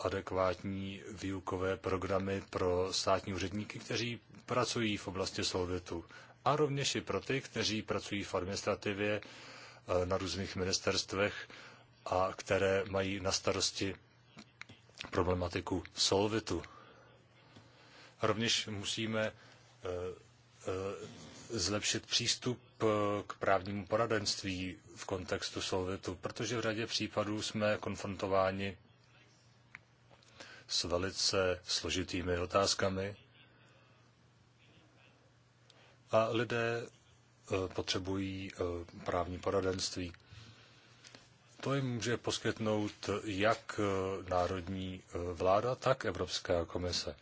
adekvátní výukové programy pro státní úředníky, kteří pracují v oblasti Solvitu a rovněž i pro ty, kteří pracují v administrativě eh, na různých ministerstvech a které mají na starosti problematiku solvitu. Rovněž musíme eh, eh, zlepšit přístup k právnímu poradenství v kontextu solvitu, protože v řadě případů jsme konfrontováni s velice složitými otázkami, a lidé eh, potřebují eh, právní poradenství. To jim může poskytnout jak eh, národní vláda, tak Evropská komise.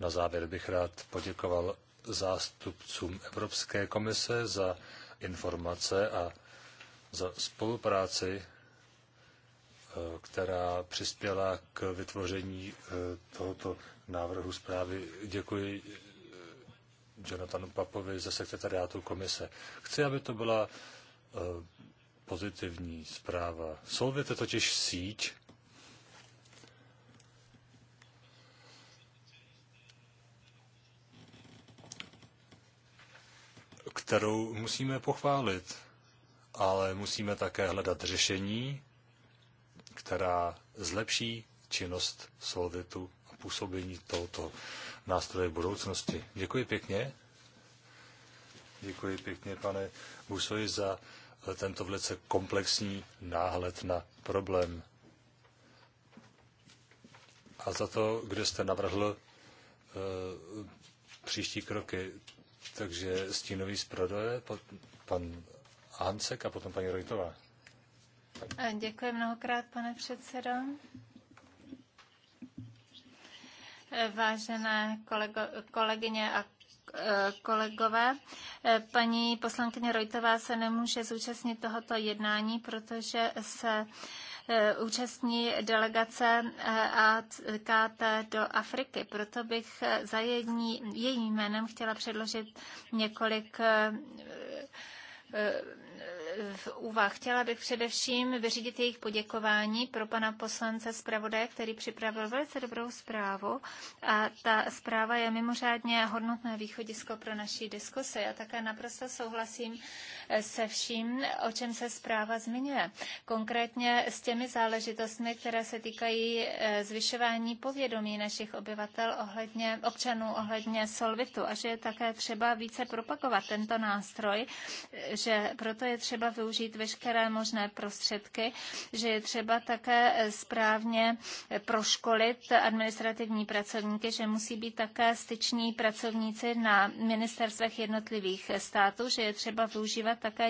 Na závěr bych rád poděkoval zástupcům Evropské komise za informace a za spolupráci, která přispěla k vytvoření tohoto návrhu zprávy. Děkuji Jonathanu Papovi ze sekretariátu komise. Chci, aby to byla eh, pozitivní zpráva. Solvit totiž síť, kterou musíme pochválit, ale musíme také hledat řešení, která zlepší činnost Solvitu a působení tohoto nástroje budoucnosti. Děkuji pěkně. Děkuji pěkně, pane Busovi, za eh, tento velice komplexní náhled na problém. A za to, kde jste navrhl uh, příští kroky. Takže stínový zprodaje, pan Hancek a potom paní Rojtová. Eh, děkuji mnohokrát, pane předsedo vážené kolego, kolegyně a e, kolegové. E, paní poslankyně Rojtová se nemůže zúčastnit tohoto jednání, protože se e, účastní delegace AKT do Afriky. Proto bych za jední, jejím jménem chtěla předložit několik v úvah. Chtěla bych především vyřídit jejich poděkování pro pana poslance zpravodaje, který připravil velice dobrou zprávu a ta zpráva je mimořádně hodnotné východisko pro naší diskuse. Já také naprosto souhlasím eh, se vším, o čem se zpráva zmiňuje. Konkrétně s těmi záležitostmi, které se týkají eh, zvyšování povědomí našich obyvatel ohledně občanů ohledně solvitu a že je také třeba více propagovat tento nástroj, eh, že proto je třeba třeba využít veškeré možné prostředky, že je třeba také eh, správně eh, proškolit administrativní pracovníky, že musí být také styční pracovníci na ministerstvech jednotlivých eh, států, že je třeba využívat také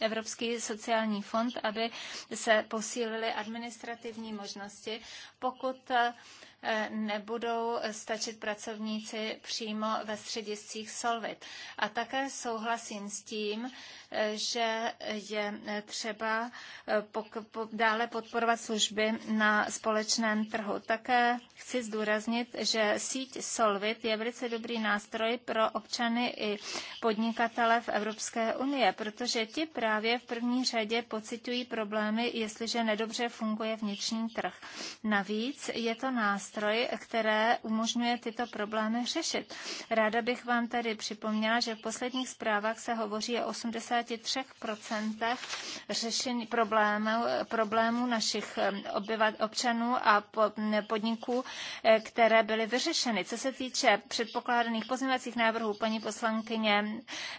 Evropský sociální fond, aby se posílily administrativní možnosti. Pokud Eh, nebudou stačit pracovníci přímo ve střediscích Solvit. A také souhlasím s tím, eh, že je eh, třeba dále podporovat služby na společném trhu. Také chci zdůraznit, že síť Solvit je velice dobrý nástroj pro občany i podnikatele v Evropské unie, protože ti právě v první řadě pocitují problémy, jestliže nedobře funguje vnitřní trh. Navíc je to nástroj, nástroj, které umožňuje tyto problémy řešit. Ráda bych vám tady připomněla, že v posledních zprávách se hovoří o 83% řešení problémů, problémů našich obyvat, občanů a podniků, eh, které byly vyřešeny. Co se týče předpokládaných pozměňovacích návrhů paní poslankyně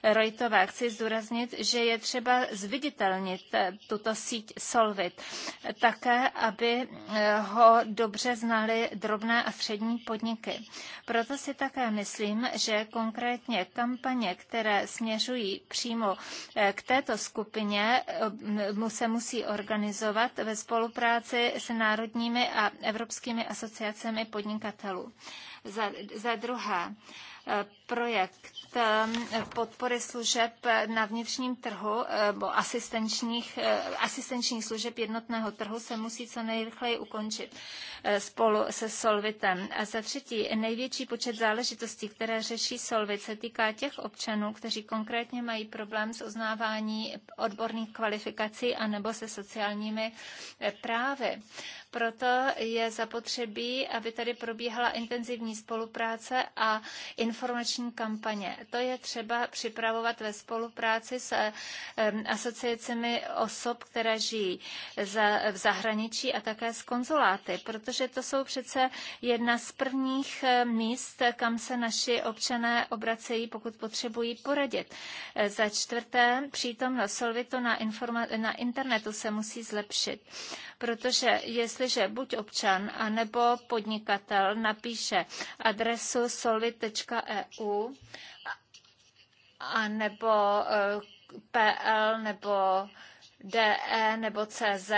Rojtové, chci zdůraznit, že je třeba zviditelnit eh, tuto síť Solvit, také, aby eh, ho dobře znali drobné a střední podniky. Proto si také myslím, že konkrétně kampaně, které směřují přímo eh, k této skupině, eh, se musí organizovat ve spolupráci s národními a evropskými asociacemi podnikatelů. Za, za druhé, eh, projekt eh, podpory služeb na vnitřním trhu nebo eh, asistenčních, asistenčních služeb jednotného trhu se musí co nejrychleji ukončit spolu se Solvitem. A za třetí, největší počet záležitostí, které řeší Solvit, se týká těch občanů, kteří konkrétně mají problém s uznávání odborných kvalifikací anebo se sociálními právy. Proto je zapotřebí, aby tady probíhala intenzivní spolupráce a informační kampaně. To je třeba připravovat ve spolupráci s asociacemi osob, které žijí v zahraničí a také s konzuláty, protože to jsou přece jedna z prvních eh, míst, kam se naši občané obracejí, pokud potřebují poradit. Eh, za čtvrté, přítomnost Solvitu na, informa- na internetu se musí zlepšit protože jestliže buď občan, anebo podnikatel napíše adresu solvit.eu e a eh, nebo PL nebo DE nebo CZ,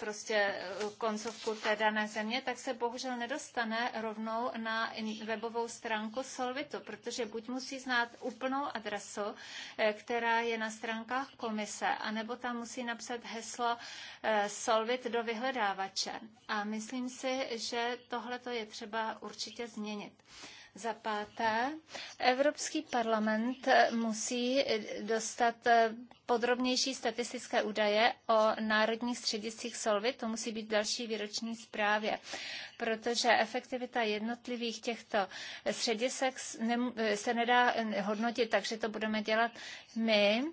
prostě eh, koncovku té dané země, tak se bohužel nedostane rovnou na webovou stránku Solvitu, protože buď musí znát úplnou adresu, eh, která je na stránkách komise, anebo tam musí napsat heslo eh, Solvit do vyhledávače. A myslím si, že tohle je třeba určitě změnit. Za páté, Evropský parlament musí dostat podrobnější statistické údaje o národních střediscích solvy. To musí být další výroční zprávě, protože efektivita jednotlivých těchto středisek se nedá eh, hodnotit, takže to budeme dělat my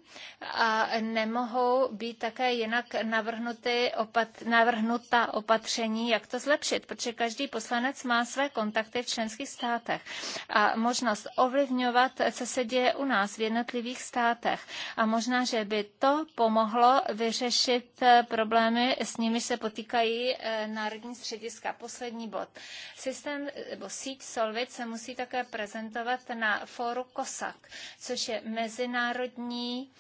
a nemohou být také jinak navrhnuty opat, navrhnuta opatření, jak to zlepšit, protože každý poslanec má své kontakty v členských státech a možnost ovlivňovat, co se děje u nás v jednotlivých státech. A možná, že by to pomohlo vyřešit eh, problémy, s nimi se potýkají eh, národní střediska. Poslední bod. Systém eh, nebo síť Solvit se musí také prezentovat na fóru COSAC, což je mezinárodní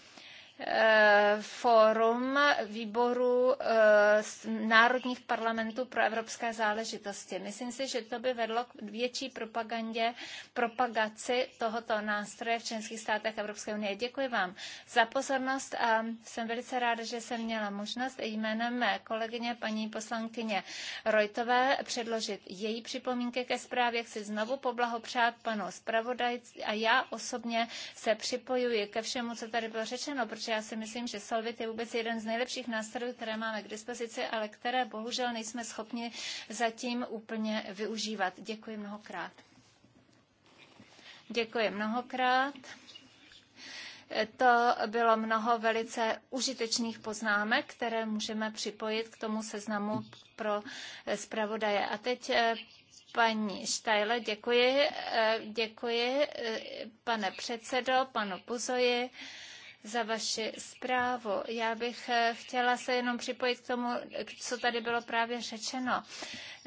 Eh, fórum výboru eh, národních parlamentů pro evropské záležitosti. Myslím si, že to by vedlo k větší propagandě, propagaci tohoto nástroje v členských státech Evropské unie. Děkuji vám za pozornost a jsem velice ráda, že jsem měla možnost jménem mé kolegyně paní poslankyně Rojtové předložit její připomínky ke zprávě. Chci znovu poblahopřát panu zpravodajci a já osobně se připojuji ke všemu, co tady bylo řečeno, protože já si myslím, že Solvit je vůbec jeden z nejlepších nástrojů, které máme k dispozici, ale které bohužel nejsme schopni zatím úplně využívat. Děkuji mnohokrát. Děkuji mnohokrát. To bylo mnoho velice užitečných poznámek, které můžeme připojit k tomu seznamu pro zpravodaje. A teď eh, paní Štajle, děkuji, eh, děkuji eh, pane předsedo, panu Buzoji za vaši zprávu. Já bych eh, chtěla se jenom připojit k tomu, co tady bylo právě řečeno.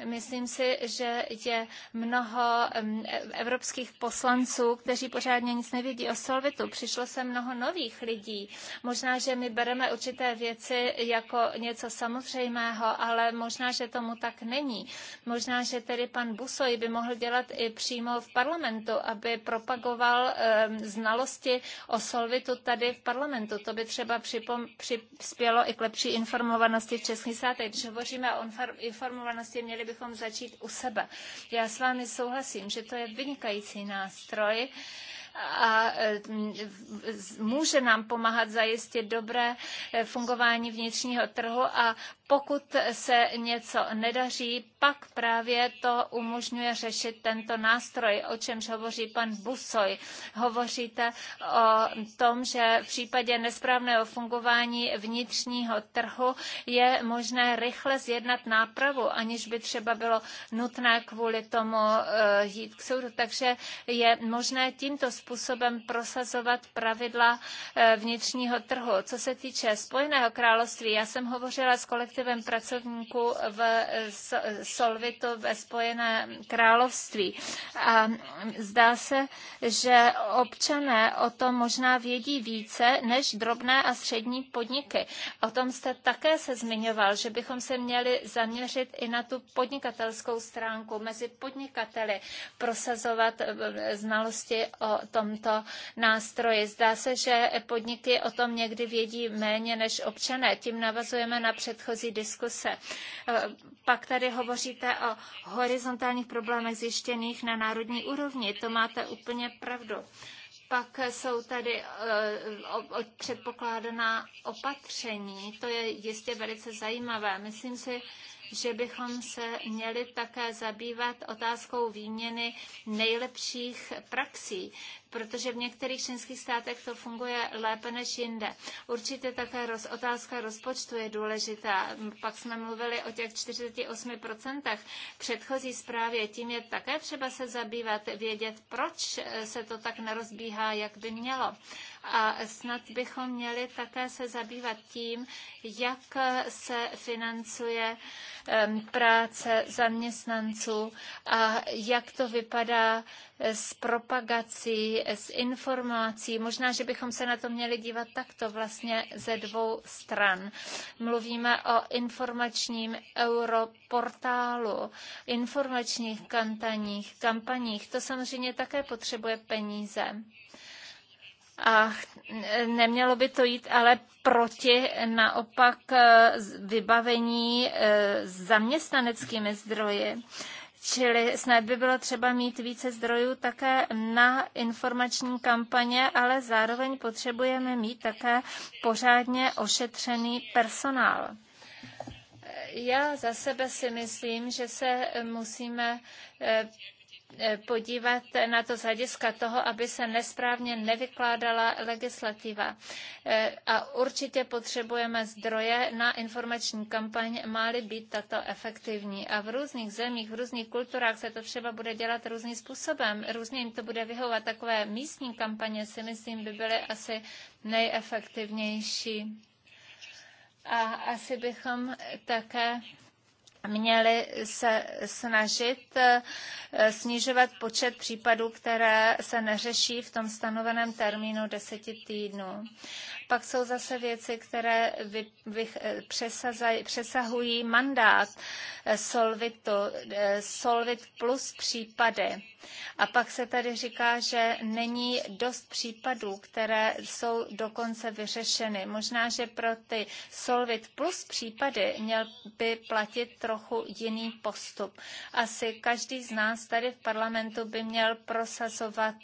Myslím si, že je mnoho mm, e- evropských poslanců, kteří pořádně nic nevidí o Solvitu. Přišlo se mnoho nových lidí. Možná, že my bereme určité věci jako něco samozřejmého, ale možná, že tomu tak není. Možná, že tedy pan Busoj by mohl dělat i přímo v parlamentu, aby propagoval eh, znalosti o Solvitu tady v Parlamentu To by třeba připom, přispělo i k lepší informovanosti v Českých státech. Když hovoříme o informovanosti, měli bychom začít u sebe. Já s vámi souhlasím, že to je vynikající nástroj, a e, může nám pomáhat zajistit dobré e, fungování vnitřního trhu a pokud se něco nedaří, pak právě to umožňuje řešit tento nástroj, o čemž hovoří pan Busoj. Hovoříte o tom, že v případě nesprávného fungování vnitřního trhu je možné rychle zjednat nápravu, aniž by třeba bylo nutné kvůli tomu eh, jít k soudu. Takže je možné tímto způsobem prosazovat pravidla eh, vnitřního trhu. Co se týče Spojeného království, já jsem hovořila s kolektivní aktivem pracovníků v Solvitu ve Spojené království. A zdá se, že občané o tom možná vědí více než drobné a střední podniky. O tom jste také se zmiňoval, že bychom se měli zaměřit i na tu podnikatelskou stránku, mezi podnikateli prosazovat eh, znalosti o tomto nástroji. Zdá se, že podniky o tom někdy vědí méně než občané. Tím navazujeme na předchozí předchozí diskuse. Eh, pak tady hovoříte o horizontálních problémech zjištěných na národní úrovni. To máte úplně pravdu. Pak jsou tady eh, předpokládaná opatření. To je jistě velice zajímavé. Myslím si, že bychom se měli také zabývat otázkou výměny nejlepších praxí protože v některých členských státech to funguje lépe než jinde. Určitě také roz, otázka rozpočtu je důležitá. Pak jsme mluvili o těch 48% předchozí zprávě. Tím je také třeba se zabývat, vědět, proč eh, se to tak nerozbíhá, jak by mělo. A snad bychom měli také se zabývat tím, jak se financuje eh, práce zaměstnanců a jak to vypadá s propagací, s informací. Možná, že bychom se na to měli dívat takto vlastně ze dvou stran. Mluvíme o informačním europortálu, informačních kampaních, kampaních. To samozřejmě také potřebuje peníze. A nemělo by to jít ale proti naopak e, vybavení e, zaměstnaneckými zdroji. Čili snad by bylo třeba mít více zdrojů také na informační kampaně, ale zároveň potřebujeme mít také pořádně ošetřený personál. Já za sebe si myslím, že se musíme eh, E, podívat na to z hlediska toho, aby se nesprávně nevykládala legislativa. E, a určitě potřebujeme zdroje na informační kampaň, má-li být tato efektivní. A v různých zemích, v různých kulturách se to třeba bude dělat různým způsobem. Různě jim to bude vyhovat. Takové místní kampaně si myslím by byly asi nejefektivnější. A asi bychom také měli se snažit eh, snižovat počet případů, které se neřeší v tom stanoveném termínu deseti týdnů. Pak jsou zase věci, které vy, vy, eh, přesazaj, přesahují mandát eh, Solvitu, eh, Solvit plus případy. A pak se tady říká, že není dost případů, které jsou dokonce vyřešeny. Možná, že pro ty Solvit plus případy měl by platit trochu jiný postup. Asi každý z nás tady v parlamentu by měl prosazovat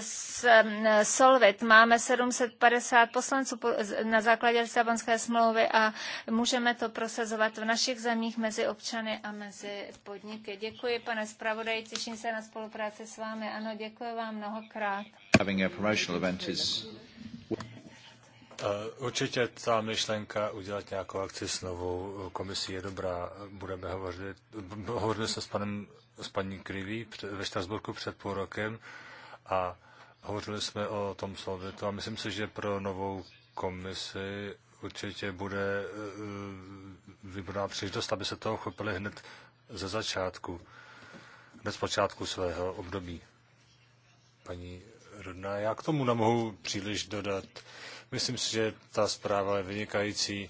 s mm, Solvit. Máme 700 50 poslanců na základě Lisabonské smlouvy a můžeme to prosazovat v našich zemích mezi občany a mezi podniky. Děkuji, pane zpravodaji, těším se na spolupráci s vámi. Ano, děkuji vám mnohokrát. Eh, určitě ta myšlenka udělat nějakou akci s novou komisí je dobrá. Budeme hovořit, hovořili se s panem s paní Krivý ve Štrasburku před půl rokem a Hovořili jsme o tom solvitu a myslím si, že pro novou komisi určitě bude eh, vybraná příležitost, aby se toho chopili hned ze začátku, hned z počátku svého období. Paní Rudná, já k tomu nemohu příliš dodat. Myslím si, že ta zpráva je vynikající.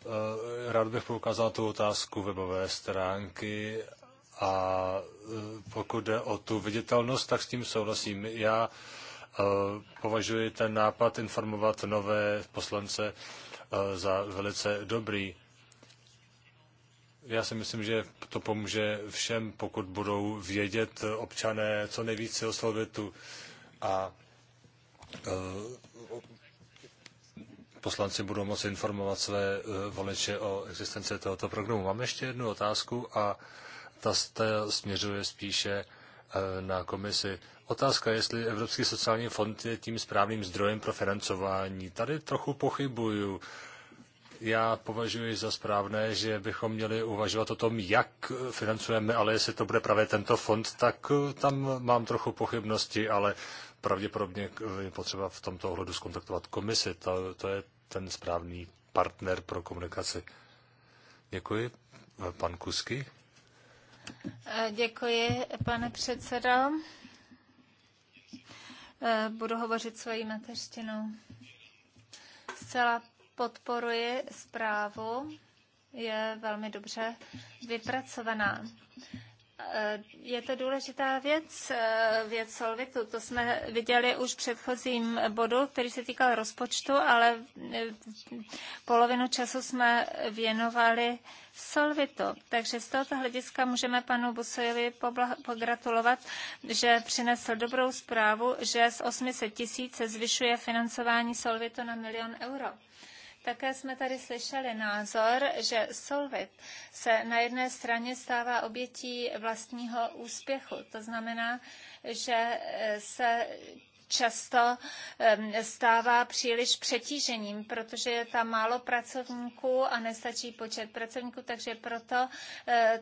Eh, rád bych poukázal tu otázku webové stránky a e, pokud jde o tu viditelnost, tak s tím souhlasím. Já e, považuji ten nápad informovat nové poslance e, za velice dobrý. Já si myslím, že to pomůže všem, pokud budou vědět občané co nejvíce o Slovětu a poslanci budou moci informovat své voliče o existenci tohoto programu. Mám ještě jednu otázku a ta směřuje spíše eh, na komisi. Otázka, jestli Evropský sociální fond je tím správným zdrojem pro financování. Tady trochu pochybuju. Já považuji za správné, že bychom měli uvažovat o tom, jak financujeme, ale jestli to bude právě tento fond, tak eh, tam mám trochu pochybnosti, ale pravděpodobně eh, je potřeba v tomto ohledu skontaktovat komisi. To, to je ten správný partner pro komunikaci. Děkuji. Pan Kusky. Eh, děkuji, pane předsedo. Eh, budu hovořit svojí mateřštinou. Zcela podporuji zprávu, je velmi dobře vypracovaná. Eh, je to důležitá věc, eh, věc Solvitu. To jsme viděli už v předchozím bodu, který se týkal rozpočtu, ale eh, polovinu času jsme věnovali Solvitu. Takže z tohoto hlediska můžeme panu Busojovi pogratulovat, že přinesl dobrou zprávu, že z 800 tisíc se zvyšuje financování Solvitu na milion euro. Také jsme tady slyšeli názor, že Solvit se na jedné straně stává obětí vlastního úspěchu. To znamená, že eh, se často ehm, stává příliš přetížením, protože je tam málo pracovníků a nestačí počet pracovníků, takže proto eh,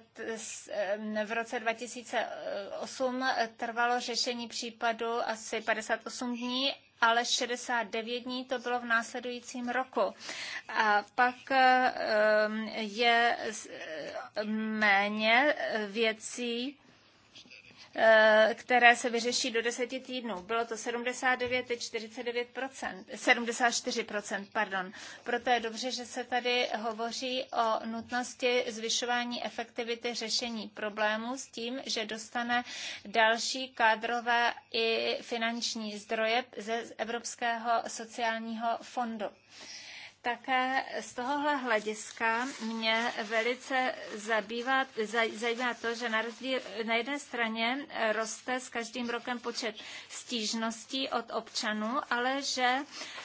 ehm, v roce 2008 eh, trvalo řešení případu asi 58 dní ale 69 dní to bylo v následujícím roku. A pak eh, eh, je eh, méně věcí, Eh, které se vyřeší do deseti týdnů. Bylo to 79, 49%, 74%, pardon. Proto je dobře, že se tady hovoří o nutnosti zvyšování efektivity řešení problému s tím, že dostane další kádrové i finanční zdroje ze Evropského sociálního fondu také z tohohle hlediska mě velice zabývá, zajímá to, že na, rozdíl, na jedné straně roste s každým rokem počet stížností od občanů, ale že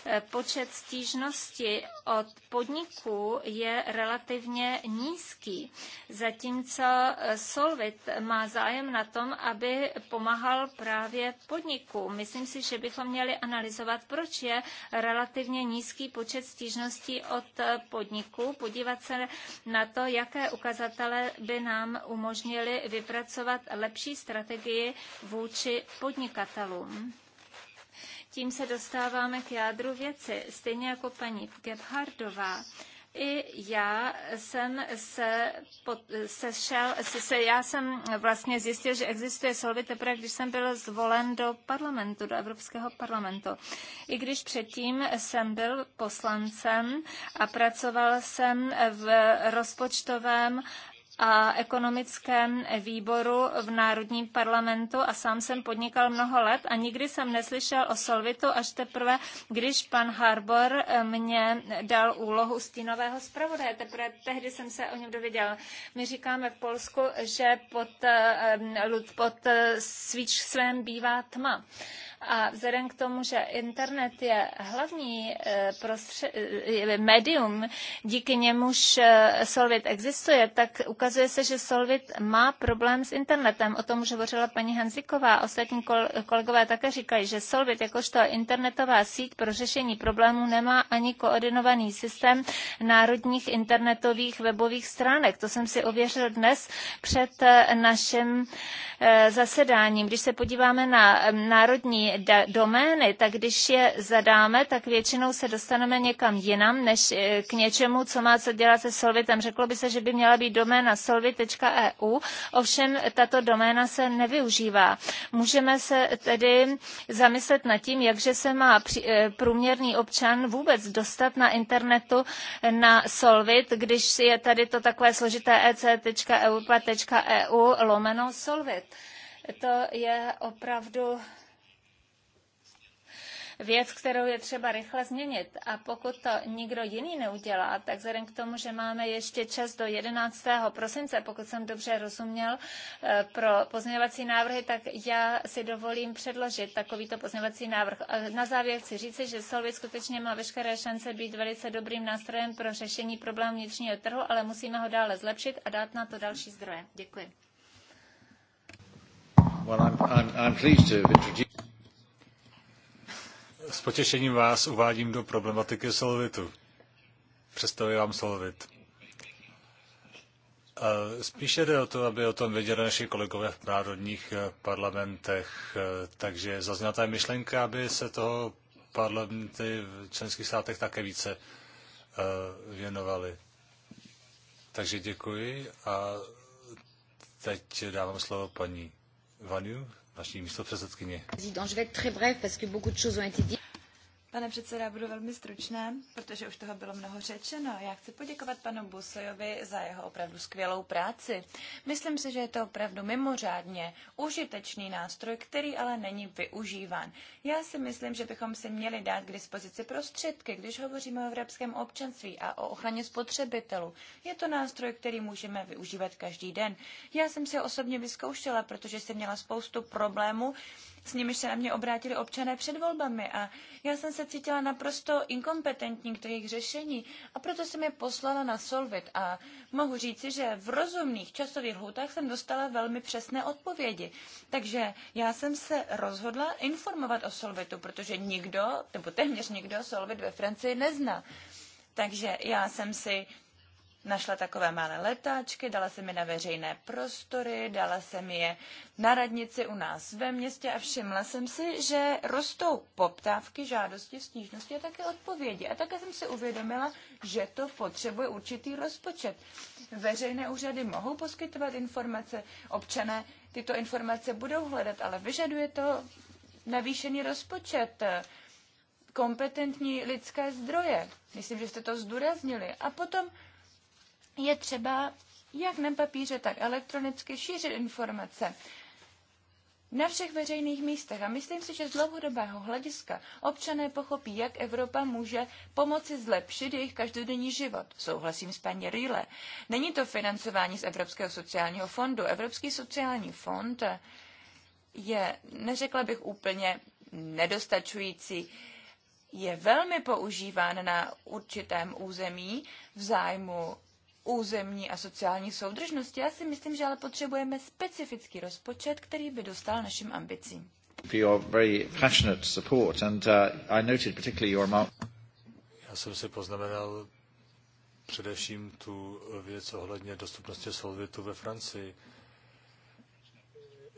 eh, počet stížností od podniků je relativně nízký, zatímco eh, Solvit má zájem na tom, aby pomáhal právě podnikům. Myslím si, že bychom měli analyzovat, proč je relativně nízký počet stížností odpovědností od podniku, podívat se na to, jaké ukazatele by nám umožnili vypracovat lepší strategii vůči podnikatelům. Tím se dostáváme k jádru věci. Stejně jako paní Gebhardová, i já jsem se, pod, se, šel, se, se já jsem vlastně zjistil, že existuje Solvit teprve, když jsem byl zvolen do parlamentu, do Evropského parlamentu. I když předtím jsem byl poslancem a pracoval jsem v rozpočtovém a ekonomickém výboru v Národním parlamentu a sám jsem podnikal mnoho let a nikdy jsem neslyšel o Solvitu až teprve, když pan Harbor eh, mě dal úlohu stínového zpravodaje. Teprve tehdy jsem se o něm dověděl. My říkáme v Polsku, že pod, eh, pod eh, svíč svém bývá tma. A vzhledem k tomu, že internet je hlavní eh, prostře- eh, médium, díky němuž eh, Solvit existuje, tak ukazuje se, že Solvit má problém s internetem. O tom už hovořila paní Hanziková. Ostatní kolegové také říkají, že Solvit jakožto internetová síť pro řešení problémů nemá ani koordinovaný systém národních internetových webových stránek. To jsem si ověřil dnes před naším zasedáním. Když se podíváme na národní domény, tak když je zadáme, tak většinou se dostaneme někam jinam, než eh, k něčemu, co má co dělat se Solvitem. Řeklo by se, že by měla být doména solvit.eu, e ovšem tato doména se nevyužívá. Můžeme se tedy zamyslet nad tím, jakže se má eh, průměrný občan vůbec dostat na internetu na Solvit, když je tady to takové složité ec.eu, e e lomeno Solvit. To je opravdu věc, kterou je třeba rychle změnit. A pokud to nikdo jiný neudělá, tak vzhledem k tomu, že máme ještě čas do 11. prosince, pokud jsem dobře rozuměl, eh, pro pozměňovací návrhy, tak já si dovolím předložit takovýto pozměňovací návrh. A na závěr chci říci, že Solvit skutečně má veškeré šance být velice dobrým nástrojem pro řešení problémů vnitřního trhu, ale musíme ho dále zlepšit a dát na to další zdroje. Děkuji. Well, I'm, I'm, I'm s potěšením vás uvádím do problematiky Solvitu. Představuji vám Solvit. Spíše jde o to, aby o tom věděli naši kolegové v národních eh, parlamentech. Eh, takže zazněla ta myšlenka, aby se toho parlamenty v členských státech také více eh, věnovaly. Takže děkuji a teď dávám slovo paní Vaniu naší místopředsedkyně. Pane předseda, budu velmi stručná, protože už toho bylo mnoho řečeno. Já chci poděkovat panu Busojovi za jeho opravdu skvělou práci. Myslím si, že je to opravdu mimořádně užitečný nástroj, který ale není využíván. Já si myslím, že bychom si měli dát k dispozici prostředky, když hovoříme o evropském občanství a o ochraně spotřebitelů. Je to nástroj, který můžeme využívat každý den. Já jsem si ho osobně vyzkoušela, protože jsem měla spoustu problémů s nimiž se na mě obrátili občané před volbami a já jsem se cítila naprosto inkompetentní k jejich řešení a proto jsem je poslala na Solvit a mohu říci, že v rozumných časových lhůtách jsem dostala velmi přesné odpovědi. Takže já jsem se rozhodla informovat o Solvitu, protože nikdo, nebo téměř nikdo Solvit ve Francii nezná. Takže já jsem si našla takové malé letáčky, dala jsem je na veřejné prostory, dala jsem je na radnici u nás ve městě a všimla jsem si, že rostou poptávky, žádosti, stížnosti a také odpovědi. A také jsem si uvědomila, že to potřebuje určitý rozpočet. Veřejné úřady mohou poskytovat informace, občané tyto informace budou hledat, ale vyžaduje to navýšený rozpočet kompetentní lidské zdroje. Myslím, že jste to zdůraznili. A potom je třeba jak na papíře, tak elektronicky šířit informace na všech veřejných místech. A myslím si, že z dlouhodobého hlediska občané pochopí, jak Evropa může pomoci zlepšit jejich každodenní život. Souhlasím s paní Rýle. Není to financování z Evropského sociálního fondu. Evropský sociální fond je, neřekla bych úplně, nedostačující. Je velmi používán na určitém území v zájmu územní a sociální soudržnosti. Já si myslím, že ale potřebujeme specifický rozpočet, který by dostal našim ambicím. Já jsem si poznamenal především tu věc ohledně dostupnosti solvitu ve Francii.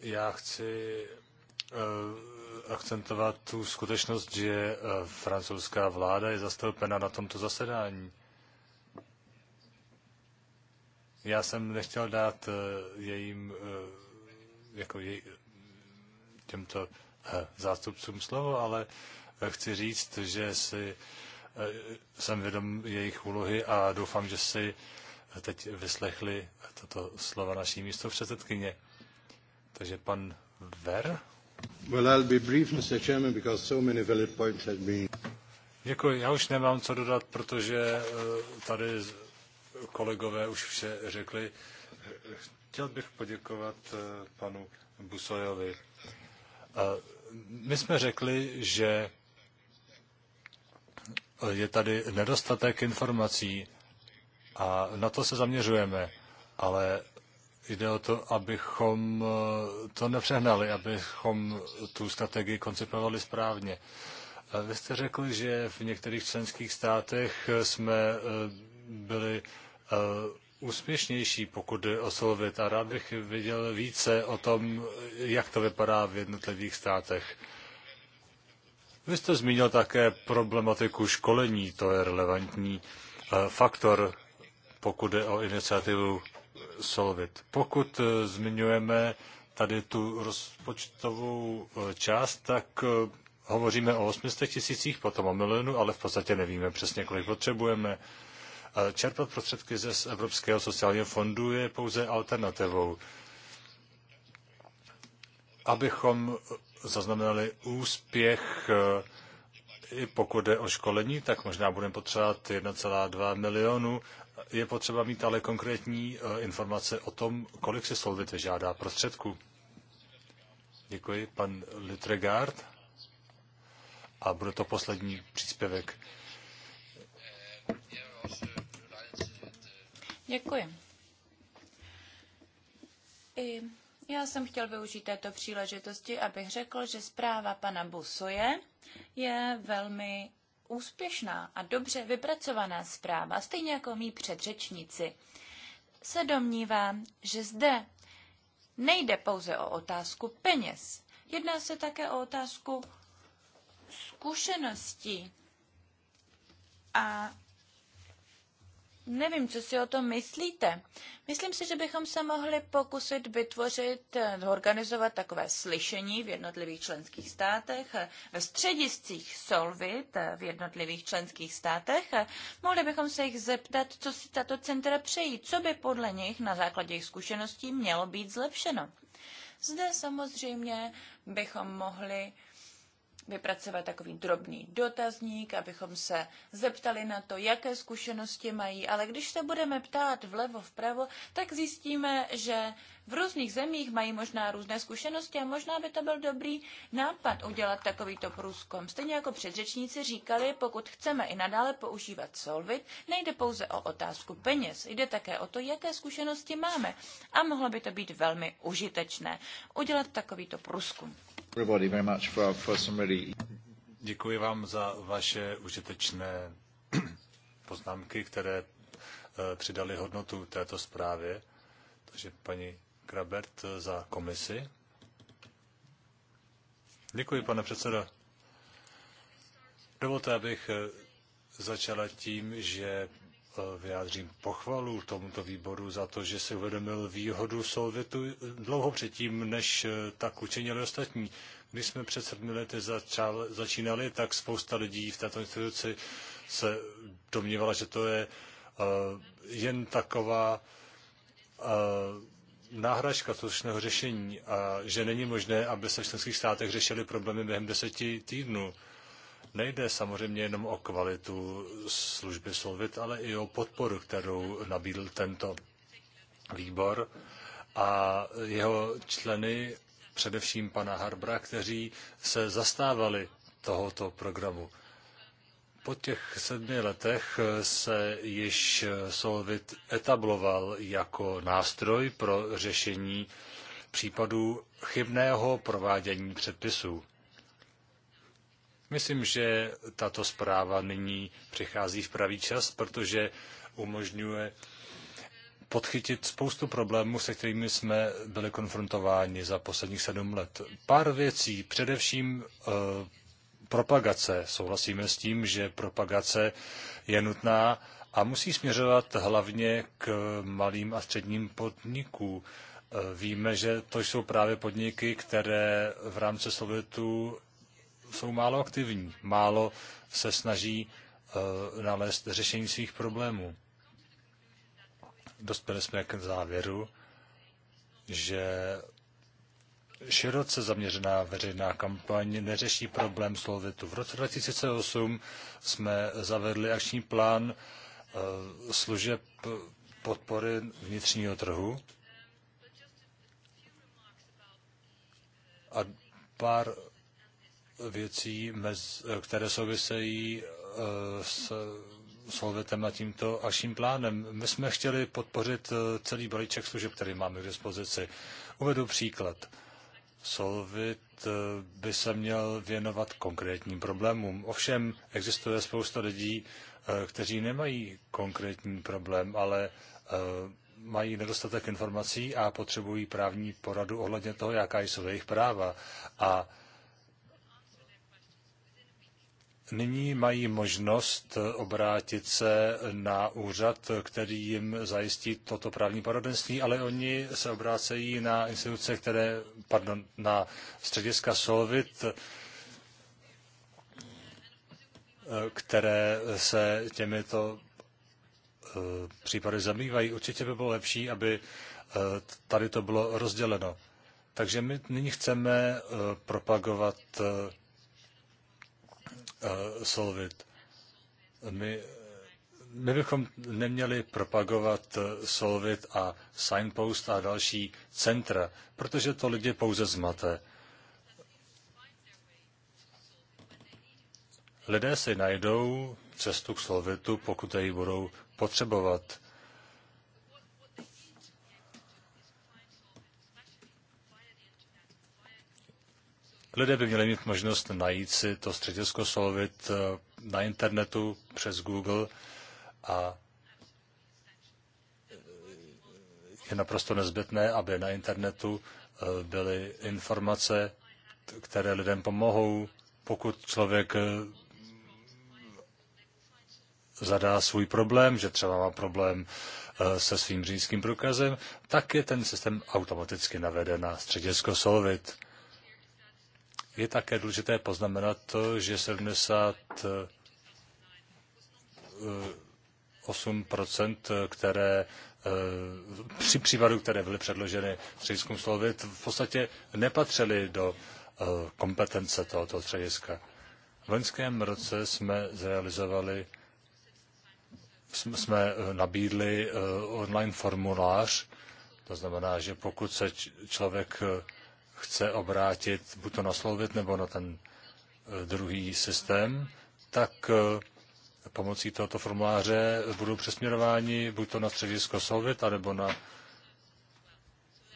Já chci eh, akcentovat tu skutečnost, že eh, francouzská vláda je zastoupena na tomto zasedání. Já jsem nechtěl dát eh, jejím, eh, jako jej, těmto eh, zástupcům slovo, ale chci říct, že si jsem vědom jejich úlohy a doufám, že si teď vyslechli toto slova naší místo předsedkyně. Takže pan Ver. Well, I'll be brief, Mr. Chairman, because so many valid points have been... Děkuji, já už nemám co dodat, protože tady kolegové už vše řekli. Chtěl bych poděkovat eh, panu Busojovi. Eh, my jsme řekli, že je tady nedostatek informací a na to se zaměřujeme, ale jde o to, abychom eh, to nepřehnali, abychom tu strategii koncipovali správně. Vy jste řekl, že v některých členských státech jsme byli eh, úspěšnější, pokud jde o Solvit. A rád bych viděl více o tom, jak to vypadá v jednotlivých státech. Vy jste zmínil také problematiku školení, to je relevantní eh, faktor, pokud jde o iniciativu Solvit. Pokud eh, zmiňujeme tady tu rozpočtovou část, tak hovoříme o 800 tisících, potom o milionu, ale v podstatě nevíme přesně, kolik potřebujeme. Čerpat prostředky ze Evropského sociálního fondu je pouze alternativou. Abychom zaznamenali úspěch eh, i pokud jde o školení, tak možná budeme potřebovat 1,2 milionu. Je potřeba mít ale konkrétní eh, informace o tom, kolik se Solvit vyžádá prostředků. Děkuji, pan Litregard. A bude to poslední příspěvek. Děkuji. I já jsem chtěl využít této příležitosti, abych řekl, že zpráva pana Busoje je velmi úspěšná a dobře vypracovaná zpráva, stejně jako mý předřečníci. Se domnívám, že zde nejde pouze o otázku peněz. Jedná se také o otázku zkušeností a Nevím, co si o tom myslíte. Myslím si, že bychom se mohli pokusit vytvořit, eh, organizovat takové slyšení v jednotlivých členských státech, eh, ve střediscích Solvit eh, v jednotlivých členských státech. Mohli bychom se jich zeptat, co si tato centra přejí, co by podle nich na základě jejich zkušeností mělo být zlepšeno. Zde samozřejmě bychom mohli uh, vypracovat takový drobný dotazník, abychom se zeptali na to, jaké zkušenosti mají, ale když se budeme ptát vlevo vpravo, tak zjistíme, že v různých zemích mají možná různé zkušenosti a možná by to byl dobrý nápad udělat takovýto průzkum. Stejně jako předřečníci říkali, pokud chceme i nadále používat Solvit, nejde pouze o otázku peněz, jde také o to, jaké zkušenosti máme a mohlo by to být velmi užitečné udělat takovýto průzkum. Děkuji vám za vaše užitečné <clears throat> poznámky, které eh, přidali hodnotu této zprávě. Takže paní Grabert za komisi. Děkuji, pane předsedo. Dovolte, abych eh, začala tím, že eh, vyjádřím pochvalu tomuto výboru za to, že si uvědomil výhodu Solvitu dlouho předtím, než eh, tak učinili ostatní. Když jsme před sedmi lety začal, začínali, tak spousta lidí v této instituci se domnívala, že to je uh, jen taková uh, náhražka skutečného řešení a že není možné, aby se v členských státech řešily problémy během deseti týdnů. Nejde samozřejmě jenom o kvalitu služby Solvit, ale i o podporu, kterou nabídl tento výbor a jeho členy, především pana Harbra, kteří se zastávali tohoto programu. Po těch sedmi letech se již Solvit etabloval jako nástroj pro řešení případů chybného provádění předpisů. Myslím, že tato zpráva nyní přichází v pravý čas, protože umožňuje podchytit spoustu problémů, se kterými jsme byli konfrontováni za posledních sedm let. Pár věcí, především eh, propagace. Souhlasíme s tím, že propagace je nutná a musí směřovat hlavně k malým a středním podnikům. Eh, víme, že to jsou právě podniky, které v rámci Sovětu jsou málo aktivní, málo se snaží eh, nalézt řešení svých problémů. Dospěli jsme k závěru, že široce zaměřená veřejná kampaň neřeší problém Solvitu. V roce 2008 jsme zavedli akční plán eh, služeb podpory vnitřního trhu. A pár věcí, které souvisejí eh, s Solvetem a tímto akčním plánem. My jsme chtěli podpořit eh, celý balíček služeb, který máme k dispozici. Uvedu příklad. Solvit eh, by se měl věnovat konkrétním problémům. Ovšem existuje spousta lidí, eh, kteří nemají konkrétní problém, ale eh, mají nedostatek informací a potřebují právní poradu ohledně toho, jaká jsou jejich práva. A nyní mají možnost eh, obrátit se na úřad, který jim zajistí toto právní poradenství, ale oni se obrácejí na instituce, které, pardon, na střediska Solvit, eh, které se těmito eh, případy zabývají. Určitě by bylo lepší, aby tady to bylo rozděleno. Takže my nyní chceme propagovat Eh, solvit. My, my bychom neměli propagovat eh, Solvit a Signpost a další centra, protože to lidi pouze zmate. Lidé si najdou cestu k Solvitu, pokud ji budou potřebovat. Lidé by měli mít možnost najít si to středisko Solvit eh, na internetu přes Google a eh, je naprosto nezbytné, aby na internetu eh, byly informace, které lidem pomohou, pokud člověk zadá svůj problém, že třeba má problém se svým řidičským průkazem, tak je ten systém automaticky naveden na středisko Solvit. Je také důležité poznamenat to, že 78 které eh, při případu, které byly předloženy střediskům Slovit, v podstatě nepatřily do eh, kompetence tohoto střediska. V loňském roce jsme zrealizovali, jsme eh, nabídli online formulář, to znamená, že pokud se člověk chce obrátit buď to na Slovit nebo na ten eh, druhý systém, tak eh, pomocí tohoto formuláře budou přesměrováni buď to na středisko Solvit, anebo na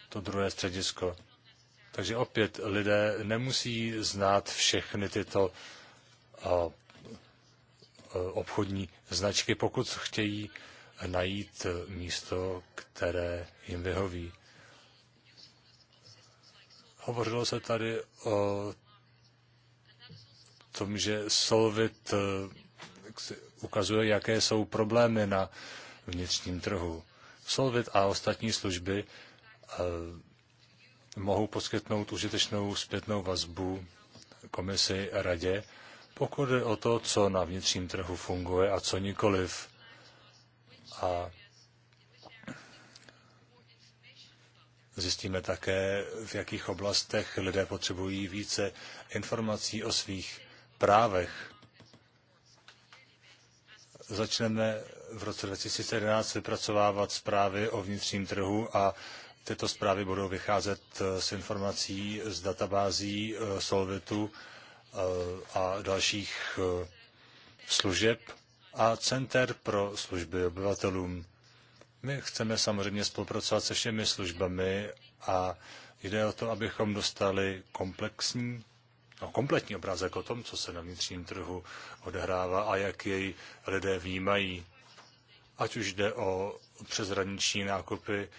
to druhé středisko. Takže opět lidé nemusí znát všechny tyto eh, obchodní značky, pokud chtějí najít místo, které jim vyhoví. Hovořilo se tady o tom, že Solvit eh, ukazuje, jaké jsou problémy na vnitřním trhu. Solvit a ostatní služby eh, mohou poskytnout užitečnou zpětnou vazbu komisi a radě, pokud je o to, co na vnitřním trhu funguje a co nikoliv. A Zjistíme také, v jakých oblastech lidé potřebují více informací o svých právech. Začneme v roce 2011 vypracovávat zprávy o vnitřním trhu a tyto zprávy budou vycházet eh, z informací z databází eh, Solvitu eh, a dalších služeb a Center pro služby obyvatelům. My chceme samozřejmě spolupracovat se všemi službami a jde o to, abychom dostali komplexní, no, kompletní obrázek o tom, co se na vnitřním trhu odehrává a jak jej lidé vnímají. Ať už jde o přeshraniční nákupy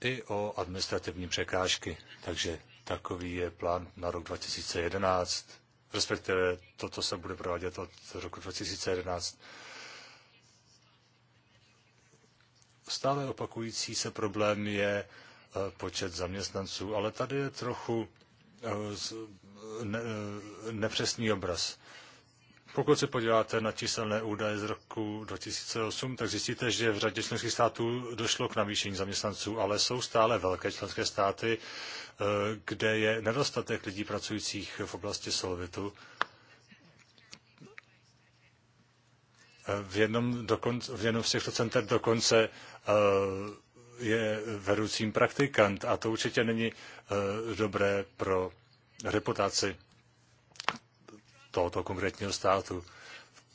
i o administrativní překážky. Takže takový je plán na rok 2011, respektive toto se bude provádět od roku 2011. stále opakující se problém je eh, počet zaměstnanců, ale tady je trochu eh, eh, nepřesný obraz. Pokud se podíváte na číselné údaje z roku 2008, tak zjistíte, že v řadě členských států došlo k navýšení zaměstnanců, ale jsou stále velké členské státy, kde je nedostatek lidí pracujících v oblasti solvitu V jednom, dokonce, v jednom z těchto center dokonce eh, je vedoucím praktikant a to určitě není eh, dobré pro reputaci tohoto konkrétního státu.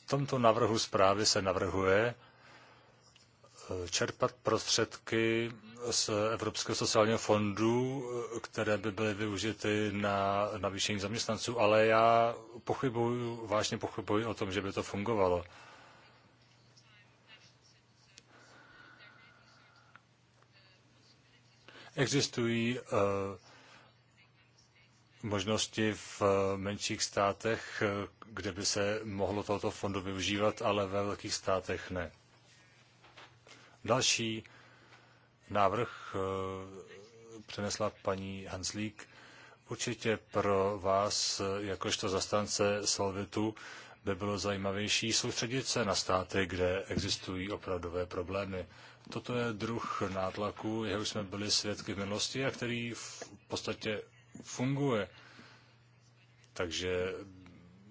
V tomto návrhu zprávy se navrhuje eh, čerpat prostředky z Evropského sociálního fondu, které by byly využity na navýšení zaměstnanců, ale já pochybuju, vážně pochybuji o tom, že by to fungovalo. Existují eh, možnosti v eh, menších státech, eh, kde by se mohlo tohoto fondu využívat, ale ve velkých státech ne. Další návrh přinesla paní Hanslík. Určitě pro vás, jakožto zastance Solvitu, by bylo zajímavější soustředit se na státy, kde existují opravdové problémy. Toto je druh nátlaku, jeho jsme byli svědky v minulosti a který v podstatě funguje. Takže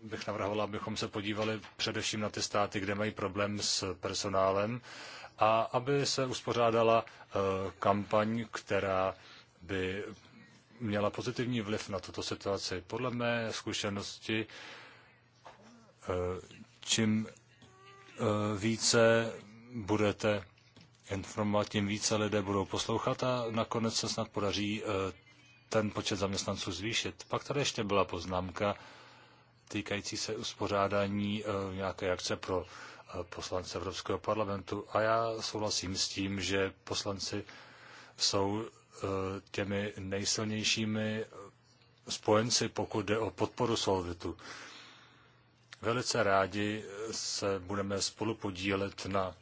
bych navrhoval, abychom se podívali především na ty státy, kde mají problém s personálem a aby se uspořádala eh, kampaň, která by měla pozitivní vliv na tuto situaci. Podle mé zkušenosti, eh, čím eh, více budete informovat, tím více lidé budou poslouchat a nakonec se snad podaří eh, ten počet zaměstnanců zvýšit. Pak tady ještě byla poznámka týkající se uspořádání eh, nějaké akce pro eh, poslance Evropského parlamentu a já souhlasím s tím, že poslanci jsou těmi nejsilnějšími spojenci, pokud jde o podporu Solvitu. Velice rádi se budeme spolu podílet na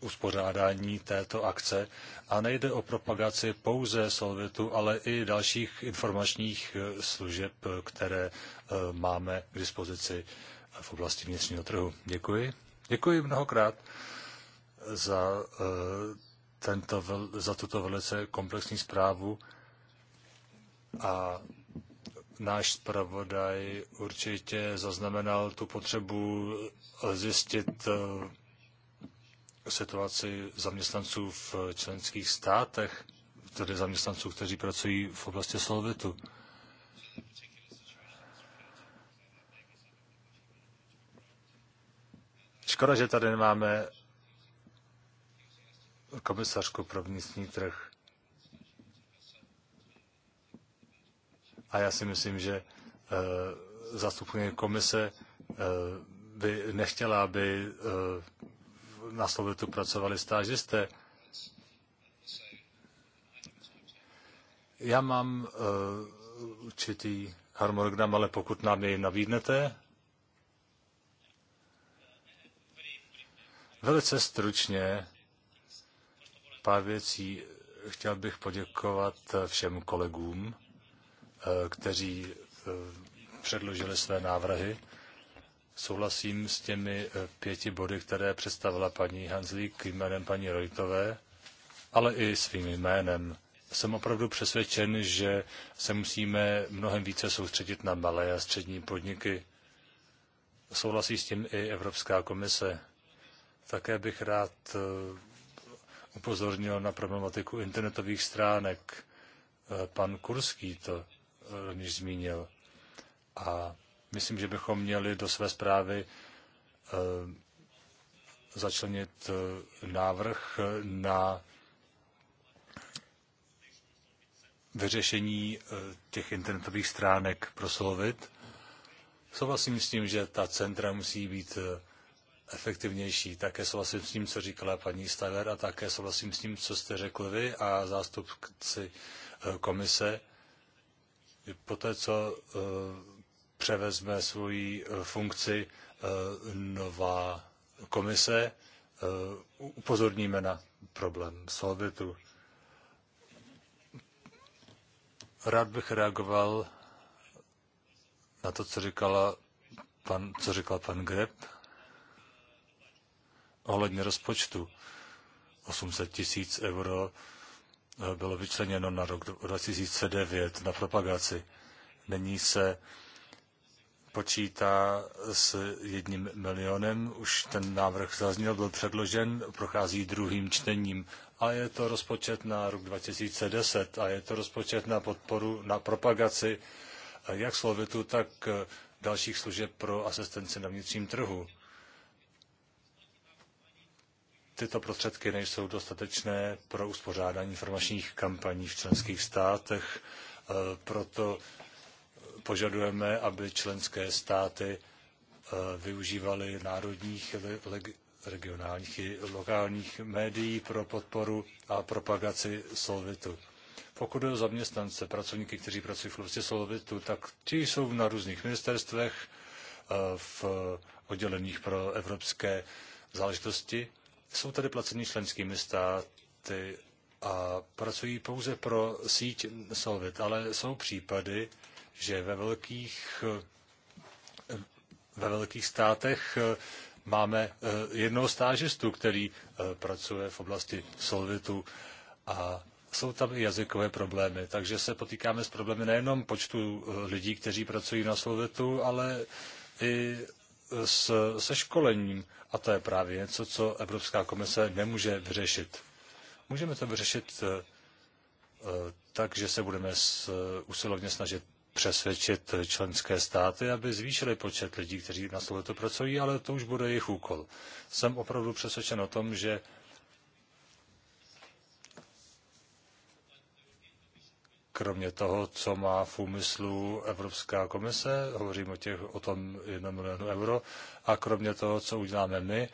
uspořádání této akce a nejde o propagaci pouze Solvitu, ale i dalších informačních e, služeb, které e, máme k dispozici v oblasti vnitřního trhu. Děkuji. Děkuji mnohokrát za, e, tento, za tuto velice komplexní zprávu a náš zpravodaj určitě zaznamenal tu potřebu zjistit situaci zaměstnanců v členských státech, tedy zaměstnanců, kteří pracují v oblasti solvitu. Škoda, že tady nemáme komisařku pro vnitřní trh. A já si myslím, že eh, zástupkyně komise eh, by nechtěla, aby eh, na Slovitu pracovali stážisté. Já mám uh, určitý harmonogram, ale pokud nám jej navídnete, Velice stručně pár věcí. Chtěl bych poděkovat všem kolegům, eh, kteří eh, předložili své návrhy. Souhlasím s těmi eh, pěti body, které představila paní Hanzlík jménem paní Rojtové, ale i svým jménem. Jsem opravdu přesvědčen, že se musíme mnohem více soustředit na malé a střední podniky. Souhlasí s tím i Evropská komise. Také bych rád eh, upozornil na problematiku internetových stránek. Eh, pan Kurský to rovněž zmínil. A Myslím, že bychom měli do své zprávy eh, začlenit eh, návrh na vyřešení eh, těch internetových stránek pro Solvit. Souhlasím s tím, že ta centra musí být efektivnější. Také souhlasím s tím, co říkala paní Staver a také souhlasím s tím, co jste řekl vy a zástupci komise. Poté, co převezme svoji eh, funkci eh, nová komise, eh, upozorníme na problém solvitu. Rád bych reagoval na to, co, říkala pan, co říkal pan Greb ohledně rozpočtu. 800 tisíc euro bylo vyčleněno na rok 2009 na propagaci. Není se počítá s jedním milionem. Už ten návrh zazněl, byl předložen, prochází druhým čtením. A je to rozpočet na rok 2010 a je to rozpočet na podporu, na propagaci jak Slovitu, tak eh, dalších služeb pro asistenci na vnitřním trhu. Tyto prostředky nejsou dostatečné pro uspořádání informačních kampaní v členských státech, eh, proto požadujeme, aby členské státy eh, využívaly národních, regionálních i lokálních médií pro podporu a propagaci Solvitu. Pokud jde o zaměstnance, pracovníky, kteří pracují v oblasti Solvitu, tak ti jsou na různých ministerstvech, eh, v odděleních pro evropské záležitosti. Jsou tady placeni členskými státy a pracují pouze pro síť Solvit, ale jsou případy, že ve velkých, ve velkých státech eh, máme eh, jednoho stážistu, který eh, pracuje v oblasti solvitu a jsou tam i jazykové problémy, takže se potýkáme s problémy nejenom počtu lidí, kteří pracují na Slovetu, ale i s, se školením. A to je právě něco, co Evropská komise nemůže vyřešit. Můžeme to vyřešit tak, že se budeme s, usilovně snažit přesvědčit členské státy, aby zvýšili počet lidí, kteří na tohleto pracují, ale to už bude jejich úkol. Jsem opravdu přesvědčen o tom, že kromě toho, co má v úmyslu Evropská komise, hovořím o, těch, o tom 1 milionu euro, a kromě toho, co uděláme my,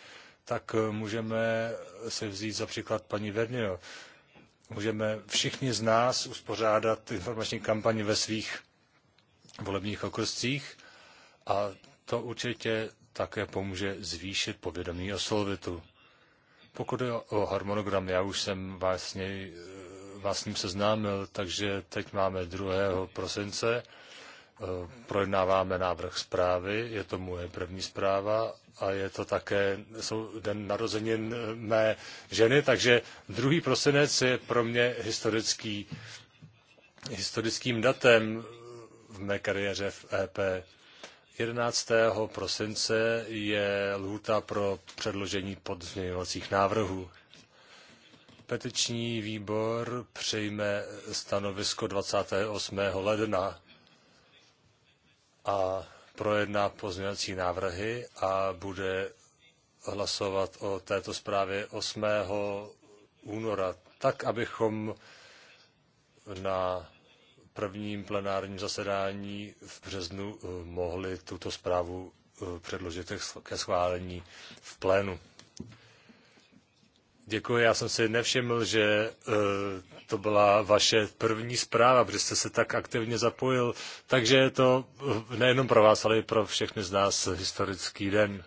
tak můžeme se vzít za příklad paní Vernio. Můžeme všichni z nás uspořádat informační kampaň ve svých volebních okrscích a to určitě také pomůže zvýšit povědomí o Solvitu. Pokud je o harmonogram, já už jsem vlastně, vás s ním seznámil, takže teď máme 2. prosince, projednáváme návrh zprávy, je to moje první zpráva a je to také jsou den narozenin mé ženy, takže 2. prosinec je pro mě historický, historickým datem v mé kariéře v EP. 11. prosince je lhůta pro předložení pozměňovacích návrhů. Petiční výbor přejme stanovisko 28. ledna a projedná pozměňovací návrhy a bude hlasovat o této zprávě 8. února, tak abychom na prvním plenárním zasedání v březnu eh, mohli tuto zprávu eh, předložit ke schválení v plénu. Děkuji, já jsem si nevšiml, že eh, to byla vaše první zpráva, protože jste se tak aktivně zapojil, takže je to nejenom pro vás, ale i pro všechny z nás historický den.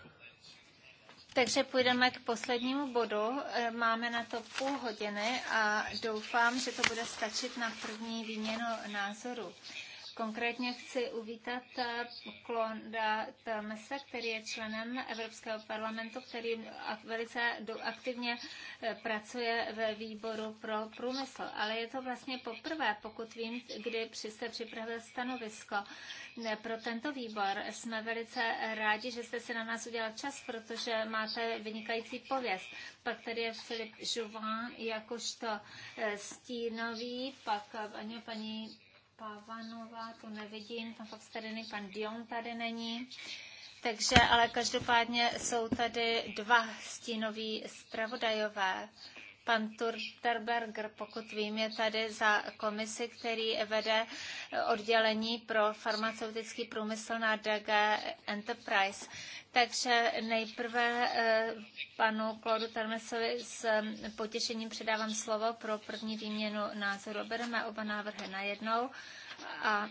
Takže půjdeme k poslednímu bodu. E, máme na to půl hodiny a doufám, že to bude stačit na první výměnu názoru. Konkrétně chci uvítat eh, Klonda Telmese, který je členem Evropského parlamentu, který velice aktivně eh, pracuje ve výboru pro průmysl. Ale je to vlastně poprvé, pokud vím, kdy jste připravil stanovisko pro tento výbor. Jsme velice rádi, že jste si na nás udělal čas, protože máte vynikající pověst. Pak tady je Filip Jouvin jakožto eh, stínový, pak paní, paní Pavanová tu nevidím, Tam Fox tady není, pan Dion tady není. Takže ale každopádně jsou tady dva stínoví zpravodajové. Pan Turterberger, pokud vím, je tady za komisi, který vede oddělení pro farmaceutický průmysl na DG Enterprise. Takže nejprve eh, panu Claudu Termesovi s eh, potěšením předávám slovo pro první výměnu názoru. Bereme oba návrhy najednou a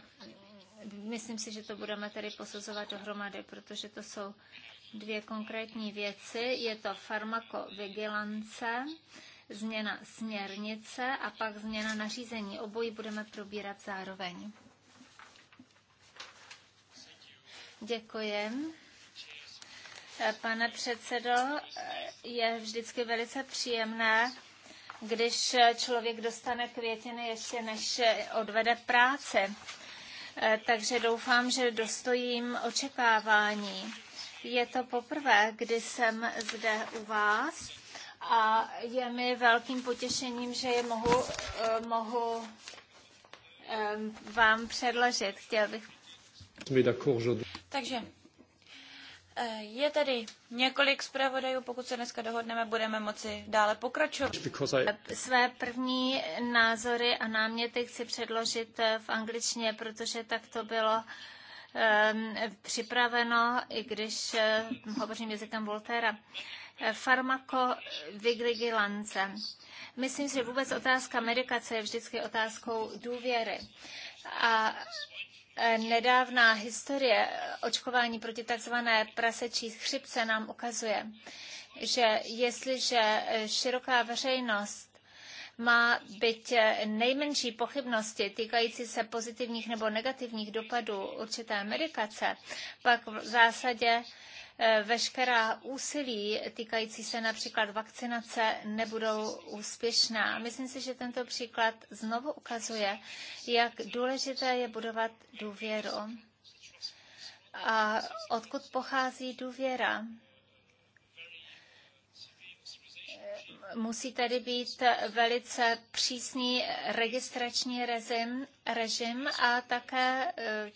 myslím si, že to budeme tedy posuzovat dohromady, protože to jsou dvě konkrétní věci. Je to farmakovigilance, změna směrnice a pak změna nařízení. Obojí budeme probírat zároveň. Děkuji. Pane předsedo, je vždycky velice příjemné, když člověk dostane květiny ještě než odvede práci. Takže doufám, že dostojím očekávání. Je to poprvé, kdy jsem zde u vás a je mi velkým potěšením, že je mohu, eh, mohu eh, vám předložit. Chtěl bych. Takže eh, je tady několik zpravodajů, pokud se dneska dohodneme, budeme moci dále pokračovat. Své první názory a náměty chci předložit v angličtině, protože tak to bylo um, připraveno, i když uh, hovořím jazykem Voltera. Uh, farmakovigilance. Myslím, že vůbec otázka medikace je vždycky otázkou důvěry. A e, nedávná historie očkování proti takzvané prasečí chřipce nám ukazuje, že jestliže široká veřejnost má byť nejmenší pochybnosti týkající se pozitivních nebo negativních dopadů určité medikace, pak v zásadě Eh, veškerá úsilí týkající se například vakcinace nebudou úspěšná. Myslím si, že tento příklad znovu ukazuje, jak důležité je budovat důvěru. A odkud pochází důvěra? Eh, musí tady být velice přísný registrační režim, režim a také eh,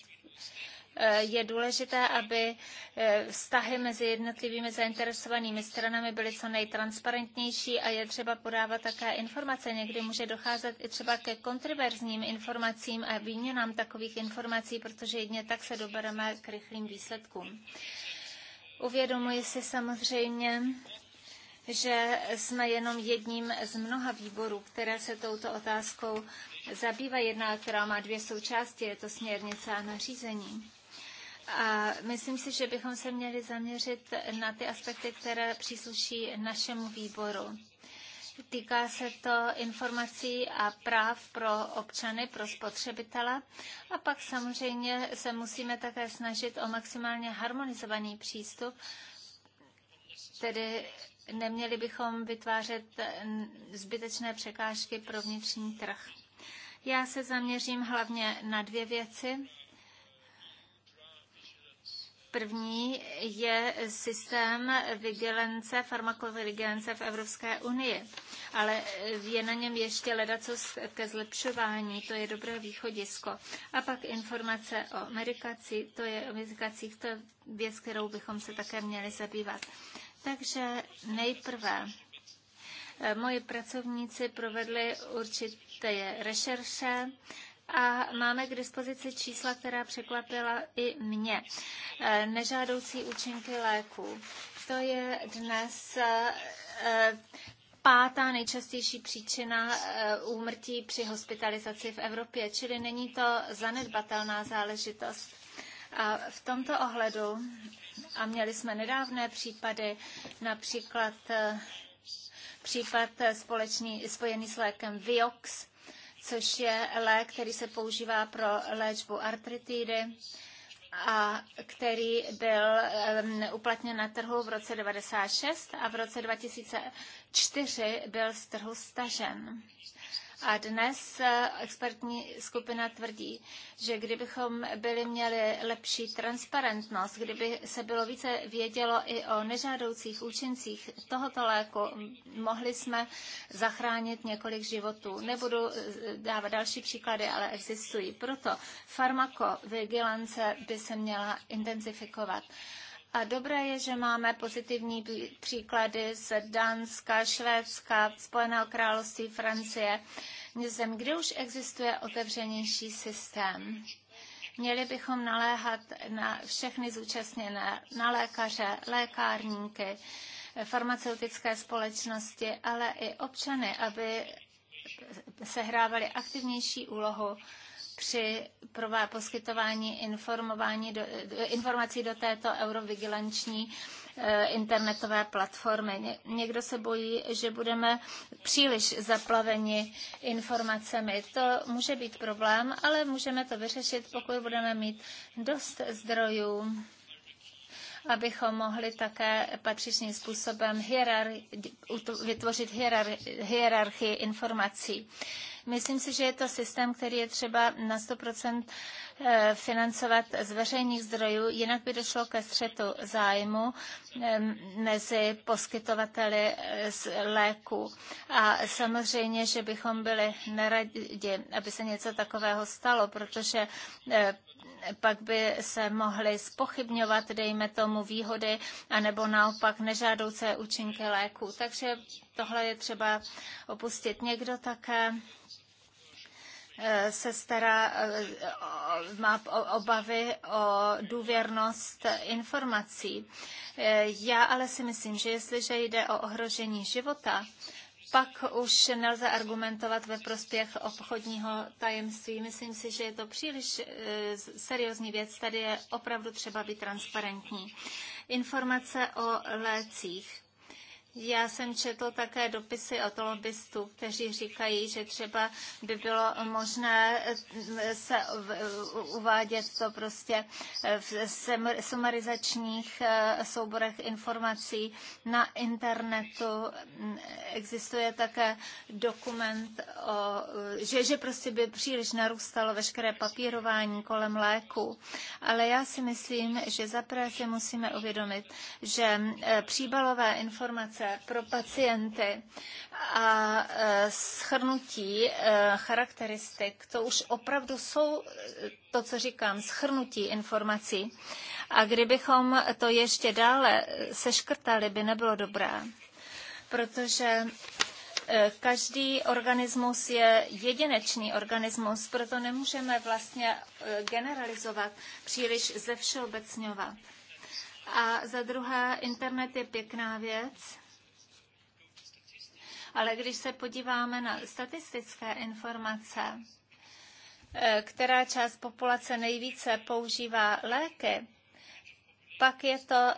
Eh, je důležité, aby eh, vztahy mezi jednotlivými zainteresovanými stranami byly co nejtransparentnější a je třeba podávat také informace. Někdy může docházet i třeba ke kontroverzním informacím a výměnám takových informací, protože jedně tak se dobereme k rychlým výsledkům. Uvědomuji si samozřejmě, že jsme jenom jedním z mnoha výborů, které se touto otázkou zabývají. Jedna, která má dvě součásti, je to směrnice a nařízení. A myslím si, že bychom se měli zaměřit na ty aspekty, které přísluší našemu výboru. Týká se to informací a práv pro občany, pro spotřebitele. A pak samozřejmě se musíme také snažit o maximálně harmonizovaný přístup, tedy neměli bychom vytvářet zbytečné překážky pro vnitřní trh. Já se zaměřím hlavně na dvě věci. První je systém vigilance, farmakovigilance v Evropské unii, ale je na něm ještě ledaco ke zlepšování, to je dobré východisko. A pak informace o medikaci, to je o medikacích, to je věc, kterou bychom se také měli zabývat. Takže nejprve eh, moji pracovníci provedli určité rešerše, a máme k dispozici čísla, která překvapila i mě. E, nežádoucí účinky léků. To je dnes e, e, pátá nejčastější příčina úmrtí při hospitalizaci v Evropě, čili není to zanedbatelná záležitost. A v tomto ohledu, a měli jsme nedávné případy, například případ společný, spojený s lékem Vioxx, což je lék, který se používá pro léčbu artritidy a který byl um, uplatněn na trhu v roce 96 a v roce 2004 byl z trhu stažen. A dnes eh, expertní skupina tvrdí, že kdybychom byli měli lepší transparentnost, kdyby se bylo více vědělo i o nežádoucích účincích tohoto léku, mohli jsme zachránit několik životů. Nebudu eh, dávat další příklady, ale existují. Proto farmakovigilance by se měla intenzifikovat. A dobré je, že máme pozitivní příklady z Dánska, Švédska, Spojeného království, Francie, zem, kde už existuje otevřenější systém. Měli bychom naléhat na všechny zúčastněné, na lékaře, lékárníky, farmaceutické společnosti, ale i občany, aby sehrávali aktivnější úlohu při poskytování informování do, informací do této eurovigilanční eh, internetové platformy. Někdo se bojí, že budeme příliš zaplaveni informacemi. To může být problém, ale můžeme to vyřešit, pokud budeme mít dost zdrojů abychom mohli také patřičným způsobem hierar vytvořit hierar, hierarchii informací. Myslím si, že je to systém, který je třeba na 100% eh, financovat z veřejných zdrojů, jinak by došlo ke střetu zájmu mezi poskytovateli eh, z léku. A samozřejmě, že bychom byli neradi, aby se něco takového stalo, protože eh, pak by se mohly spochybňovat, dejme tomu, výhody, anebo naopak nežádoucí účinky léků. Takže tohle je třeba opustit. Někdo také eh, se stará, eh, má obavy o důvěrnost informací. Eh, já ale si myslím, že jestliže jde o ohrožení života, pak už nelze argumentovat ve prospěch obchodního tajemství. Myslím si, že je to příliš eh, seriózní věc. Tady je opravdu třeba být transparentní. Informace o lécích. Já jsem četl také dopisy od lobbystů, kteří říkají, že třeba by bylo možné eh, se uvádět to prostě eh, v sumarizačních eh, souborech informací na internetu. Existuje také dokument, o, že, že prostě by příliš narůstalo veškeré papírování kolem léku. Ale já si myslím, že zaprvé si musíme uvědomit, že příbalové informace informace pro pacienty a e, schrnutí e, charakteristik, to už opravdu jsou e, to, co říkám, schrnutí informací. A kdybychom to ještě dále seškrtali, by nebylo dobré, protože každý organismus je jedinečný organismus, proto nemůžeme vlastně generalizovat, příliš zevšeobecňovat. A za druhé, internet je pěkná věc, ale když se podíváme na statistické informace, eh, která část populace nejvíce používá léky, pak je to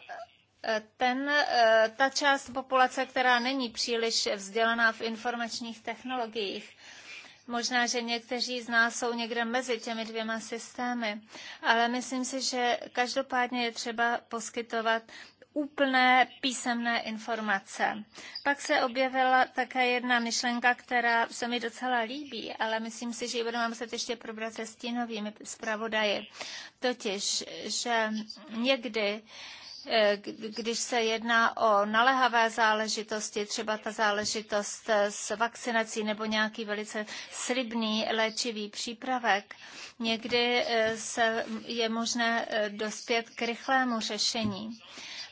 eh, ten, eh, ta část populace, která není příliš vzdělaná v informačních technologiích. Možná, že někteří z nás jsou někde mezi těmi dvěma systémy, ale myslím si, že každopádně je třeba poskytovat úplné písemné informace. Pak se objevila také jedna myšlenka, která se mi docela líbí, ale myslím si, že ji budeme muset ještě probrat se stínovými zpravodaji. Totiž, že někdy eh, když se jedná o naléhavé záležitosti, třeba ta záležitost eh, s vakcinací nebo nějaký velice slibný léčivý přípravek, někdy eh, se je možné dospět k rychlému řešení.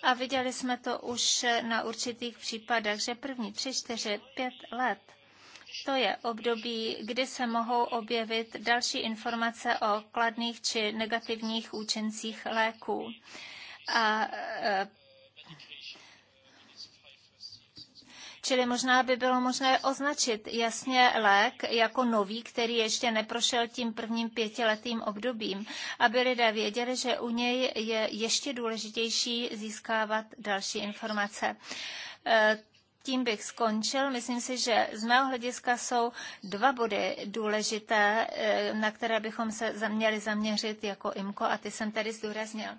A viděli jsme to už na určitých případech, že první tři, čtyři, pět let to je období, kdy se mohou objevit další informace o kladných či negativních účincích léků. A e, Čili možná by bylo možné označit jasně lék jako nový, který ještě neprošel tím prvním pětiletým obdobím, aby lidé věděli, že u něj je ještě důležitější získávat další informace. Eh, tím bych skončil. Myslím si, že z mého hlediska jsou dva body důležité, eh, na které bychom se měli zaměřit jako IMKO a ty jsem tady zdůraznil.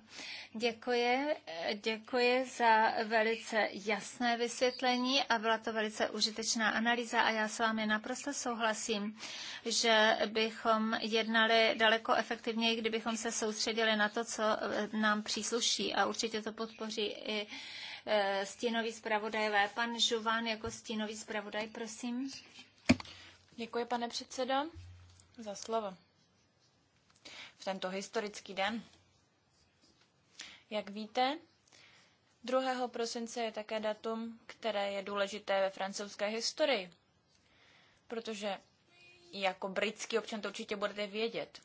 Děkuji, eh, děkuji za velice jasné vysvětlení a byla to velice užitečná analýza a já s vámi naprosto souhlasím, že bychom jednali daleko efektivněji, kdybychom se soustředili na to, co eh, nám přísluší a určitě to podpoří i Eh, stínový zpravodajové. Pan Žován jako stínový zpravodaj, prosím. Děkuji, pane předsedo, za slovo. V tento historický den. Jak víte, 2. prosince je také datum, které je důležité ve francouzské historii, protože jako britský občan to určitě budete vědět.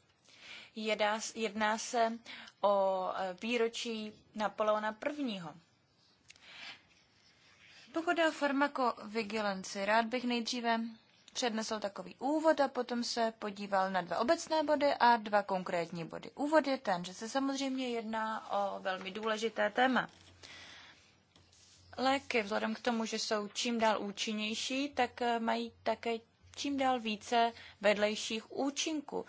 Jedná, jedná se o eh, výročí Napoleona I. Pokud je o farmakovigilanci, rád bych nejdříve přednesl takový úvod a potom se podíval na dva obecné body a dva konkrétní body. Úvod je ten, že se samozřejmě jedná o velmi důležité téma. Léky, vzhledem k tomu, že jsou čím dál účinnější, tak eh, mají také čím dál více vedlejších účinků.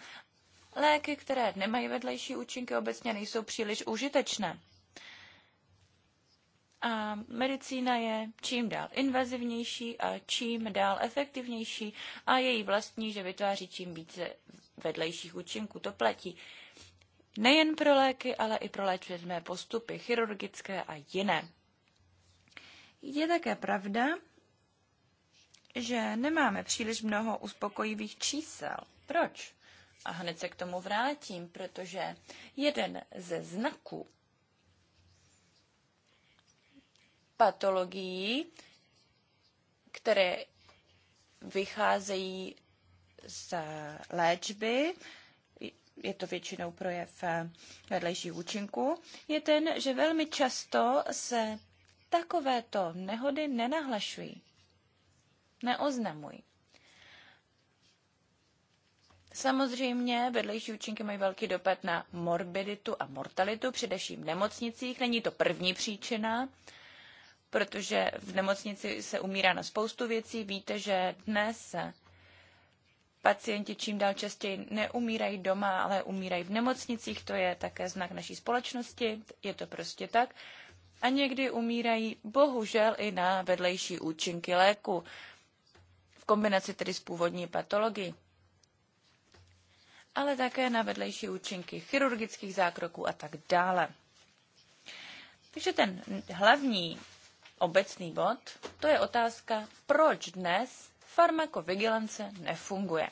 Léky, které nemají vedlejší účinky, obecně nejsou příliš užitečné. A medicína je čím dál invazivnější a čím dál efektivnější a její vlastní, že vytváří čím více vedlejších účinků. To platí nejen pro léky, ale i pro léčivé postupy, chirurgické a jiné. Je také pravda, že nemáme příliš mnoho uspokojivých čísel. Proč? A hned se k tomu vrátím, protože jeden ze znaků patologií, které vycházejí z léčby, je to většinou projev vedlejší účinku, je ten, že velmi často se takovéto nehody nenahlašují, neoznamují. Samozřejmě vedlejší účinky mají velký dopad na morbiditu a mortalitu, především v nemocnicích. Není to první příčina, protože v nemocnici se umírá na spoustu věcí. Víte, že dnes pacienti čím dál častěji neumírají doma, ale umírají v nemocnicích. To je také znak naší společnosti, je to prostě tak. A někdy umírají bohužel i na vedlejší účinky léku, v kombinaci tedy s původní patologií ale také na vedlejší účinky chirurgických zákroků a tak dále. Takže ten hlavní obecný bod, to je otázka, proč dnes farmakovigilance nefunguje.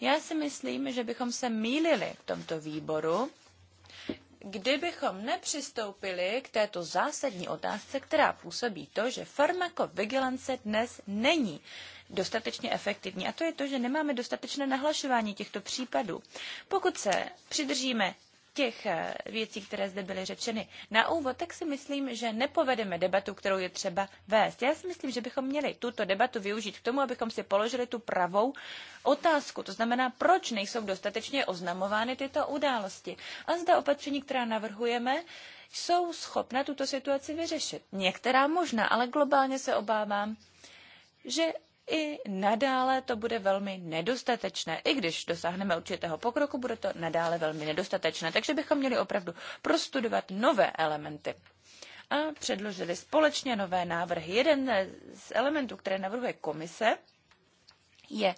Já si myslím, že bychom se mýlili v tomto výboru, kdybychom nepřistoupili k této zásadní otázce, která působí to, že farmakovigilance dnes není dostatečně efektivní. A to je to, že nemáme dostatečné nahlašování těchto případů. Pokud se přidržíme těch eh, věcí, které zde byly řečeny na úvod, tak si myslím, že nepovedeme debatu, kterou je třeba vést. Já si myslím, že bychom měli tuto debatu využít k tomu, abychom si položili tu pravou otázku. To znamená, proč nejsou dostatečně oznamovány tyto události. A zda opatření, která navrhujeme, jsou schopna tuto situaci vyřešit. Některá možná, ale globálně se obávám, že i nadále to bude velmi nedostatečné. I když dosáhneme určitého pokroku, bude to nadále velmi nedostatečné. Takže bychom měli opravdu prostudovat nové elementy a předložili společně nové návrhy. Jeden z elementů, které navrhuje komise, je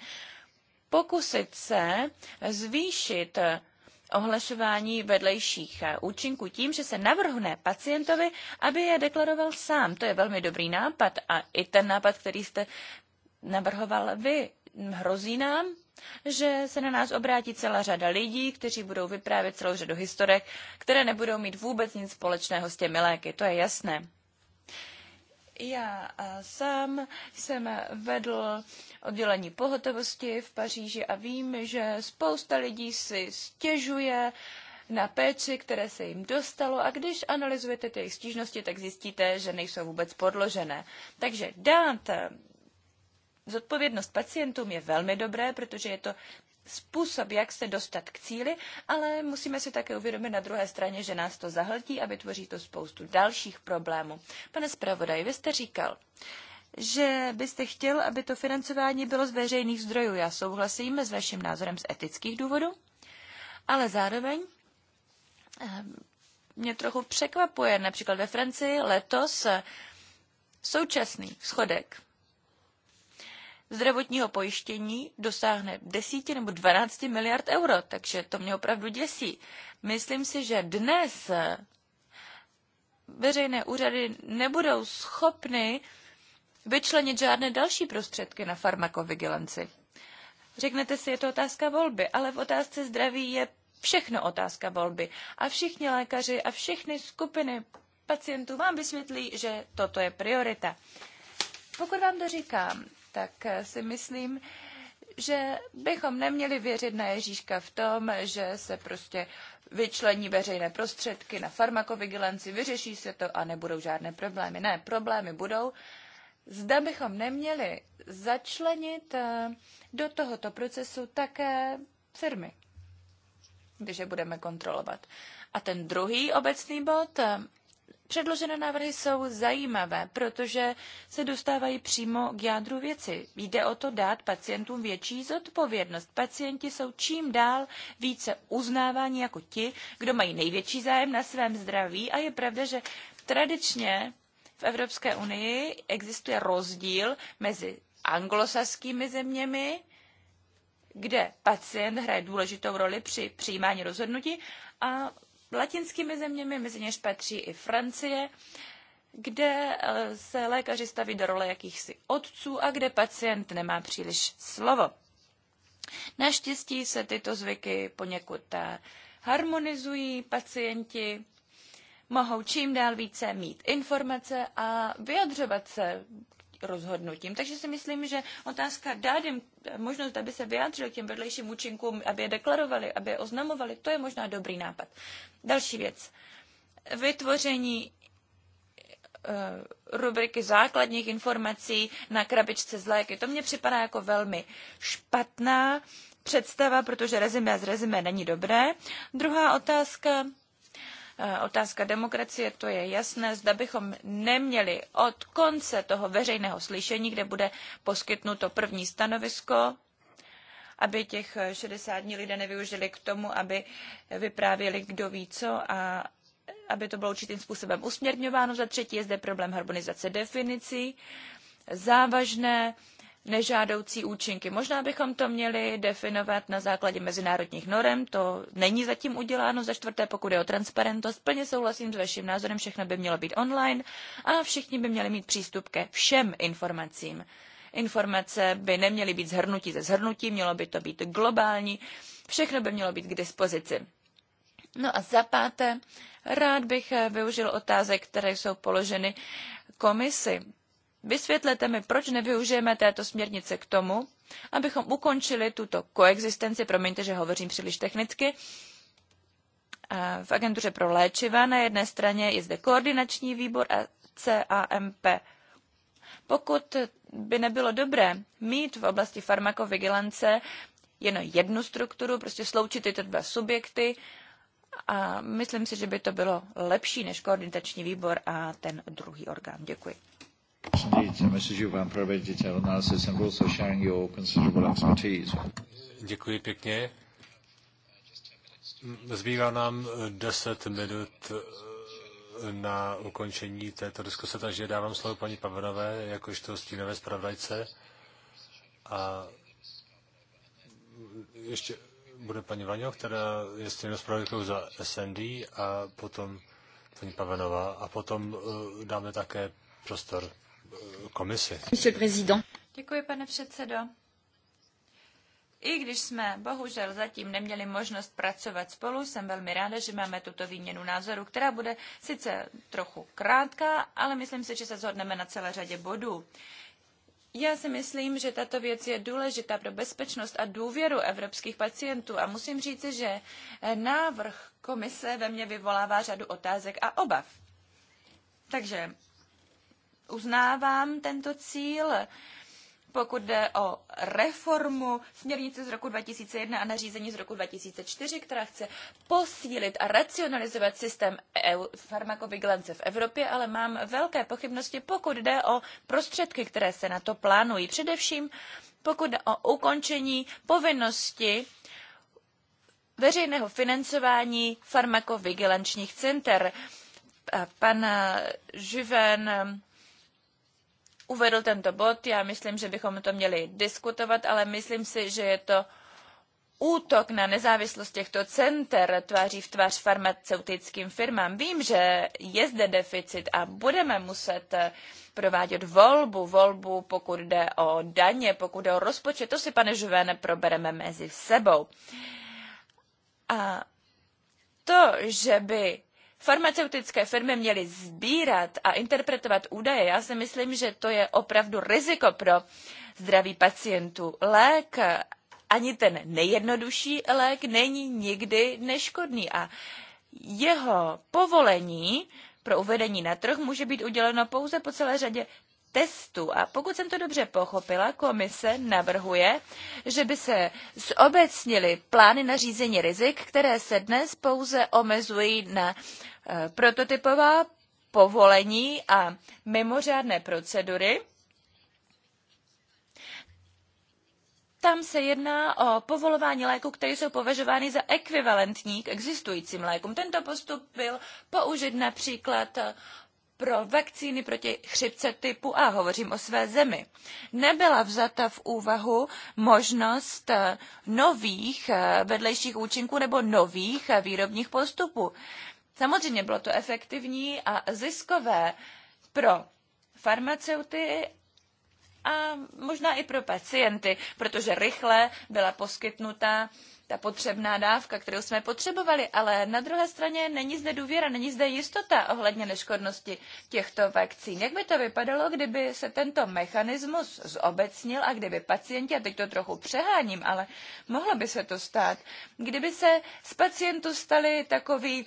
pokusit se zvýšit ohlašování vedlejších účinků tím, že se navrhne pacientovi, aby je deklaroval sám. To je velmi dobrý nápad a i ten nápad, který jste navrhoval vy. Hrozí nám, že se na nás obrátí celá řada lidí, kteří budou vyprávět celou řadu historek, které nebudou mít vůbec nic společného s těmi léky, to je jasné. Já sám jsem vedl oddělení pohotovosti v Paříži a vím, že spousta lidí si stěžuje na péči, které se jim dostalo a když analyzujete ty stížnosti, tak zjistíte, že nejsou vůbec podložené. Takže dát zodpovědnost pacientům je velmi dobré, protože je to způsob, jak se dostat k cíli, ale musíme si také uvědomit na druhé straně, že nás to zahltí a vytvoří to spoustu dalších problémů. Pane zpravodaj, vy jste říkal, že byste chtěl, aby to financování bylo z veřejných zdrojů. Já souhlasím s vaším názorem z etických důvodů, ale zároveň eh, mě trochu překvapuje, například ve Francii letos eh, současný schodek zdravotního pojištění dosáhne 10 nebo 12 miliard euro, takže to mě opravdu děsí. Myslím si, že dnes veřejné úřady nebudou schopny vyčlenit žádné další prostředky na farmakovigilanci. Řeknete si, je to otázka volby, ale v otázce zdraví je všechno otázka volby. A všichni lékaři a všechny skupiny pacientů vám vysvětlí, že toto je priorita. Pokud vám to říkám, tak si myslím, že bychom neměli věřit na Ježíška v tom, že se prostě vyčlení veřejné prostředky na farmakovigilanci, vyřeší se to a nebudou žádné problémy. Ne, problémy budou. Zda bychom neměli začlenit eh, do tohoto procesu také firmy, když je budeme kontrolovat. A ten druhý obecný bod, eh, Předložené návrhy jsou zajímavé, protože se dostávají přímo k jádru věci. Jde o to dát pacientům větší zodpovědnost. Pacienti jsou čím dál více uznáváni jako ti, kdo mají největší zájem na svém zdraví a je pravda, že tradičně v Evropské unii existuje rozdíl mezi anglosaskými zeměmi, kde pacient hraje důležitou roli při přijímání rozhodnutí a latinskými zeměmi, mezi něž patří i Francie, kde eh, se lékaři staví do role jakýchsi otců a kde pacient nemá příliš slovo. Naštěstí se tyto zvyky poněkud eh, harmonizují, pacienti mohou čím dál více mít informace a vyjadřovat se rozhodnutím. Takže si myslím, že otázka dát jim eh, možnost, aby se vyjádřili těm vedlejším účinkům, aby je deklarovali, aby je oznamovali, to je možná dobrý nápad. Další věc. Vytvoření eh, rubriky základních informací na krabičce z léky. To mně připadá jako velmi špatná představa, protože rezime z rezime není dobré. Druhá otázka, Eh, otázka demokracie, to je jasné, zda bychom neměli od konce toho veřejného slyšení, kde bude poskytnuto první stanovisko, aby těch 60 dní lidé nevyužili k tomu, aby vyprávěli kdo ví co a aby to bylo určitým způsobem usměrňováno. Za třetí je zde problém harmonizace definicí, závažné nežádoucí účinky. Možná bychom to měli definovat na základě mezinárodních norem, to není zatím uděláno. Za čtvrté, pokud je o transparentnost, plně souhlasím s vaším názorem, všechno by mělo být online a všichni by měli mít přístup ke všem informacím. Informace by neměly být zhrnutí ze zhrnutí, mělo by to být globální, všechno by mělo být k dispozici. No a za páté, rád bych využil otázek, které jsou položeny komisi Vysvětlete mi, proč nevyužijeme této směrnice k tomu, abychom ukončili tuto koexistenci, promiňte, že hovořím příliš technicky, eh, v agentuře pro léčiva. Na jedné straně je zde koordinační výbor a CAMP. Pokud by nebylo dobré mít v oblasti farmakovigilance jen jednu strukturu, prostě sloučit tyto dva subjekty, a myslím si, že by to bylo lepší než koordinační výbor a ten druhý orgán. Děkuji. Indeed, Mr. Juvan, for very detailed analysis and also sharing your considerable expertise. Děkuji pěkně. Zbývá nám 10 minut eh, na ukončení této diskuse, takže dávám slovo paní Pavanové, jakožto stínové zpravodajce. A ještě bude paní Vaňo, která je stínovou zpravodajkou za SND a potom paní Pavanová a potom eh, dáme také prostor komisi. Děkuji, pane předsedo. I když jsme bohužel zatím neměli možnost pracovat spolu, jsem velmi ráda, že máme tuto výměnu názoru, která bude sice trochu krátká, ale myslím si, že se shodneme na celé řadě bodů. Já si myslím, že tato věc je důležitá pro bezpečnost a důvěru evropských pacientů a musím říci, že návrh komise ve mně vyvolává řadu otázek a obav. Takže uznávám tento cíl, pokud jde o reformu směrnice z roku 2001 a nařízení z roku 2004, která chce posílit a racionalizovat systém EU, farmakovigilance v Evropě, ale mám velké pochybnosti, pokud jde o prostředky, které se na to plánují. Především pokud jde o ukončení povinnosti veřejného financování farmakovigilančních center. Pan Živen uvedl tento bod. Já myslím, že bychom to měli diskutovat, ale myslím si, že je to útok na nezávislost těchto center tváří v tvář farmaceutickým firmám. Vím, že je zde deficit a budeme muset eh, provádět volbu, volbu pokud jde o daně, pokud jde o rozpočet, to si, pane Žuvene, probereme mezi sebou. A to, že by farmaceutické firmy měly sbírat a interpretovat údaje, já si myslím, že to je opravdu riziko pro zdraví pacientů. Lék ani ten nejjednodušší lék není nikdy neškodný a jeho povolení pro uvedení na trh může být uděleno pouze po celé řadě testů. A pokud jsem to dobře pochopila, komise navrhuje, že by se zobecnily plány na řízení rizik, které se dnes pouze omezují na e, prototypová povolení a mimořádné procedury. Tam se jedná o povolování léků, které jsou považovány za ekvivalentní k existujícím lékům. Tento postup byl použit například pro vakcíny proti chřipce typu A, hovořím o své zemi, nebyla vzata v úvahu možnost eh, nových eh, vedlejších účinků nebo nových eh, výrobních postupů. Samozřejmě bylo to efektivní a ziskové pro farmaceuty a možná i pro pacienty, protože rychle byla poskytnuta ta potřebná dávka, kterou jsme potřebovali, ale na druhé straně není zde důvěra, není zde jistota ohledně neškodnosti těchto vakcín. Jak by to vypadalo, kdyby se tento mechanismus zobecnil a kdyby pacienti, a teď to trochu přeháním, ale mohlo by se to stát, kdyby se z pacientů stali takový eh,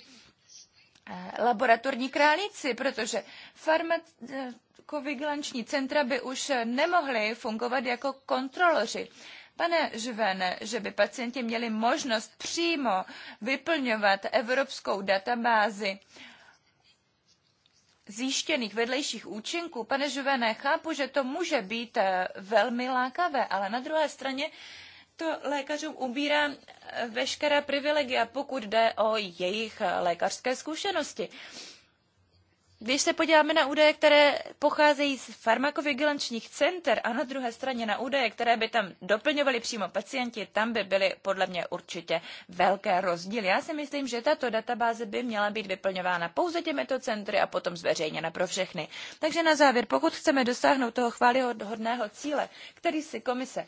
laboratorní králíci, protože farmakovigilanční centra by už nemohly fungovat jako kontroloři. Pane Živene, že by pacienti měli možnost přímo vyplňovat evropskou databázi zjištěných vedlejších účinků, pane Živene, chápu, že to může být eh, velmi lákavé, ale na druhé straně to lékařům ubírá eh, veškerá privilegia, pokud jde o jejich eh, lékařské zkušenosti. Uh, když se podíváme na údaje, které pocházejí z farmakovigilančních center a na druhé straně na údaje, které by tam doplňovali přímo pacienti, tam by byly podle mě určitě velké rozdíly. Já si myslím, že tato databáze by měla být vyplňována pouze těmito centry a potom zveřejněna pro všechny. Takže na závěr, pokud chceme dosáhnout toho chválihodného cíle, který si komise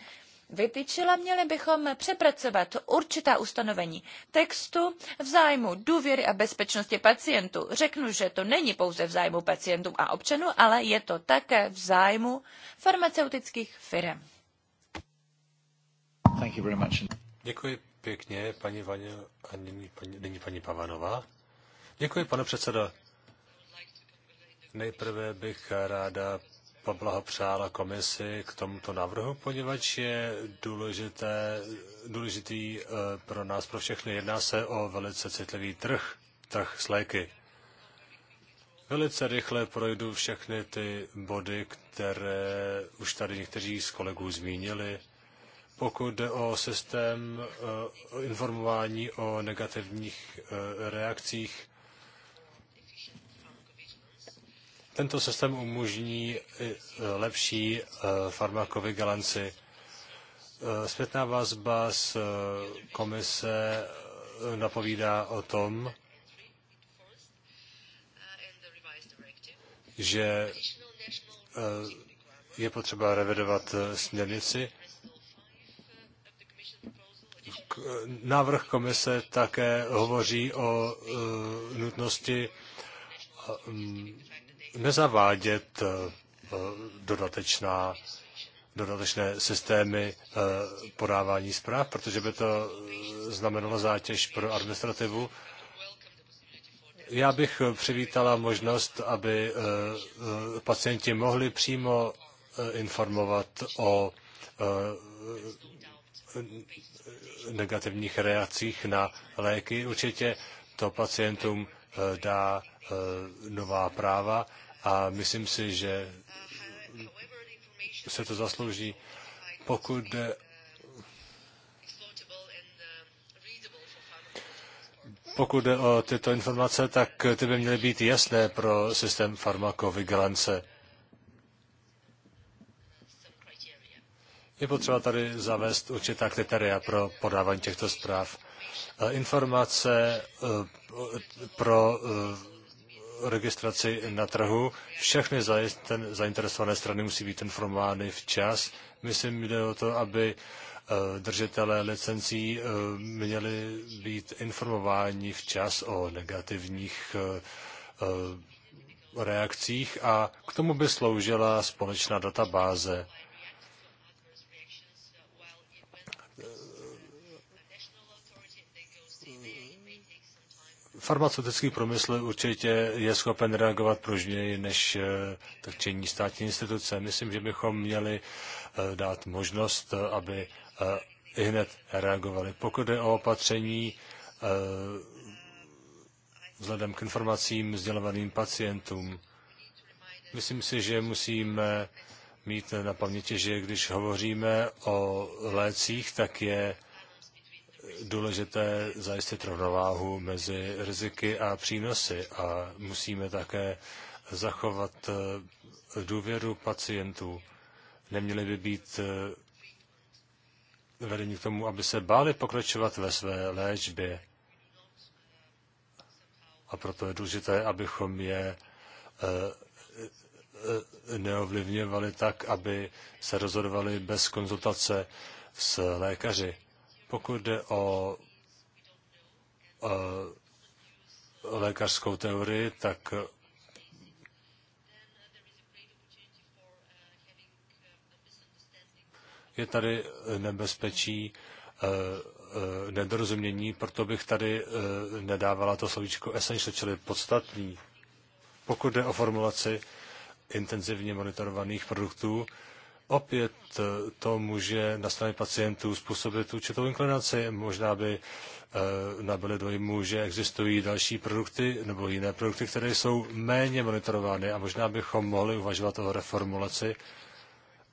vytyčila, měli bychom přepracovat určitá ustanovení textu v zájmu důvěry a bezpečnosti pacientů. Řeknu, že to není pouze v zájmu pacientů a občanů, ale je to také v zájmu farmaceutických firm. Thank you very much. Děkuji pěkně, paní Vaně, a nyní paní, nyní paní Pavanová. Děkuji, pane předsedo. Nejprve bych ráda poblahopřála komisi k tomuto návrhu, poněvadž je důležité, důležitý eh, pro nás, pro všechny. Jedná se o velice citlivý trh, trh s léky. Velice rychle projdu všechny ty body, které už tady někteří z kolegů zmínili. Pokud jde o systém eh, informování o negativních eh, reakcích, Tento systém umožní e, lepší e, farmakovigilanci. E, zpětná vazba z komise napovídá o tom, že je potřeba revidovat směrnici. Návrh komise také hovoří o nutnosti nezavádět eh, dodatečná, dodatečné systémy eh, podávání zpráv, protože by to znamenalo zátěž pro administrativu. Já bych přivítala možnost, aby eh, pacienti mohli přímo informovat o negativních reakcích na léky. Určitě to pacientům dá nová práva a myslím si, že se to zaslouží. Pokud Pokud jde o tyto informace, tak ty by měly být jasné pro systém farmakovigilance. Je potřeba tady zavést určitá kritéria pro podávání těchto zpráv. E, informace e, pro e, registraci na trhu. Všechny zainteresované strany musí být informovány včas. Myslím, jde o to, aby eh, držitelé licencí eh, měli být informováni včas o negativních eh, reakcích a k tomu by sloužila společná databáze. farmaceutický průmysl určitě je schopen reagovat pružněji, než eh, tak činí státní instituce. Myslím, že bychom měli eh, dát možnost, eh, aby i hned reagovali. Pokud je o opatření, vzhledem k informacím sdělovaným pacientům, myslím si, že musíme mít na paměti, že když hovoříme o lécích, tak je důležité zajistit rovnováhu mezi riziky a přínosy a musíme také zachovat eh, důvěru pacientů. Neměli by být eh, vedení k tomu, aby se báli pokračovat ve své léčbě. A proto je důležité, abychom je eh, neovlivňovali tak, aby se rozhodovali bez konzultace s lékaři. Pokud jde o lékařskou teorii, tak je tady nebezpečí e, e, nedorozumění, proto bych tady e, nedávala to slovíčko essential, čili podstatný. Pokud jde o formulaci intenzivně monitorovaných produktů, opět eh, to může na straně pacientů způsobit určitou inklinaci. Možná by eh, nabyli dojmu, že existují další produkty nebo jiné produkty, které jsou méně monitorovány a možná bychom mohli uvažovat o reformulaci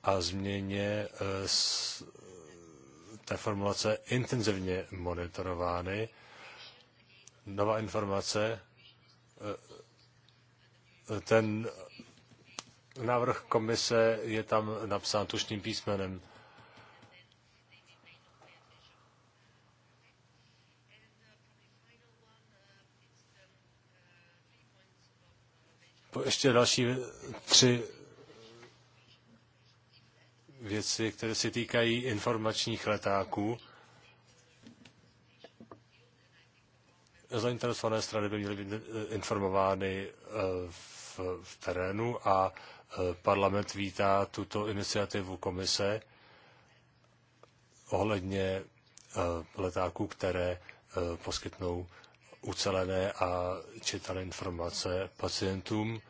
a změně eh, té formulace intenzivně monitorovány. Nová informace, ten Návrh komise je tam napsán tušným písmenem. Ještě další tři věci, které se týkají informačních letáků. Zainteresované strany by měly být informovány eh, v, v terénu a Eh, parlament vítá tuto iniciativu komise ohledně eh, letáků, které eh, poskytnou ucelené a čitelné informace pacientům.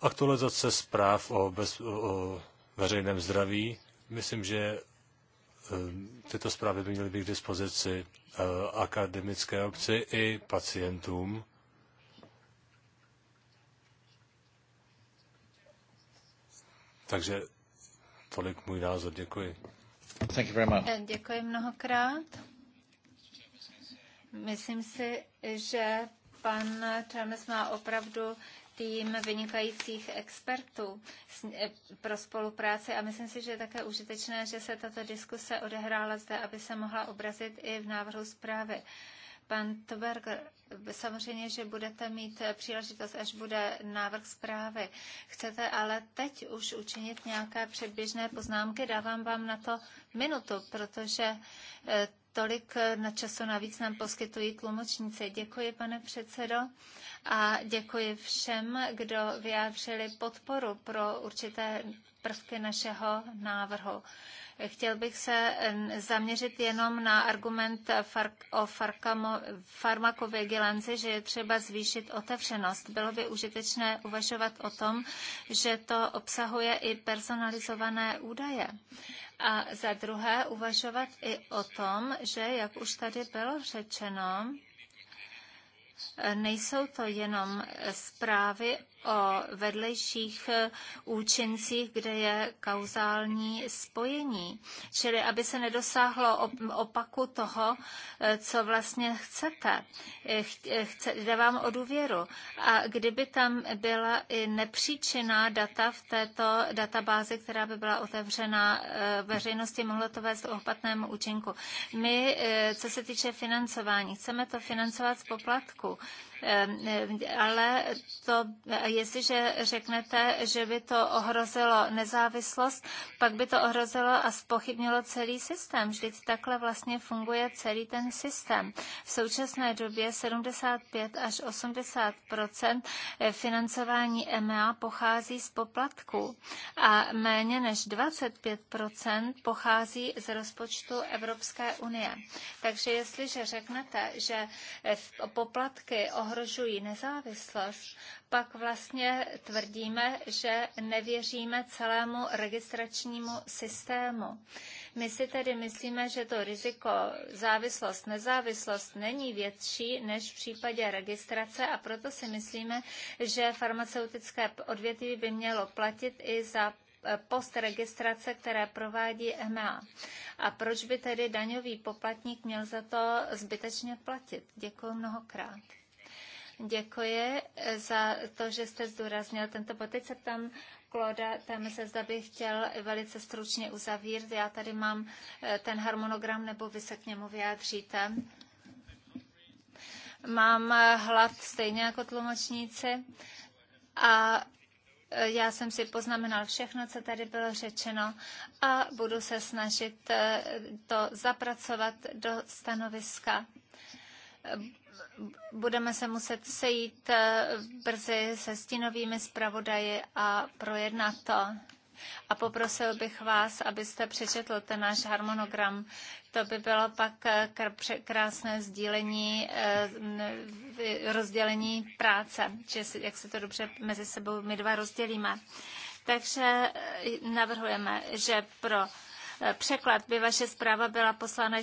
Aktualizace zpráv o, bez, o veřejném zdraví. Myslím, že tyto zprávy by měly být k dispozici akademické obci i pacientům. Takže tolik můj názor. Děkuji. Thank you very much. Eh, děkuji mnohokrát. Myslím si, že pan Trames má opravdu tým vynikajících expertů eh, pro spolupráci a myslím si, že je také užitečné, že se tato diskuse odehrála zde, aby se mohla obrazit i v návrhu zprávy. Pan Tuberg, samozřejmě, že budete mít příležitost, až bude návrh zprávy. Chcete ale teď už učinit nějaké předběžné poznámky? Dávám vám na to minutu, protože eh, tolik na času navíc nám poskytují tlumočníci. Děkuji, pane předsedo, a děkuji všem, kdo vyjádřili podporu pro určité prvky našeho návrhu. Chtěl bych se zaměřit jenom na argument o farmakovigilanci, že je třeba zvýšit otevřenost. Bylo by užitečné uvažovat o tom, že to obsahuje i personalizované údaje. A za druhé uvažovat i o tom, že, jak už tady bylo řečeno, e, nejsou to jenom zprávy o vedlejších eh, účincích, kde je kauzální spojení. Čili aby se nedosáhlo opaku toho, eh, co vlastně chcete. Eh, chce, jde vám o důvěru. A kdyby tam byla i nepříčinná data v této databázi, která by byla otevřena veřejnosti, mohlo to vést k opatnému účinku. My, co se týče financování, chceme to financovat z poplatku. Ehm, ale to, jestliže řeknete, že by to ohrozilo nezávislost, pak by to ohrozilo a spochybnilo celý systém. Vždyť takhle vlastně funguje celý ten systém. V současné době 75 až 80 eh, financování EMEA pochází z poplatků a méně než 25 pochází z rozpočtu Evropské unie. Takže jestliže řeknete, že eh, poplatky ohrozí ohrožují nezávislost, pak vlastně tvrdíme, že nevěříme celému registračnímu systému. My si tedy myslíme, že to riziko závislost, nezávislost není větší než v případě registrace a proto si myslíme, že farmaceutické odvětví by mělo platit i za eh, postregistrace, které provádí EMA. A proč by tedy daňový poplatník měl za to zbytečně platit? Děkuji mnohokrát. Děkuji eh, za to, že jste zdůraznil tento bod. Teď se tam Kloda, tam se zda bych chtěl velice stručně uzavírat. Já tady mám eh, ten harmonogram, nebo vy se k němu vyjádříte. Mám eh, hlad stejně jako tlumočníci a já jsem si poznamenal všechno, co tady bylo řečeno a budu se snažit to zapracovat do stanoviska budeme se muset sejít eh, brzy se stinovými zpravodaji a projednat to. A poprosil bych vás, abyste přečetl ten náš harmonogram. To by bylo pak eh, krásné sdílení, eh, rozdělení práce, či jak se to dobře mezi sebou my dva rozdělíme. Takže navrhujeme, že pro překlad by vaše zpráva byla poslána